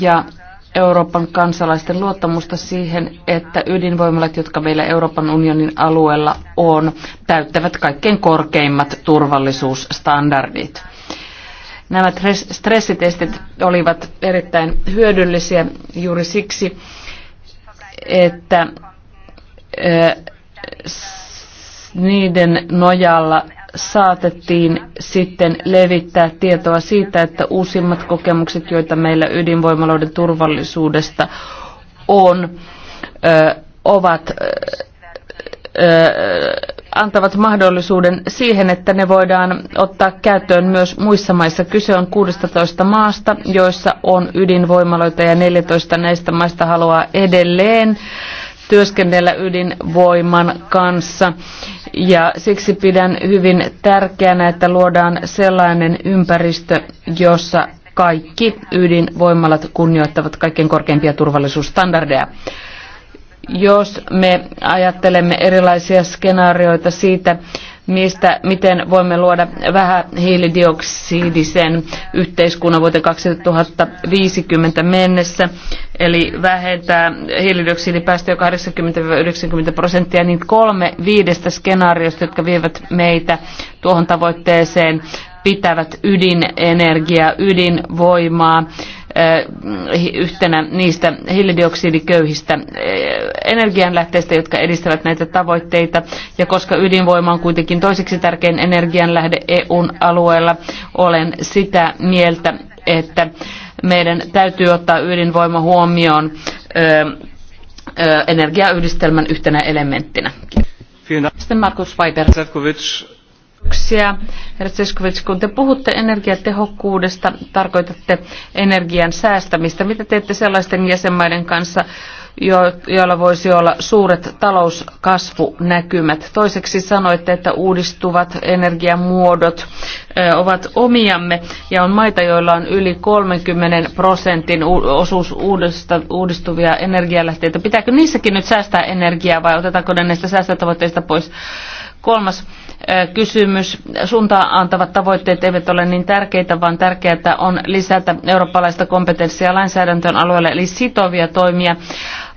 Speaker 4: ja Euroopan kansalaisten luottamusta siihen, että ydinvoimalat, jotka meillä Euroopan unionin alueella on, täyttävät kaikkein korkeimmat turvallisuusstandardit. Nämä stressitestit olivat erittäin hyödyllisiä juuri siksi, että niiden nojalla saatettiin sitten levittää tietoa siitä, että uusimmat kokemukset, joita meillä ydinvoimaloiden turvallisuudesta on, ö, ovat antavat mahdollisuuden siihen, että ne voidaan ottaa käyttöön myös muissa maissa. Kyse on 16 maasta, joissa on ydinvoimaloita ja 14 näistä maista haluaa edelleen työskennellä ydinvoiman kanssa. Ja siksi pidän hyvin tärkeänä, että luodaan sellainen ympäristö, jossa kaikki ydinvoimalat kunnioittavat kaikkein korkeimpia turvallisuusstandardeja jos me ajattelemme erilaisia skenaarioita siitä, niistä, miten voimme luoda vähän hiilidioksidisen yhteiskunnan vuoteen 2050 mennessä, eli vähentää hiilidioksidipäästöjä 80-90 prosenttia, niin kolme viidestä skenaariosta, jotka vievät meitä tuohon tavoitteeseen, pitävät ydinenergiaa, ydinvoimaa, yhtenä niistä hiilidioksidiköyhistä energianlähteistä, jotka edistävät näitä tavoitteita. Ja koska ydinvoima on kuitenkin toiseksi tärkein energianlähde EUn alueella, olen sitä mieltä, että meidän täytyy ottaa ydinvoima huomioon energiayhdistelmän yhtenä elementtinä.
Speaker 1: Sitten Markus Weiber.
Speaker 4: Kiitoksia. Herra Seskovits, kun te puhutte energiatehokkuudesta, tarkoitatte energian säästämistä. Mitä teette sellaisten jäsenmaiden kanssa, jo- joilla voisi olla suuret talouskasvunäkymät? Toiseksi sanoitte, että uudistuvat energiamuodot ovat omiamme ja on maita, joilla on yli 30 prosentin osuus uudesta, uudistuvia energialähteitä. Pitääkö niissäkin nyt säästää energiaa vai otetaanko ne näistä säästötavoitteista pois? Kolmas kysymys. Suuntaa antavat tavoitteet eivät ole niin tärkeitä, vaan tärkeää on lisätä eurooppalaista kompetenssia lainsäädäntöön alueelle, eli sitovia toimia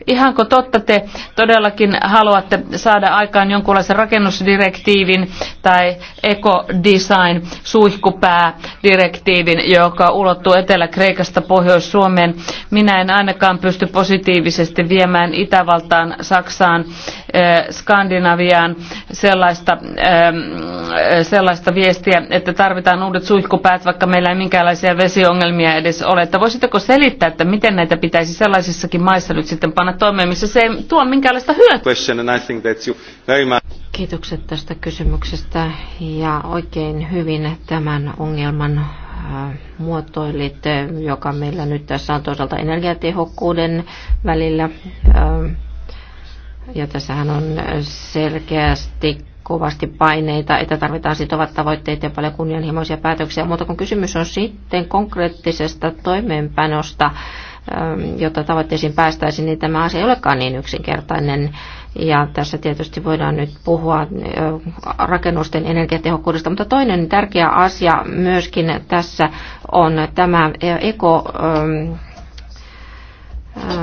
Speaker 4: Ihanko totta te todellakin haluatte saada aikaan jonkunlaisen rakennusdirektiivin tai ekodesign suihkupäädirektiivin, joka ulottuu Etelä-Kreikasta Pohjois-Suomeen? Minä en ainakaan pysty positiivisesti viemään Itävaltaan, Saksaan, eh, Skandinaviaan sellaista, eh, sellaista viestiä, että tarvitaan uudet suihkupäät, vaikka meillä ei minkäänlaisia vesiongelmia edes ole. Että voisitteko selittää, että miten näitä pitäisi sellaisissakin
Speaker 3: maissa nyt sitten panna järjestelmät toimii, missä se ei tuo minkäänlaista
Speaker 2: hyötyä.
Speaker 3: Kiitokset tästä kysymyksestä ja oikein hyvin tämän ongelman äh, muotoilit, äh, joka meillä nyt tässä on toisaalta energiatehokkuuden välillä. Äh, ja tässähän on selkeästi kovasti paineita, että tarvitaan sitovat tavoitteet ja paljon kunnianhimoisia päätöksiä, mutta kun kysymys on sitten konkreettisesta toimeenpanosta, Ähm, jotta tavoitteisiin päästäisiin, niin tämä asia ei olekaan niin yksinkertainen. Ja tässä tietysti voidaan nyt puhua rakennusten energiatehokkuudesta, mutta toinen tärkeä asia myöskin tässä on tämä eko ähm, äh,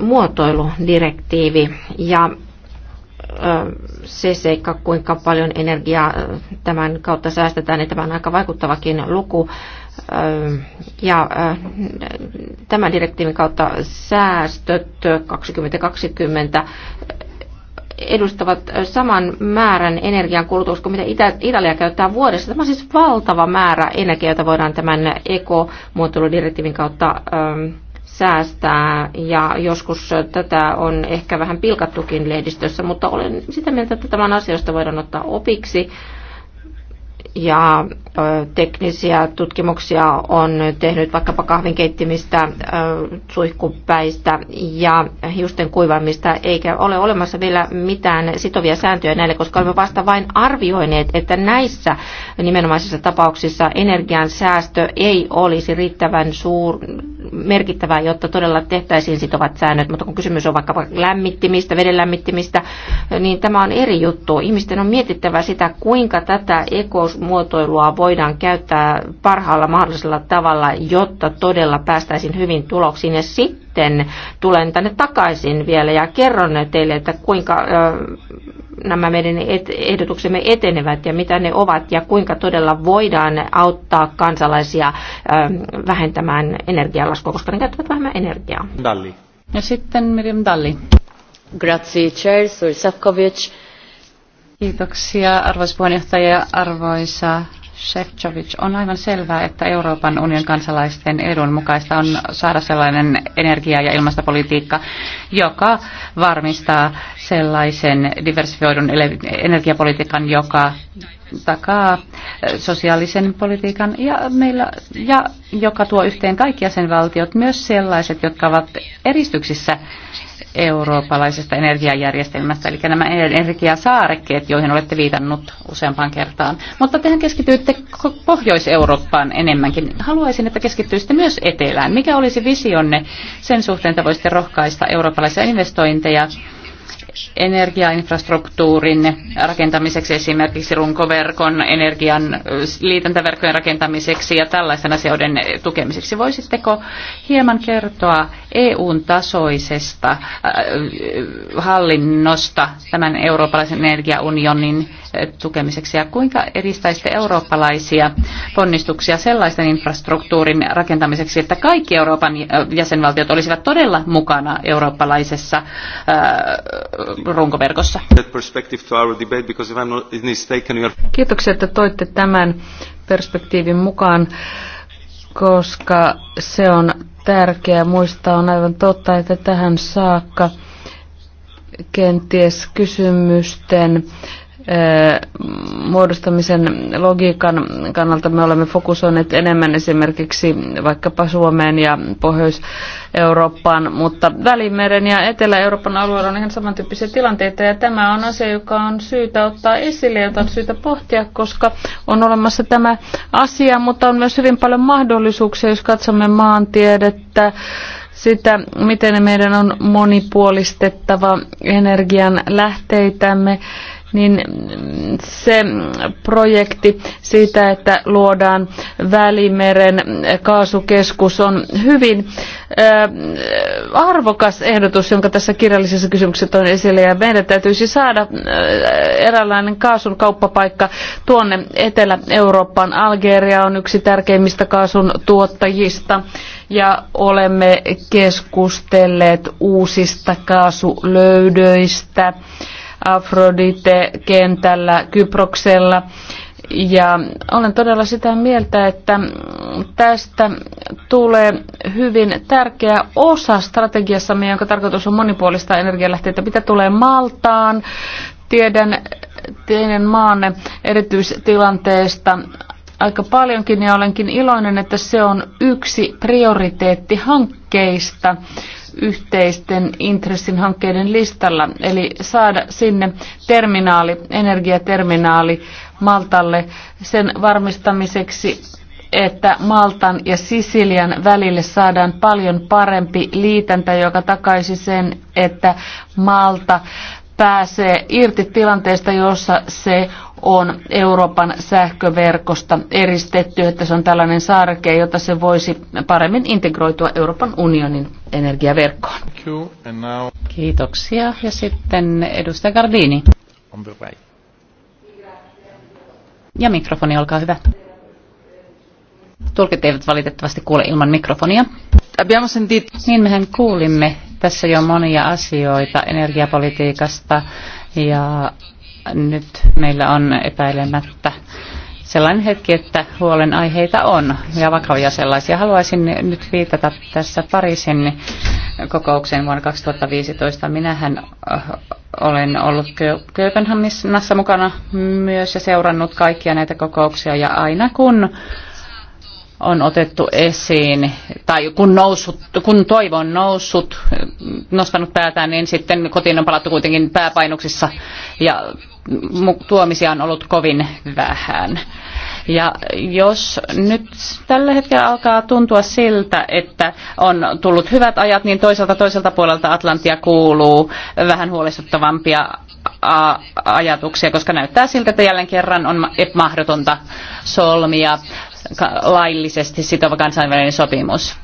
Speaker 3: muotoiludirektiivi ja se seikka, kuinka paljon energiaa tämän kautta säästetään, niin tämä on aika vaikuttavakin luku ja tämän direktiivin kautta säästöt 2020 edustavat saman määrän energian kulutus kuin mitä Itä- Italia käyttää vuodessa. Tämä on siis valtava määrä energiaa, jota voidaan tämän ekomuotoiludirektiivin kautta säästää. Ja joskus tätä on ehkä vähän pilkattukin lehdistössä, mutta olen sitä mieltä, että tämän asioista voidaan ottaa opiksi ja teknisiä tutkimuksia on tehnyt vaikkapa kahvinkeittimistä, suihkupäistä ja hiusten kuivamista, eikä ole olemassa vielä mitään sitovia sääntöjä näille, koska olemme vasta vain arvioineet, että näissä nimenomaisissa tapauksissa energian säästö ei olisi riittävän suur, merkittävää, jotta todella tehtäisiin sitovat säännöt, mutta kun kysymys on vaikka lämmittimistä, veden lämmittimistä, niin tämä on eri juttu. Ihmisten on mietittävä sitä, kuinka tätä ekosmuotoilua voidaan käyttää parhaalla mahdollisella tavalla, jotta todella päästäisiin hyvin tuloksiin. Ja sitten sitten tulen tänne takaisin vielä ja kerron teille, että kuinka nämä meidän ehdotuksemme etenevät ja mitä ne ovat ja kuinka todella voidaan auttaa kansalaisia vähentämään energialaskua, koska ne käyttävät vähemmän energiaa. Dalli. Ja sitten Miriam Dalli. Grazie, Chair, Safkovic.
Speaker 1: Kiitoksia arvoisa puheenjohtaja ja arvoisa Shevchovic, on aivan selvää, että Euroopan unionin kansalaisten edun mukaista on saada sellainen energia- ja ilmastopolitiikka, joka varmistaa sellaisen diversifioidun energiapolitiikan, joka takaa eh, sosiaalisen politiikan ja, meillä, ja joka tuo yhteen kaikki jäsenvaltiot, myös sellaiset, jotka ovat eristyksissä eurooppalaisesta energiajärjestelmästä, eli nämä energiasaarekkeet, joihin olette viitannut useampaan kertaan. Mutta tehän keskityitte Pohjois-Eurooppaan enemmänkin. Haluaisin, että keskittyisitte myös etelään. Mikä olisi visionne sen suhteen, että voisitte rohkaista eurooppalaisia investointeja energiainfrastruktuurin rakentamiseksi, esimerkiksi runkoverkon, energian liitäntäverkkojen rakentamiseksi ja tällaisten asioiden tukemiseksi. Voisitteko hieman kertoa EUn tasoisesta hallinnosta tämän eurooppalaisen energiaunionin tukemiseksi ja kuinka edistäisitte eurooppalaisia ponnistuksia sellaisten infrastruktuurin rakentamiseksi, että kaikki Euroopan jäsenvaltiot olisivat todella
Speaker 2: mukana eurooppalaisessa äh, runkoverkossa?
Speaker 4: Kiitoksia, että toitte tämän perspektiivin mukaan koska se on tärkeää muistaa. On aivan totta, että tähän saakka kenties kysymysten muodostamisen logiikan kannalta me olemme fokusoineet enemmän esimerkiksi vaikkapa Suomeen ja Pohjois-Eurooppaan, mutta Välimeren ja Etelä-Euroopan alueella on ihan samantyyppisiä tilanteita ja tämä on asia, joka on syytä ottaa esille, jota on syytä pohtia, koska on olemassa tämä asia, mutta on myös hyvin paljon mahdollisuuksia, jos katsomme maantiedettä, sitä, miten meidän on monipuolistettava energian lähteitämme niin se projekti siitä, että luodaan Välimeren kaasukeskus on hyvin äh, arvokas ehdotus, jonka tässä kirjallisessa kysymyksessä on esille. Ja meidän täytyisi saada äh, eräänlainen kaasun kauppapaikka tuonne Etelä-Eurooppaan. Algeria on yksi tärkeimmistä kaasun tuottajista ja olemme keskustelleet uusista kaasulöydöistä. Afrodite-kentällä Kyproksella. Ja olen todella sitä mieltä, että tästä tulee hyvin tärkeä osa strategiassamme, jonka tarkoitus on monipuolista energialähteitä. Mitä tulee Maltaan, tiedän teidän maanne erityistilanteesta aika paljonkin ja olenkin iloinen, että se on yksi prioriteettihankkeista. hankkeista yhteisten intressin hankkeiden listalla, eli saada sinne terminaali, energiaterminaali Maltalle sen varmistamiseksi, että Maltan ja Sisilian välille saadaan paljon parempi liitäntä, joka takaisi sen, että Malta pääsee irti tilanteesta, jossa se on Euroopan sähköverkosta eristetty, että se on tällainen saareke, jota se voisi paremmin integroitua Euroopan unionin energiaverkkoon.
Speaker 1: Kiitoksia. Ja sitten edustaja Gardini. Ja mikrofoni, olkaa hyvä. Tulkit eivät valitettavasti kuule ilman mikrofonia. Niin mehän kuulimme tässä jo monia asioita energiapolitiikasta ja nyt meillä on epäilemättä sellainen hetki, että huolenaiheita on ja vakavia sellaisia. Haluaisin nyt viitata tässä Pariisin kokoukseen vuonna 2015. Minähän eh, olen ollut Kööpenhaminassa mukana myös ja seurannut kaikkia näitä kokouksia ja aina kun on otettu esiin, tai kun, noussut, kun toivo on noussut, nostanut päätään, niin sitten kotiin on palattu kuitenkin pääpainoksissa ja tuomisia on ollut kovin vähän. Ja jos nyt tällä hetkellä alkaa tuntua siltä, että on tullut hyvät ajat, niin toisaalta toiselta puolelta Atlantia kuuluu vähän huolestuttavampia ajatuksia, koska näyttää siltä, että jälleen kerran on mahdotonta solmia laillisesti sitova kansainvälinen sopimus.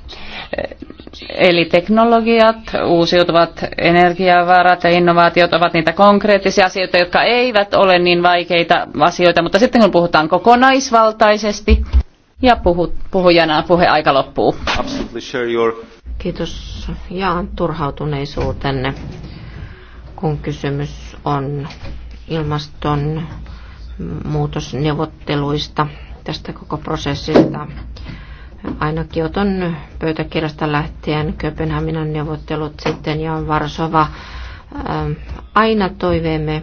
Speaker 1: Eli teknologiat, uusiutuvat energiavarat ja innovaatiot ovat niitä konkreettisia asioita, jotka eivät ole niin vaikeita asioita, mutta sitten kun puhutaan kokonaisvaltaisesti ja puhu,
Speaker 3: puhujana aika loppuu. Kiitos Jaan turhautuneisuutenne, kun kysymys on ilmaston muutosneuvotteluista tästä koko prosessista. Aina Kioton pöytäkirjasta lähtien, Kööpenhaminan neuvottelut sitten ja Varsova. Ähm, aina toiveemme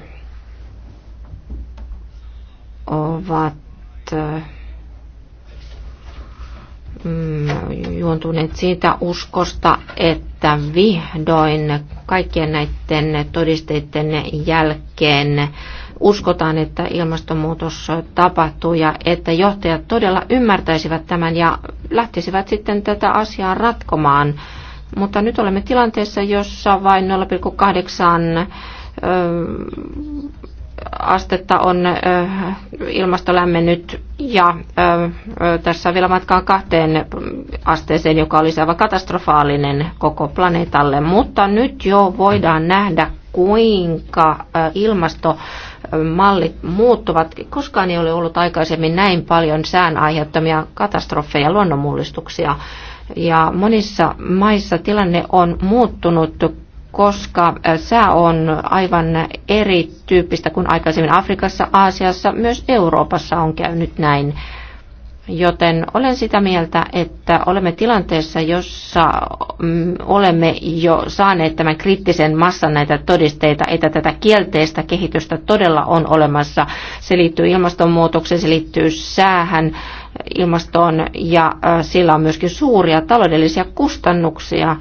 Speaker 3: ovat äh, mm, juontuneet siitä uskosta, että vihdoin kaikkien näiden todisteiden jälkeen uskotaan, että ilmastonmuutos tapahtuu ja että johtajat todella ymmärtäisivät tämän ja lähtisivät sitten tätä asiaa ratkomaan. Mutta nyt olemme tilanteessa, jossa vain 0,8 astetta on ilmasto lämmennyt ja tässä on vielä matkaa kahteen asteeseen, joka olisi aivan katastrofaalinen koko planeetalle. Mutta nyt jo voidaan nähdä kuinka ilmastomallit muuttuvat. Koskaan ei ole ollut aikaisemmin näin paljon sään aiheuttamia katastrofeja, luonnonmullistuksia. Ja monissa maissa tilanne on muuttunut, koska sää on aivan erityyppistä kuin aikaisemmin Afrikassa, Aasiassa, myös Euroopassa on käynyt näin. Joten olen sitä mieltä, että olemme tilanteessa, jossa mm, olemme jo saaneet tämän kriittisen massan näitä todisteita, että tätä kielteistä kehitystä todella on olemassa. Se liittyy ilmastonmuutokseen, se liittyy säähän, ilmastoon ja äh, sillä on myöskin suuria taloudellisia kustannuksia.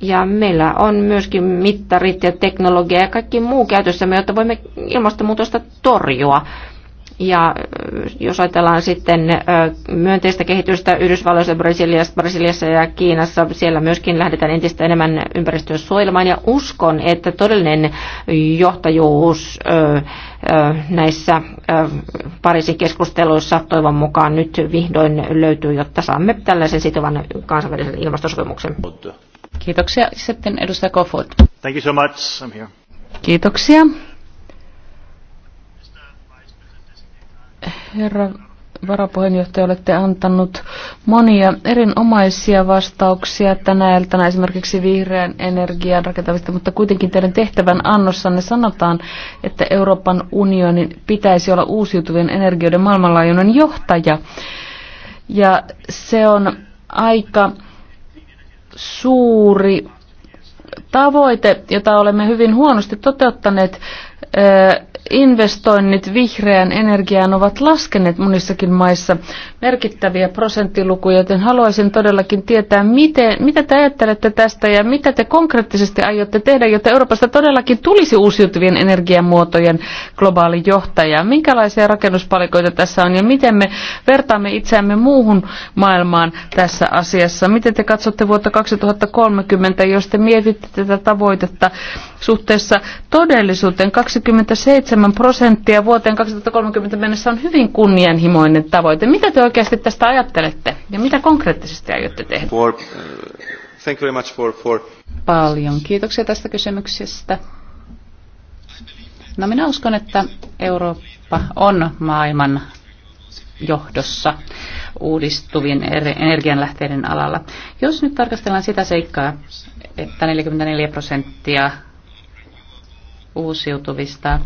Speaker 3: Ja meillä on myöskin mittarit ja teknologia ja kaikki muu käytössämme, jotta voimme ilmastonmuutosta torjua. Ja jos ajatellaan sitten myönteistä kehitystä Yhdysvalloissa, Brasiliassa, Brasiliassa ja Kiinassa, siellä myöskin lähdetään entistä enemmän ympäristöä suojelemaan. Ja uskon, että todellinen johtajuus näissä Pariisin keskusteluissa toivon mukaan nyt vihdoin löytyy, jotta saamme tällaisen sitovan kansainvälisen ilmastosopimuksen. Kiitoksia.
Speaker 1: Sitten
Speaker 4: edustaja Kofod.
Speaker 2: Thank you so much. I'm here.
Speaker 1: Kiitoksia.
Speaker 4: Herra varapuheenjohtaja, olette antanut monia erinomaisia vastauksia tänä iltana esimerkiksi vihreän energian rakentamista, mutta kuitenkin teidän tehtävän annossanne sanotaan, että Euroopan unionin pitäisi olla uusiutuvien energioiden maailmanlaajuinen johtaja. Ja se on aika suuri tavoite, jota olemme hyvin huonosti toteuttaneet investoinnit vihreään energiaan ovat laskeneet monissakin maissa merkittäviä prosenttilukuja, joten haluaisin todellakin tietää, miten, mitä te ajattelette tästä ja mitä te konkreettisesti aiotte tehdä, jotta Euroopasta todellakin tulisi uusiutuvien energiamuotojen globaali johtaja. Minkälaisia rakennuspalikoita tässä on ja miten me vertaamme itseämme muuhun maailmaan tässä asiassa? Miten te katsotte vuotta 2030, jos te mietitte tätä tavoitetta suhteessa todellisuuteen? 20 27 prosenttia vuoteen 2030 mennessä on hyvin kunnianhimoinen tavoite. Mitä te oikeasti tästä
Speaker 1: ajattelette ja mitä konkreettisesti aiotte
Speaker 4: tehdä?
Speaker 2: For, uh, thank you very much for, for...
Speaker 1: Paljon kiitoksia tästä kysymyksestä. No minä uskon, että Eurooppa on maailman johdossa uudistuvien energianlähteiden alalla. Jos nyt tarkastellaan sitä seikkaa, että 44 prosenttia uusiutuvista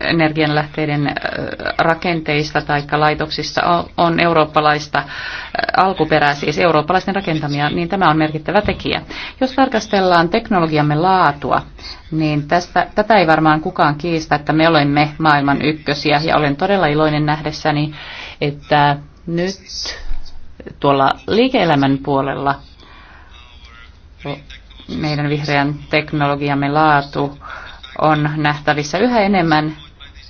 Speaker 1: energianlähteiden rakenteista tai laitoksista on eurooppalaista alkuperää, siis eurooppalaisten rakentamia, niin tämä on merkittävä tekijä. Jos tarkastellaan teknologiamme laatua, niin tästä, tätä ei varmaan kukaan kiistä, että me olemme maailman ykkösiä ja olen todella iloinen nähdessäni, että nyt tuolla liike-elämän puolella meidän vihreän teknologiamme laatu on nähtävissä yhä enemmän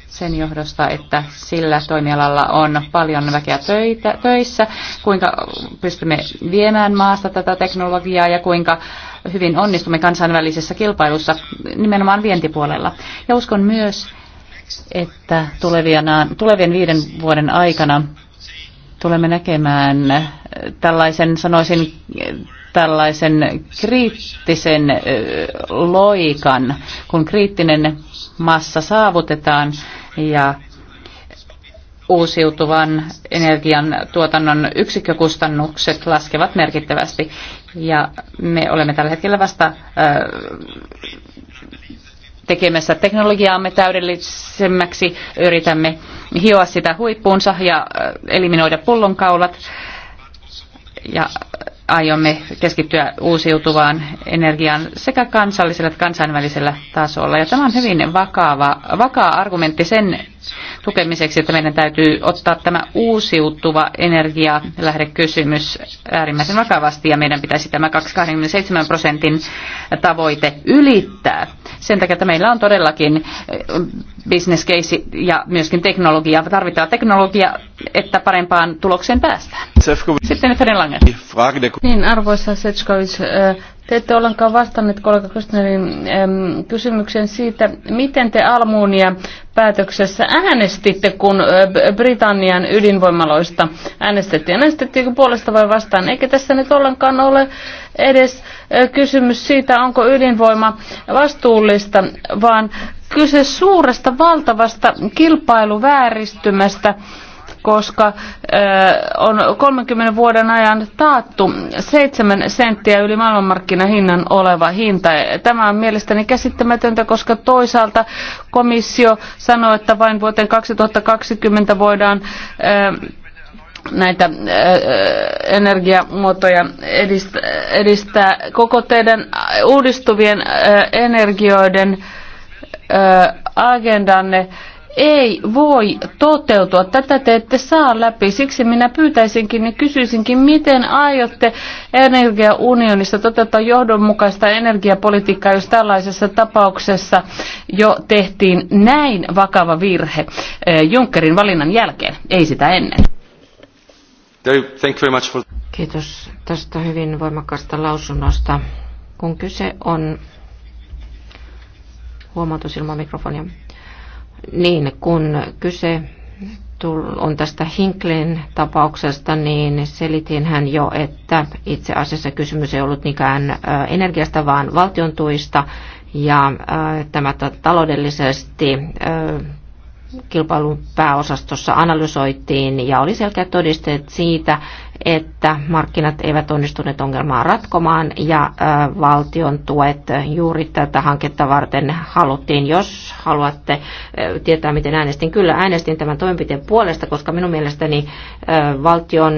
Speaker 1: sen johdosta, että sillä toimialalla on paljon väkeä töitä, töissä, kuinka pystymme viemään maasta tätä teknologiaa ja kuinka hyvin onnistumme kansainvälisessä kilpailussa nimenomaan vientipuolella. Ja uskon myös, että tulevien viiden vuoden aikana tulemme näkemään tällaisen, sanoisin, tällaisen kriittisen loikan, kun kriittinen massa saavutetaan ja uusiutuvan energian tuotannon yksikkökustannukset laskevat merkittävästi. Ja me olemme tällä hetkellä vasta tekemässä teknologiaamme täydellisemmäksi, yritämme hioa sitä huippuunsa ja eliminoida pullonkaulat. Ja aiomme keskittyä uusiutuvaan energiaan sekä kansallisella että kansainvälisellä tasolla. Ja tämä on hyvin vakava, vakaa argumentti sen tukemiseksi, että meidän täytyy ottaa tämä uusiutuva energialähdekysymys äärimmäisen vakavasti ja meidän pitäisi tämä 27 prosentin tavoite ylittää. Sen takia, että meillä on todellakin eh, business case ja myöskin teknologia, tarvitaan teknologia, että parempaan tulokseen päästään. Sitten Ferdinand Lange. Niin, arvoisa Sechkovic, eh,
Speaker 4: te ette ollenkaan vastanneet kollega Kostnerin kysymykseen siitä, miten te Almuunia päätöksessä äänestitte, kun Britannian ydinvoimaloista äänestettiin. Äänestettiinkö puolesta vai vastaan? Eikä tässä nyt ollenkaan ole edes kysymys siitä, onko ydinvoima vastuullista, vaan kyse suuresta valtavasta kilpailuvääristymästä koska on 30 vuoden ajan taattu 7 senttiä yli maailmanmarkkinahinnan oleva hinta. Tämä on mielestäni käsittämätöntä, koska toisaalta komissio sanoo, että vain vuoteen 2020 voidaan näitä energiamuotoja edistää. Koko teidän uudistuvien energioiden agendanne ei voi toteutua. Tätä te ette saa läpi. Siksi minä pyytäisinkin ja kysyisinkin, miten aiotte energiaunionista toteuttaa johdonmukaista energiapolitiikkaa, jos tällaisessa tapauksessa jo tehtiin näin vakava virhe eh, Junckerin valinnan jälkeen, ei sitä ennen.
Speaker 3: Kiitos tästä hyvin voimakkaasta lausunnosta. Kun kyse on huomautus ilman mikrofonia. Niin, kun kyse on tästä Hinklin tapauksesta, niin selitin hän jo, että itse asiassa kysymys ei ollut niinkään energiasta, vaan valtion tuista. Ja tämä taloudellisesti kilpailun pääosastossa analysoitiin ja oli selkeät todisteet siitä, että markkinat eivät onnistuneet ongelmaa ratkomaan ja valtion tuet juuri tätä hanketta varten haluttiin. Jos haluatte tietää, miten äänestin, kyllä äänestin tämän toimenpiteen puolesta, koska minun mielestäni valtion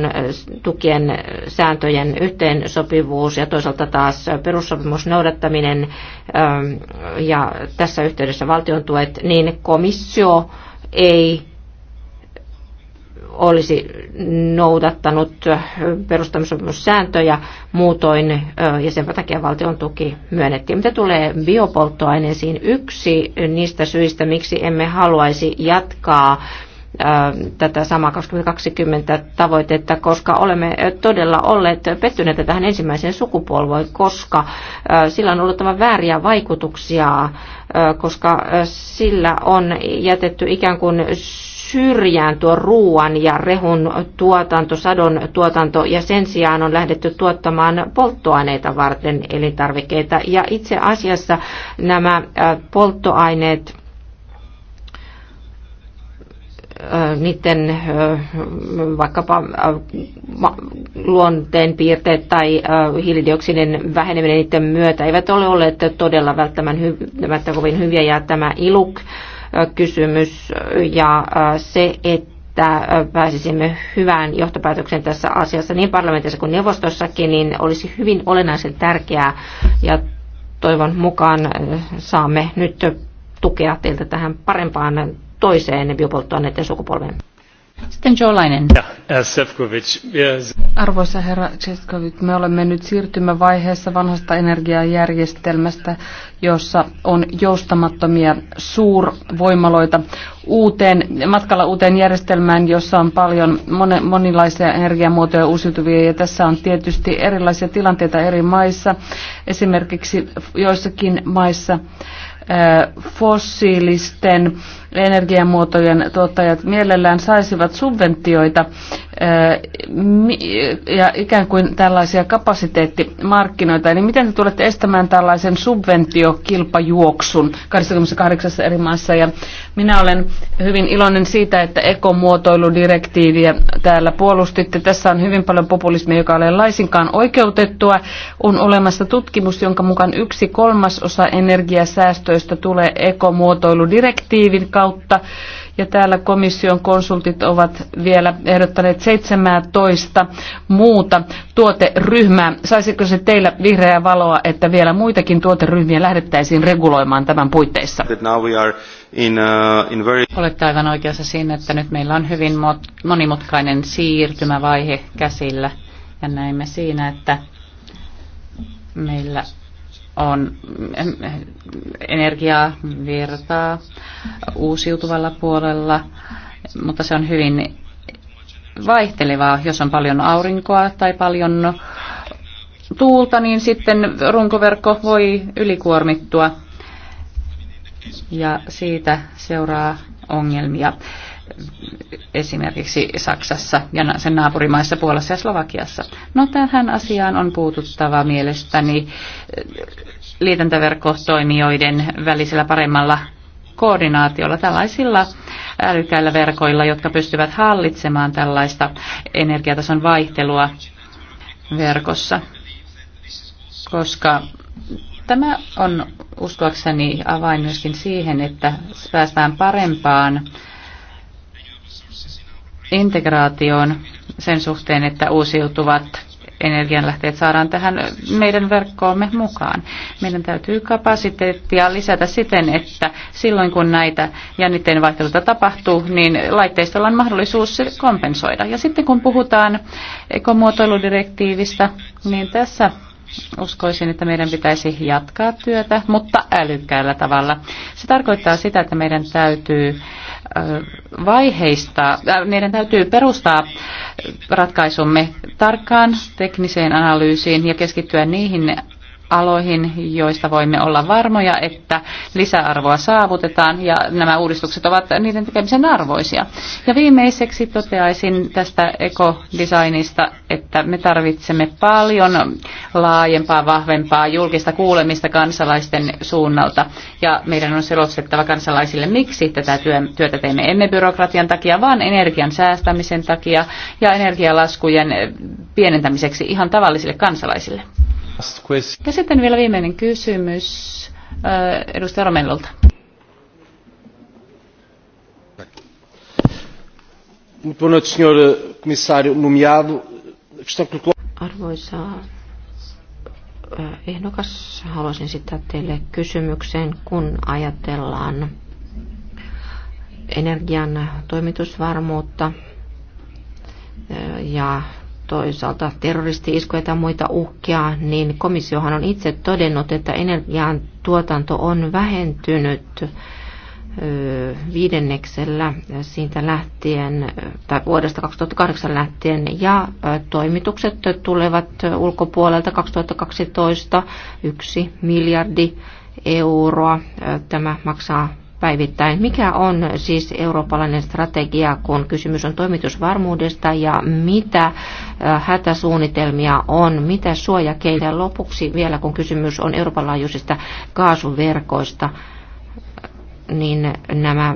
Speaker 3: tukien sääntöjen yhteensopivuus ja toisaalta taas perussopimus noudattaminen ja tässä yhteydessä valtion tuet, niin komissio ei olisi noudattanut perustamisopimussääntöjä muutoin ja sen takia valtion tuki myönnettiin. Mitä tulee biopolttoaineisiin, yksi niistä syistä, miksi emme haluaisi jatkaa tätä samaa 2020 tavoitetta, koska olemme todella olleet pettyneitä tähän ensimmäiseen sukupolvoon, koska sillä on ollut tämän vääriä vaikutuksia, koska sillä on jätetty ikään kuin syrjään tuo ruoan ja rehun tuotanto, sadon tuotanto ja sen sijaan on lähdetty tuottamaan polttoaineita varten elintarvikkeita. Ja itse asiassa nämä äh, polttoaineet, äh, niiden äh, vaikkapa luonteen piirteet tai hiilidioksidin väheneminen niiden myötä eivät ole olleet todella välttämättä kovin hyviä ja tämä iluk kysymys ja se, että että pääsisimme hyvään johtopäätökseen tässä asiassa niin parlamentissa kuin neuvostossakin, niin olisi hyvin olennaisen tärkeää ja toivon mukaan saamme nyt tukea teiltä tähän parempaan toiseen biopolttoaineiden sukupolveen. Arvoisa herra Tsefkovic, me olemme nyt siirtymävaiheessa vanhasta
Speaker 4: energiajärjestelmästä, jossa on joustamattomia suurvoimaloita uuteen, matkalla uuteen järjestelmään, jossa on paljon monenlaisia energiamuotoja uusiutuvia ja tässä on tietysti erilaisia tilanteita eri maissa. Esimerkiksi joissakin maissa fossiilisten energiamuotojen tuottajat mielellään saisivat subventioita eh, ja ikään kuin tällaisia kapasiteettimarkkinoita. Niin miten te tulette estämään tällaisen subventiokilpajuoksun 28 eri maassa? Ja minä olen hyvin iloinen siitä, että ekomuotoiludirektiiviä täällä puolustitte. Tässä on hyvin paljon populismia, joka ei ole laisinkaan oikeutettua. On olemassa tutkimus, jonka mukaan yksi kolmasosa energiasäästöistä tulee ekomuotoiludirektiivin kautta kautta. Ja täällä komission konsultit ovat vielä ehdottaneet 17 muuta tuoteryhmää. Saisiko se teillä vihreää valoa, että vielä muitakin tuoteryhmiä lähdettäisiin
Speaker 1: reguloimaan tämän puitteissa?
Speaker 2: In, uh, in very...
Speaker 1: Olette aivan oikeassa siinä, että nyt meillä on hyvin monimutkainen siirtymävaihe käsillä. Ja näemme siinä, että meillä on energiaa virtaa uusiutuvalla puolella, mutta se on hyvin vaihtelevaa. Jos on paljon aurinkoa tai paljon tuulta, niin sitten runkoverkko voi ylikuormittua ja siitä seuraa ongelmia esimerkiksi Saksassa ja sen naapurimaissa Puolassa ja Slovakiassa. No tähän asiaan on puututtava mielestäni eh, liitäntäverkkotoimijoiden välisellä paremmalla koordinaatiolla tällaisilla älykkäillä verkoilla, jotka pystyvät hallitsemaan tällaista energiatason vaihtelua verkossa, koska tämä on uskoakseni avain myöskin siihen, että päästään parempaan integraatioon sen suhteen, että uusiutuvat energianlähteet saadaan tähän meidän verkkoomme mukaan. Meidän täytyy kapasiteettia lisätä siten, että silloin kun näitä jännitteen vaihteluita tapahtuu, niin laitteistolla on mahdollisuus se kompensoida. Ja sitten kun puhutaan ekomuotoiludirektiivistä, niin tässä uskoisin, että meidän pitäisi jatkaa työtä, mutta älykkäällä tavalla. Se tarkoittaa sitä, että meidän täytyy vaiheista, meidän täytyy perustaa ratkaisumme tarkkaan tekniseen analyysiin ja keskittyä niihin aloihin, joista voimme olla varmoja, että lisäarvoa saavutetaan ja nämä uudistukset ovat niiden tekemisen arvoisia. Ja viimeiseksi toteaisin tästä ekodesignista, että me tarvitsemme paljon laajempaa, vahvempaa julkista kuulemista kansalaisten suunnalta ja meidän on selostettava kansalaisille, miksi tätä työtä teemme. Emme byrokratian takia, vaan energian säästämisen takia ja energialaskujen pienentämiseksi ihan tavallisille kansalaisille. Ja sitten vielä viimeinen kysymys äh, edustaja Romellolta.
Speaker 2: Eh, Arvoisa eh,
Speaker 3: ehdokas, haluaisin sitä teille kysymykseen, kun ajatellaan energian toimitusvarmuutta eh, ja toisaalta terroristi-iskuja tai muita uhkia, niin komissiohan on itse todennut, että energian tuotanto on vähentynyt viidenneksellä siitä lähtien, tai vuodesta 2008 lähtien, ja toimitukset tulevat ulkopuolelta 2012 yksi miljardi euroa. Tämä maksaa päivittäin. Mikä on siis eurooppalainen strategia, kun kysymys on toimitusvarmuudesta ja mitä hätäsuunnitelmia on, mitä suojakeitä lopuksi vielä, kun kysymys on Euroopan laajuisista kaasuverkoista, niin nämä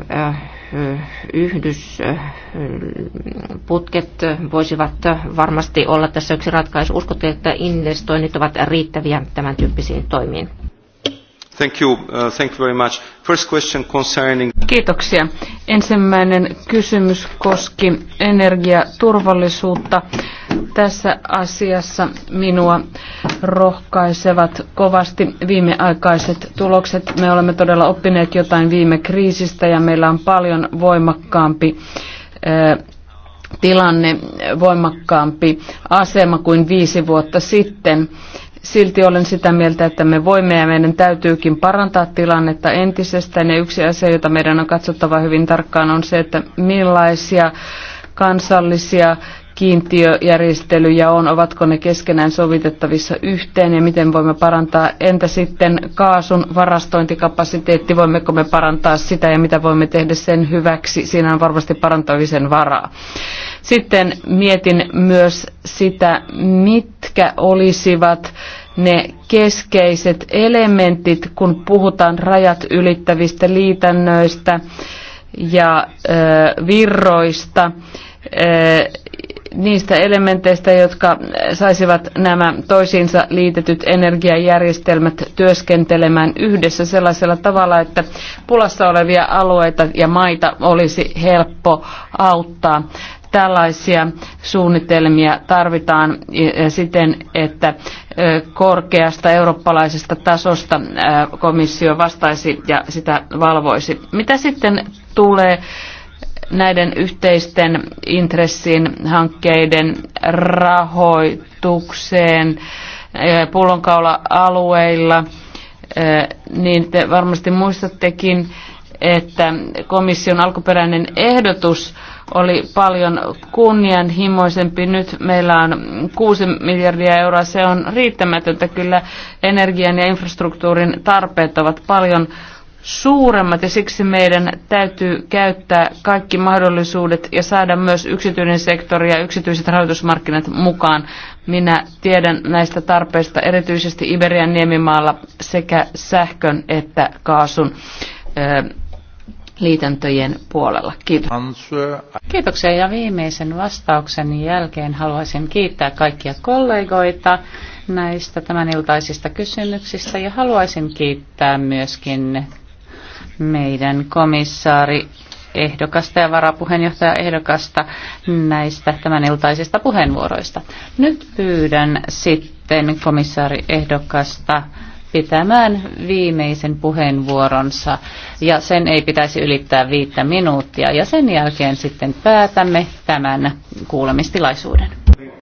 Speaker 3: yhdysputket voisivat varmasti olla tässä yksi ratkaisu. Uskotte, että investoinnit ovat riittäviä tämän
Speaker 2: tyyppisiin toimiin? Thank you. Uh, thank you very much. First question concerning...
Speaker 4: Kiitoksia. Ensimmäinen kysymys koski energiaturvallisuutta. Tässä asiassa minua rohkaisevat kovasti viimeaikaiset tulokset. Me olemme todella oppineet jotain viime kriisistä ja meillä on paljon voimakkaampi eh, tilanne, voimakkaampi asema kuin viisi vuotta sitten. Silti olen sitä mieltä, että me voimme ja meidän täytyykin parantaa tilannetta entisestään. Ja yksi asia, jota meidän on katsottava hyvin tarkkaan, on se, että millaisia kansallisia kiintiöjärjestelyjä on, ovatko ne keskenään sovitettavissa yhteen ja miten voimme parantaa. Entä sitten kaasun varastointikapasiteetti, voimmeko me parantaa sitä ja mitä voimme tehdä sen hyväksi, siinä on varmasti parantamisen varaa. Sitten mietin myös sitä, mitkä olisivat ne keskeiset elementit, kun puhutaan rajat ylittävistä liitännöistä ja ö, virroista. Ö, niistä elementeistä, jotka saisivat nämä toisiinsa liitetyt energiajärjestelmät työskentelemään yhdessä sellaisella tavalla, että pulassa olevia alueita ja maita olisi helppo auttaa. Tällaisia suunnitelmia tarvitaan e, e, siten, että e, korkeasta eurooppalaisesta tasosta komissio vastaisi ja sitä valvoisi. Mitä sitten tulee näiden yhteisten intressin hankkeiden rahoitukseen eh, pullonkaula-alueilla, eh, niin te varmasti muistattekin, että komission alkuperäinen ehdotus oli paljon kunnianhimoisempi. Nyt meillä on 6 miljardia euroa. Se on riittämätöntä. Kyllä energian ja infrastruktuurin tarpeet ovat paljon suuremmat ja siksi meidän täytyy käyttää kaikki mahdollisuudet ja saada myös yksityinen sektori ja yksityiset rahoitusmarkkinat mukaan. Minä tiedän näistä tarpeista erityisesti Iberian
Speaker 1: niemimaalla sekä sähkön että kaasun ö, liitäntöjen puolella. Kiitos. Kiitoksia ja viimeisen vastauksen jälkeen haluaisin kiittää kaikkia kollegoita näistä tämän iltaisista kysymyksistä ja haluaisin kiittää myöskin meidän komissaari ehdokasta ja varapuheenjohtaja ehdokasta näistä tämän iltaisista puheenvuoroista. Nyt pyydän sitten komissaari ehdokasta pitämään viimeisen puheenvuoronsa ja sen ei pitäisi ylittää viittä minuuttia ja sen jälkeen sitten päätämme tämän kuulemistilaisuuden.